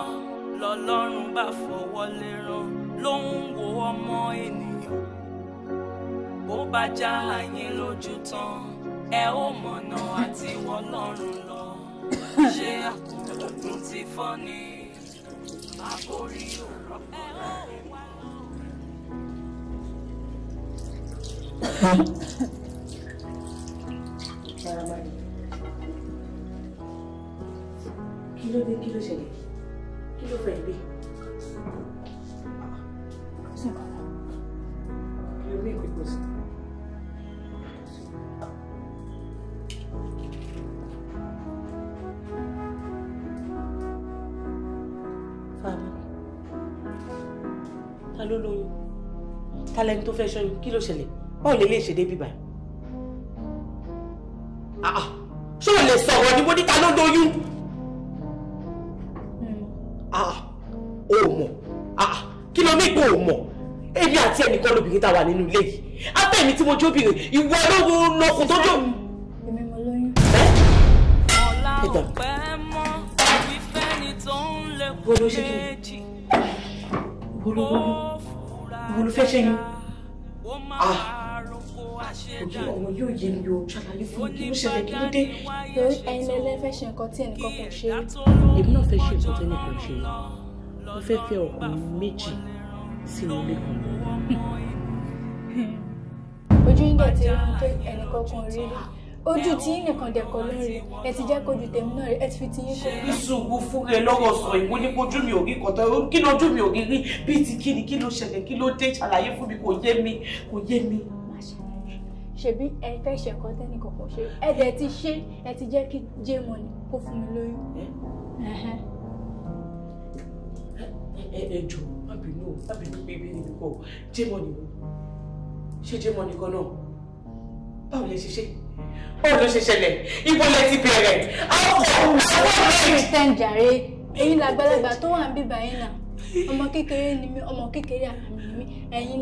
lọ́lọ́run bá fọwọ́ léràn ló ń wo ọmọ ènìyàn bó bá já ayé lójú tán ẹ ó mọ̀nà àti wọ́lọ́run lọ ṣé àkókò ti fọ́ ni àbórí òrọ̀ kan rẹ̀. Charamani. Kí ló dé, kí ló ṣẹlẹ̀? Kí ló fẹ́ gbé? Kí ló dé ìpínpọ̀ sí? Fàmí, ta ló lóyún? Ta lẹni tó fẹ́ ṣọ́yún? Kí Ah, ah. ṣé o lè sọ̀rọ̀ ni wọ́n ló lóyún hmm. ah, o mọ̀ kí ló ní ipò o mọ̀ èmi àti ẹnìkan lóbìnrin tá a wà nínú ilé yìí abẹ́ mi tí mo jóbìnrin ìwọ olówó lọkùn tó jó. èmi mo lóyún. ọ̀la ò pẹ́ mọ́ ìfẹ́ ni tó ń lè kú méjì ó fura ó ó máa ojú ọ̀rọ̀ yóò yé mi o ṣàlàyé fún mi kí ló ṣẹlẹ̀ kí ló dé. lórí ẹyin lẹlẹ fẹ́ ṣe nǹkan tí ẹnìkan kò ṣe. èmi náà fẹ́ ṣe nǹkan tí ẹnìkan ṣe mo fẹ́ fẹ́ ọkùnrin méjì sínú ilé kan. ojú yín dẹ̀ ti rí pé ẹnìkan kan rí rí ojú tí yín nìkan dẹ̀kọ́ lórí ẹ ti jẹ́ kojú tèmi náà rí ẹ ti fi ti yín ṣe. ìṣòwò fúnra ẹ lọ́rọ̀ sọ ìwé ní kojú mi ò rí kọ̀tọ́ kí lójú mi ò rí rí bíi ti kí ni kí ló ṣẹlẹ̀ kí ló dé ṣàlàyé fún mi kò yé mi kò yé mi ṣebí ẹ fẹ́ ṣe nǹkan tẹ́ni kankan ṣe ẹ dẹ̀ ti ṣe ẹ ti jẹ́ kí J-Money kó fún mi lóyún. ẹ ẹ jọ má bínú má bínú pé bí ẹni púpọ̀ J-Money ṣé J-Money kan náà báwo lẹ ṣe ṣe báwo ló ṣe ṣẹlẹ̀ ibo lẹ ti bẹ̀rẹ̀ àwọn ọmọ ọmọ rẹ. èyí làgbàlagbà tó wà ń bíbá yín náà ọmọ kékeré ni mí ọmọ kékeré àmì ẹ̀yin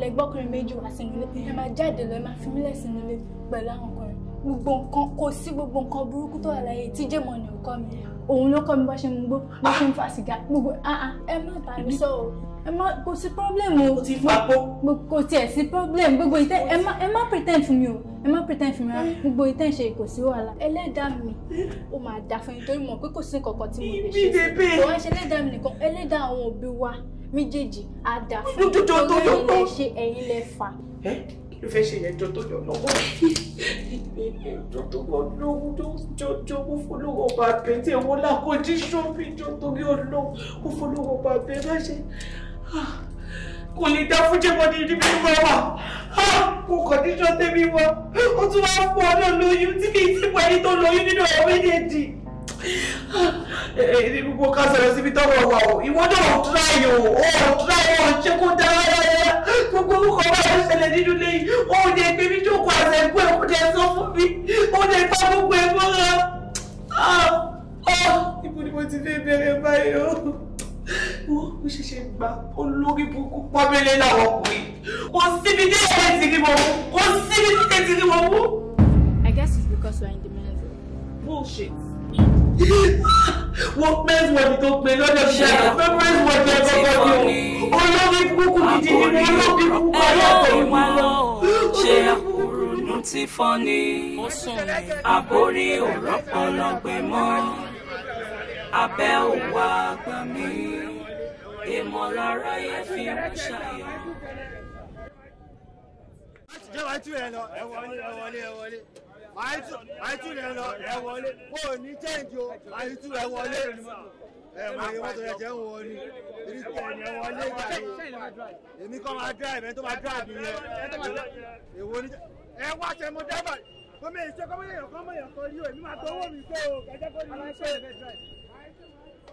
lẹ gbọ́kùnrin méjì wá sínú ilé ẹ máa jáde lọ ẹ máa fi mílẹ̀ sínú ilé pẹ̀lú àwọn ọkùnrin gbogbo nǹkan kò sí gbogbo nǹkan burúkú tó wà láyé tí jẹ́mọ̀ ni ò kọ́ mi òun ló kọ́ mi bá ṣe ń gbó bá ṣe ń fa sìgá gbogbo ah, ah, ẹ má ta mi sọ o ẹ má kò sí problem o kò ti fa pọ́ kò tiẹ̀ sí problem gbogbo ìtẹ́ ẹ má pretend fún mi o ẹ má pretend fún mi rárá gbogbo ìtẹ́ ṣe kò sí wàhálà ẹlẹ́dàá mi ó máa dà fún yín torí mọ̀ pé kò sí nǹkan tí mo lè ṣe sí i kò wá ṣe ẹlẹ́dàá mi nìkan ẹlẹ́dàá àwọn òbí wa méjèèjì á dà fún mi lórí ilẹ̀ ṣe ẹ̀yin lẹ fà. ló fẹ́ ṣe yẹn jọjọ yọ lọ́wọ́ jọjọ lọ́wọ́ jọjọ mo fọlọ́wọ́ bá bẹ tí ẹ̀wọ́n lákọ̀ọ́jí ṣọ́ọ̀bì jọjọ yọ lọ́wọ́ mo fọlọ́wọ́ bá bẹ má ṣe kò lè dá fún jẹ́mọ́dé níbi tí wọ́n wà kò kọ̀díṣọ́ tẹ́mi wọ́n ó tún wá fún ọ náà lóyún tí kì í sí pẹ́ẹ́lí tó lóyún nínú ẹ̀ méjèèjì gbogbo ká sọ̀rọ̀ síbi tọ́wọ́ wà o ìwọ náà ò tura yìí o ò tura yìí o ṣé kó dára rárá gbogbo orúkọ bá yóò ṣẹlẹ̀ nínú lẹ́yìn o ò lè gbé mi jókòó àti ẹ̀gbọ́n ẹ̀ kó sọ fún mi o lè pa gbogbo ẹ̀ mọ́ra ah, ah, ibo ni mo ti fẹ́ bẹ̀rẹ̀ báyìí o wọ́n mo ṣẹ̀ṣẹ̀ gba olórí burúkú pọ́nbélé làwọn ọkùnrin kò síbi tí èdè ti rí wọn kò síbi tí èdè ti rí wọn wú. I guess it's because we are in the middle. Bullshit wọ́n pẹ́ẹ́sì wọ́n ti tó pe lọ́jọ́ ṣe pẹ́ẹ́sì wọ́n ti ẹ̀kọ́ o olórí kúkú gidi ni mo lóbi kúkú ọlọ́pọ̀ mi lọ. ṣé àkùrùnú ti fọ́ ni àbórí ọ̀rọ̀ pọlọgbẹ mọ́ abẹ́ òwà àgbà mi ìmọ̀lára yẹ fi ránṣẹ́ yọ. jẹ́ wàá tú ẹ lọ ẹ wọlé ẹ wọlé ẹ wọlé àìtú rẹ̀ lọ ẹ̀ wọlé o ní chẹ́ǹjì o àìtú rẹ̀ wọlé ẹ̀ wọ ìwọ tó yẹ jẹ́ ń wọ ni èmi tẹ̀ ẹ̀ wọlé gàdé èmi kọ́ máa drive ẹ̀ tó máa drive yẹn èwo ní ẹ̀ wá tẹ̀ mo driver kọ́mọ èyí ṣe kọ́mọ èyàn kọ́mọ èyàn kọ́ rí o èmi máa tọ́ owó mi pé o kẹjẹ kọ́ rí mi pé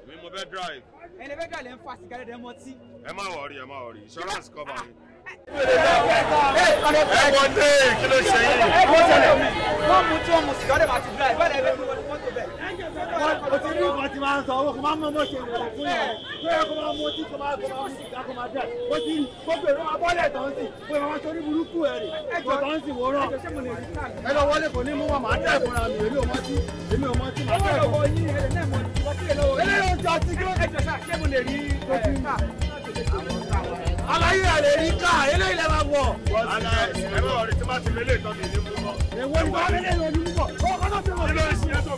èmi mo fẹ́ drive. ẹni fẹ́ drive lẹ́ ń fa sìgá dẹ́dẹ́ mọ́tí. ẹ má wọrí ẹ má wọrí insurance cover mi ẹ wọ dé kí ló ṣe yìí. ẹ wọ tẹ́lẹ̀ wọn mú tí wọn mú sìgá lẹba ti bíláì bẹ́ẹ̀ lẹbi wọn mọ́tò bẹ́ẹ̀. o ti ní ìwọ ti máa ń sọ owó kò máa ń mọ bó ṣe ìwọ fún yẹn tó yẹ kó máa mú ọtí kó máa kó máa mú sìgá kó máa dẹ o ti rí gbogbo èrò abọ́lẹ̀ tó ń sìn pé wọn torí burúkú ẹ̀ rè kò tó ń sìn wò rán. ẹ lọ wọlé kò ní mú wọn máa dẹ fúnra mi èmi ò mọ tí èmi ò mọ tí máa dẹ fún. ẹ lọ́wọ́ yín ẹ aláyé àlè rí ká ẹ bá ti ti ni ni ko o to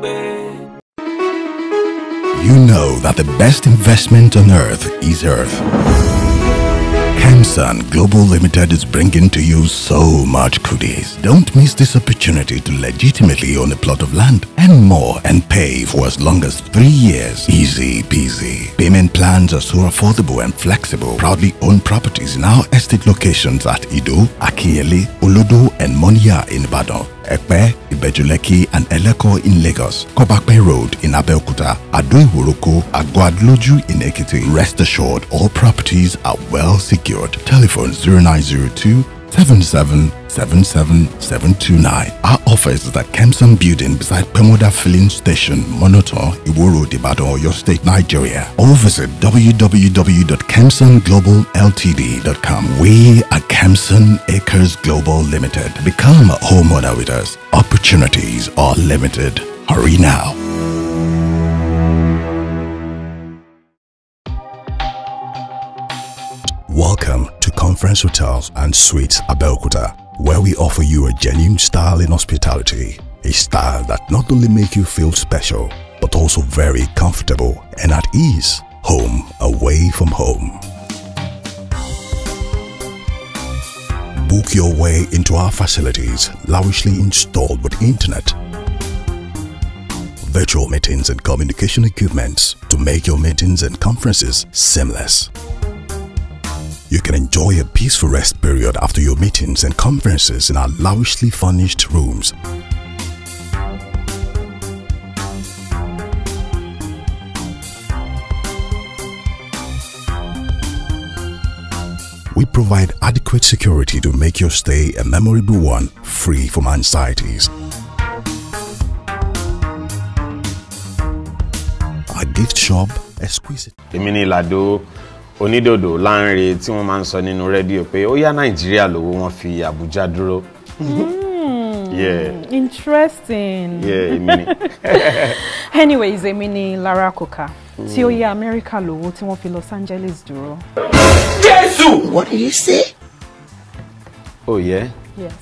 bo You know that the best investment on earth is earth. Samsung Global Limited is bringing to you so much goodies. Don't miss this opportunity to legitimately own a plot of land and more and pay for as long as three years. Easy peasy. Payment plans are so affordable and flexible. Proudly owned properties in our estate locations at Ido, Akiele, Uludu, and Monia in Badon Epe, Ibejuleki, and Eleko in Lagos, Kobakpe Road in Abeokuta, Adui Iworoko, Agwadloju in Ekiti. Rest assured, all properties are well secured. Telephone 0902 7777729. Our office is at Kemson Building beside Pemoda Filling Station, Monoto, Iworo, Dibado, your state, Nigeria. Or visit www.kemsonglobalLtd.com. We are Kemson Acres Global Limited. Become a homeowner with us. Opportunities are limited. Hurry now. Conference Hotels and Suites Abeokuta, where we offer you a genuine style in hospitality. A style that not only make you feel special, but also very comfortable and at ease. Home away from home. Book your way into our facilities, lavishly installed with internet, virtual meetings and communication equipment to make your meetings and conferences seamless. You can enjoy a peaceful rest period after your meetings and conferences in our lavishly furnished rooms. We provide adequate security to make your stay a memorable one, free from anxieties. Our gift shop, exquisite. The mini lado onídòdò Láńre tí wọ́n máa ń sọ nínú rédíò pé ó yá nàìjíríà lówó wọ́n fi àbújá dúró. Hmm, yeah. Interesting. Yeah, èmi ni. [LAUGHS] Anyways, èmi ni Lara Koka tí ó yá Amẹ́ríkà lówó tí wọ́n fi Los Angeles dúró. Jesu, What did you say? Oh yeah? Yes.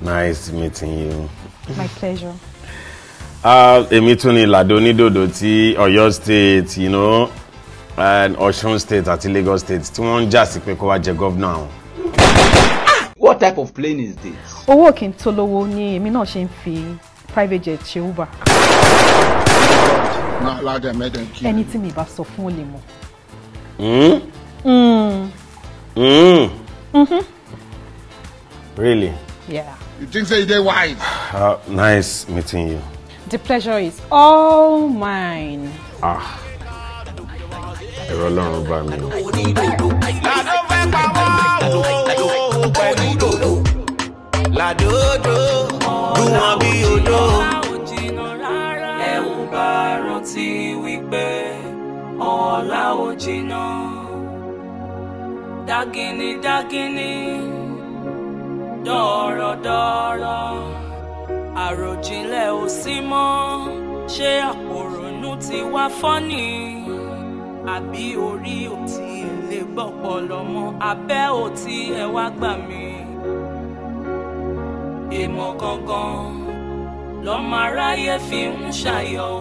Nice meeting you. My pleasure. Ah, èmi tún ni Làdó Onídòdò ti Ọ̀yọ́ State, you know. Ọ̀ṣun state àti Lagos state tí wọ́n ń jà sí pé kó wá jẹ gọ́vnà àwọn. What type of plane is this? owó kì í tó lówó ni èmi náà ṣe ń fi private jet ṣe uber. ẹni tí mi bá sọ fún ó lè mọ̀. Hmm? Hmm. Hmm? Mm-hmm. Really? Yeah. You think say you dey wise? Uh, nice meeting you. The pleasure is all mine. Ah ẹ̀rọ ọlọ́run bá mi. làdó fẹ́ pa wọ́n wò pẹ̀lú dòdò làdòdò dùn wọn bí odò. ẹ̀wù bá rántí wípé ọ̀la ò jìnnà dágínní dágínní dọ̀rọ̀dọ̀rọ̀ àròjinlẹ̀ ò sí mọ́ ṣé àpòrònú ti wá fọ́ ni àbí orí ò tí ẹ lè gbọ́pọ̀ lọ́mọ abẹ́ ò tí ẹ wá gbà mí. èèmọ̀ gangan lọ́mọ aráyé fi ń ṣàyọ̀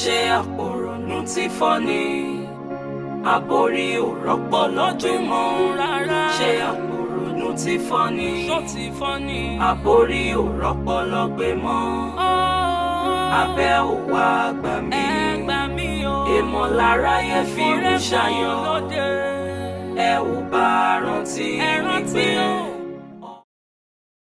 ṣé àpòrònú ti fọ́ ni àbórí ò rọ́pọ̀ lọ́dún mọ́ rárá ṣé àpòrònú ti fọ́ ni àbórí ò rọ́pọ̀ lọ́gbẹ́ mọ́. Oh abẹ́ ò wá gbà mí ìmọ̀lára yẹn fi ń ṣàyàn ẹ ò bá rántí wípé.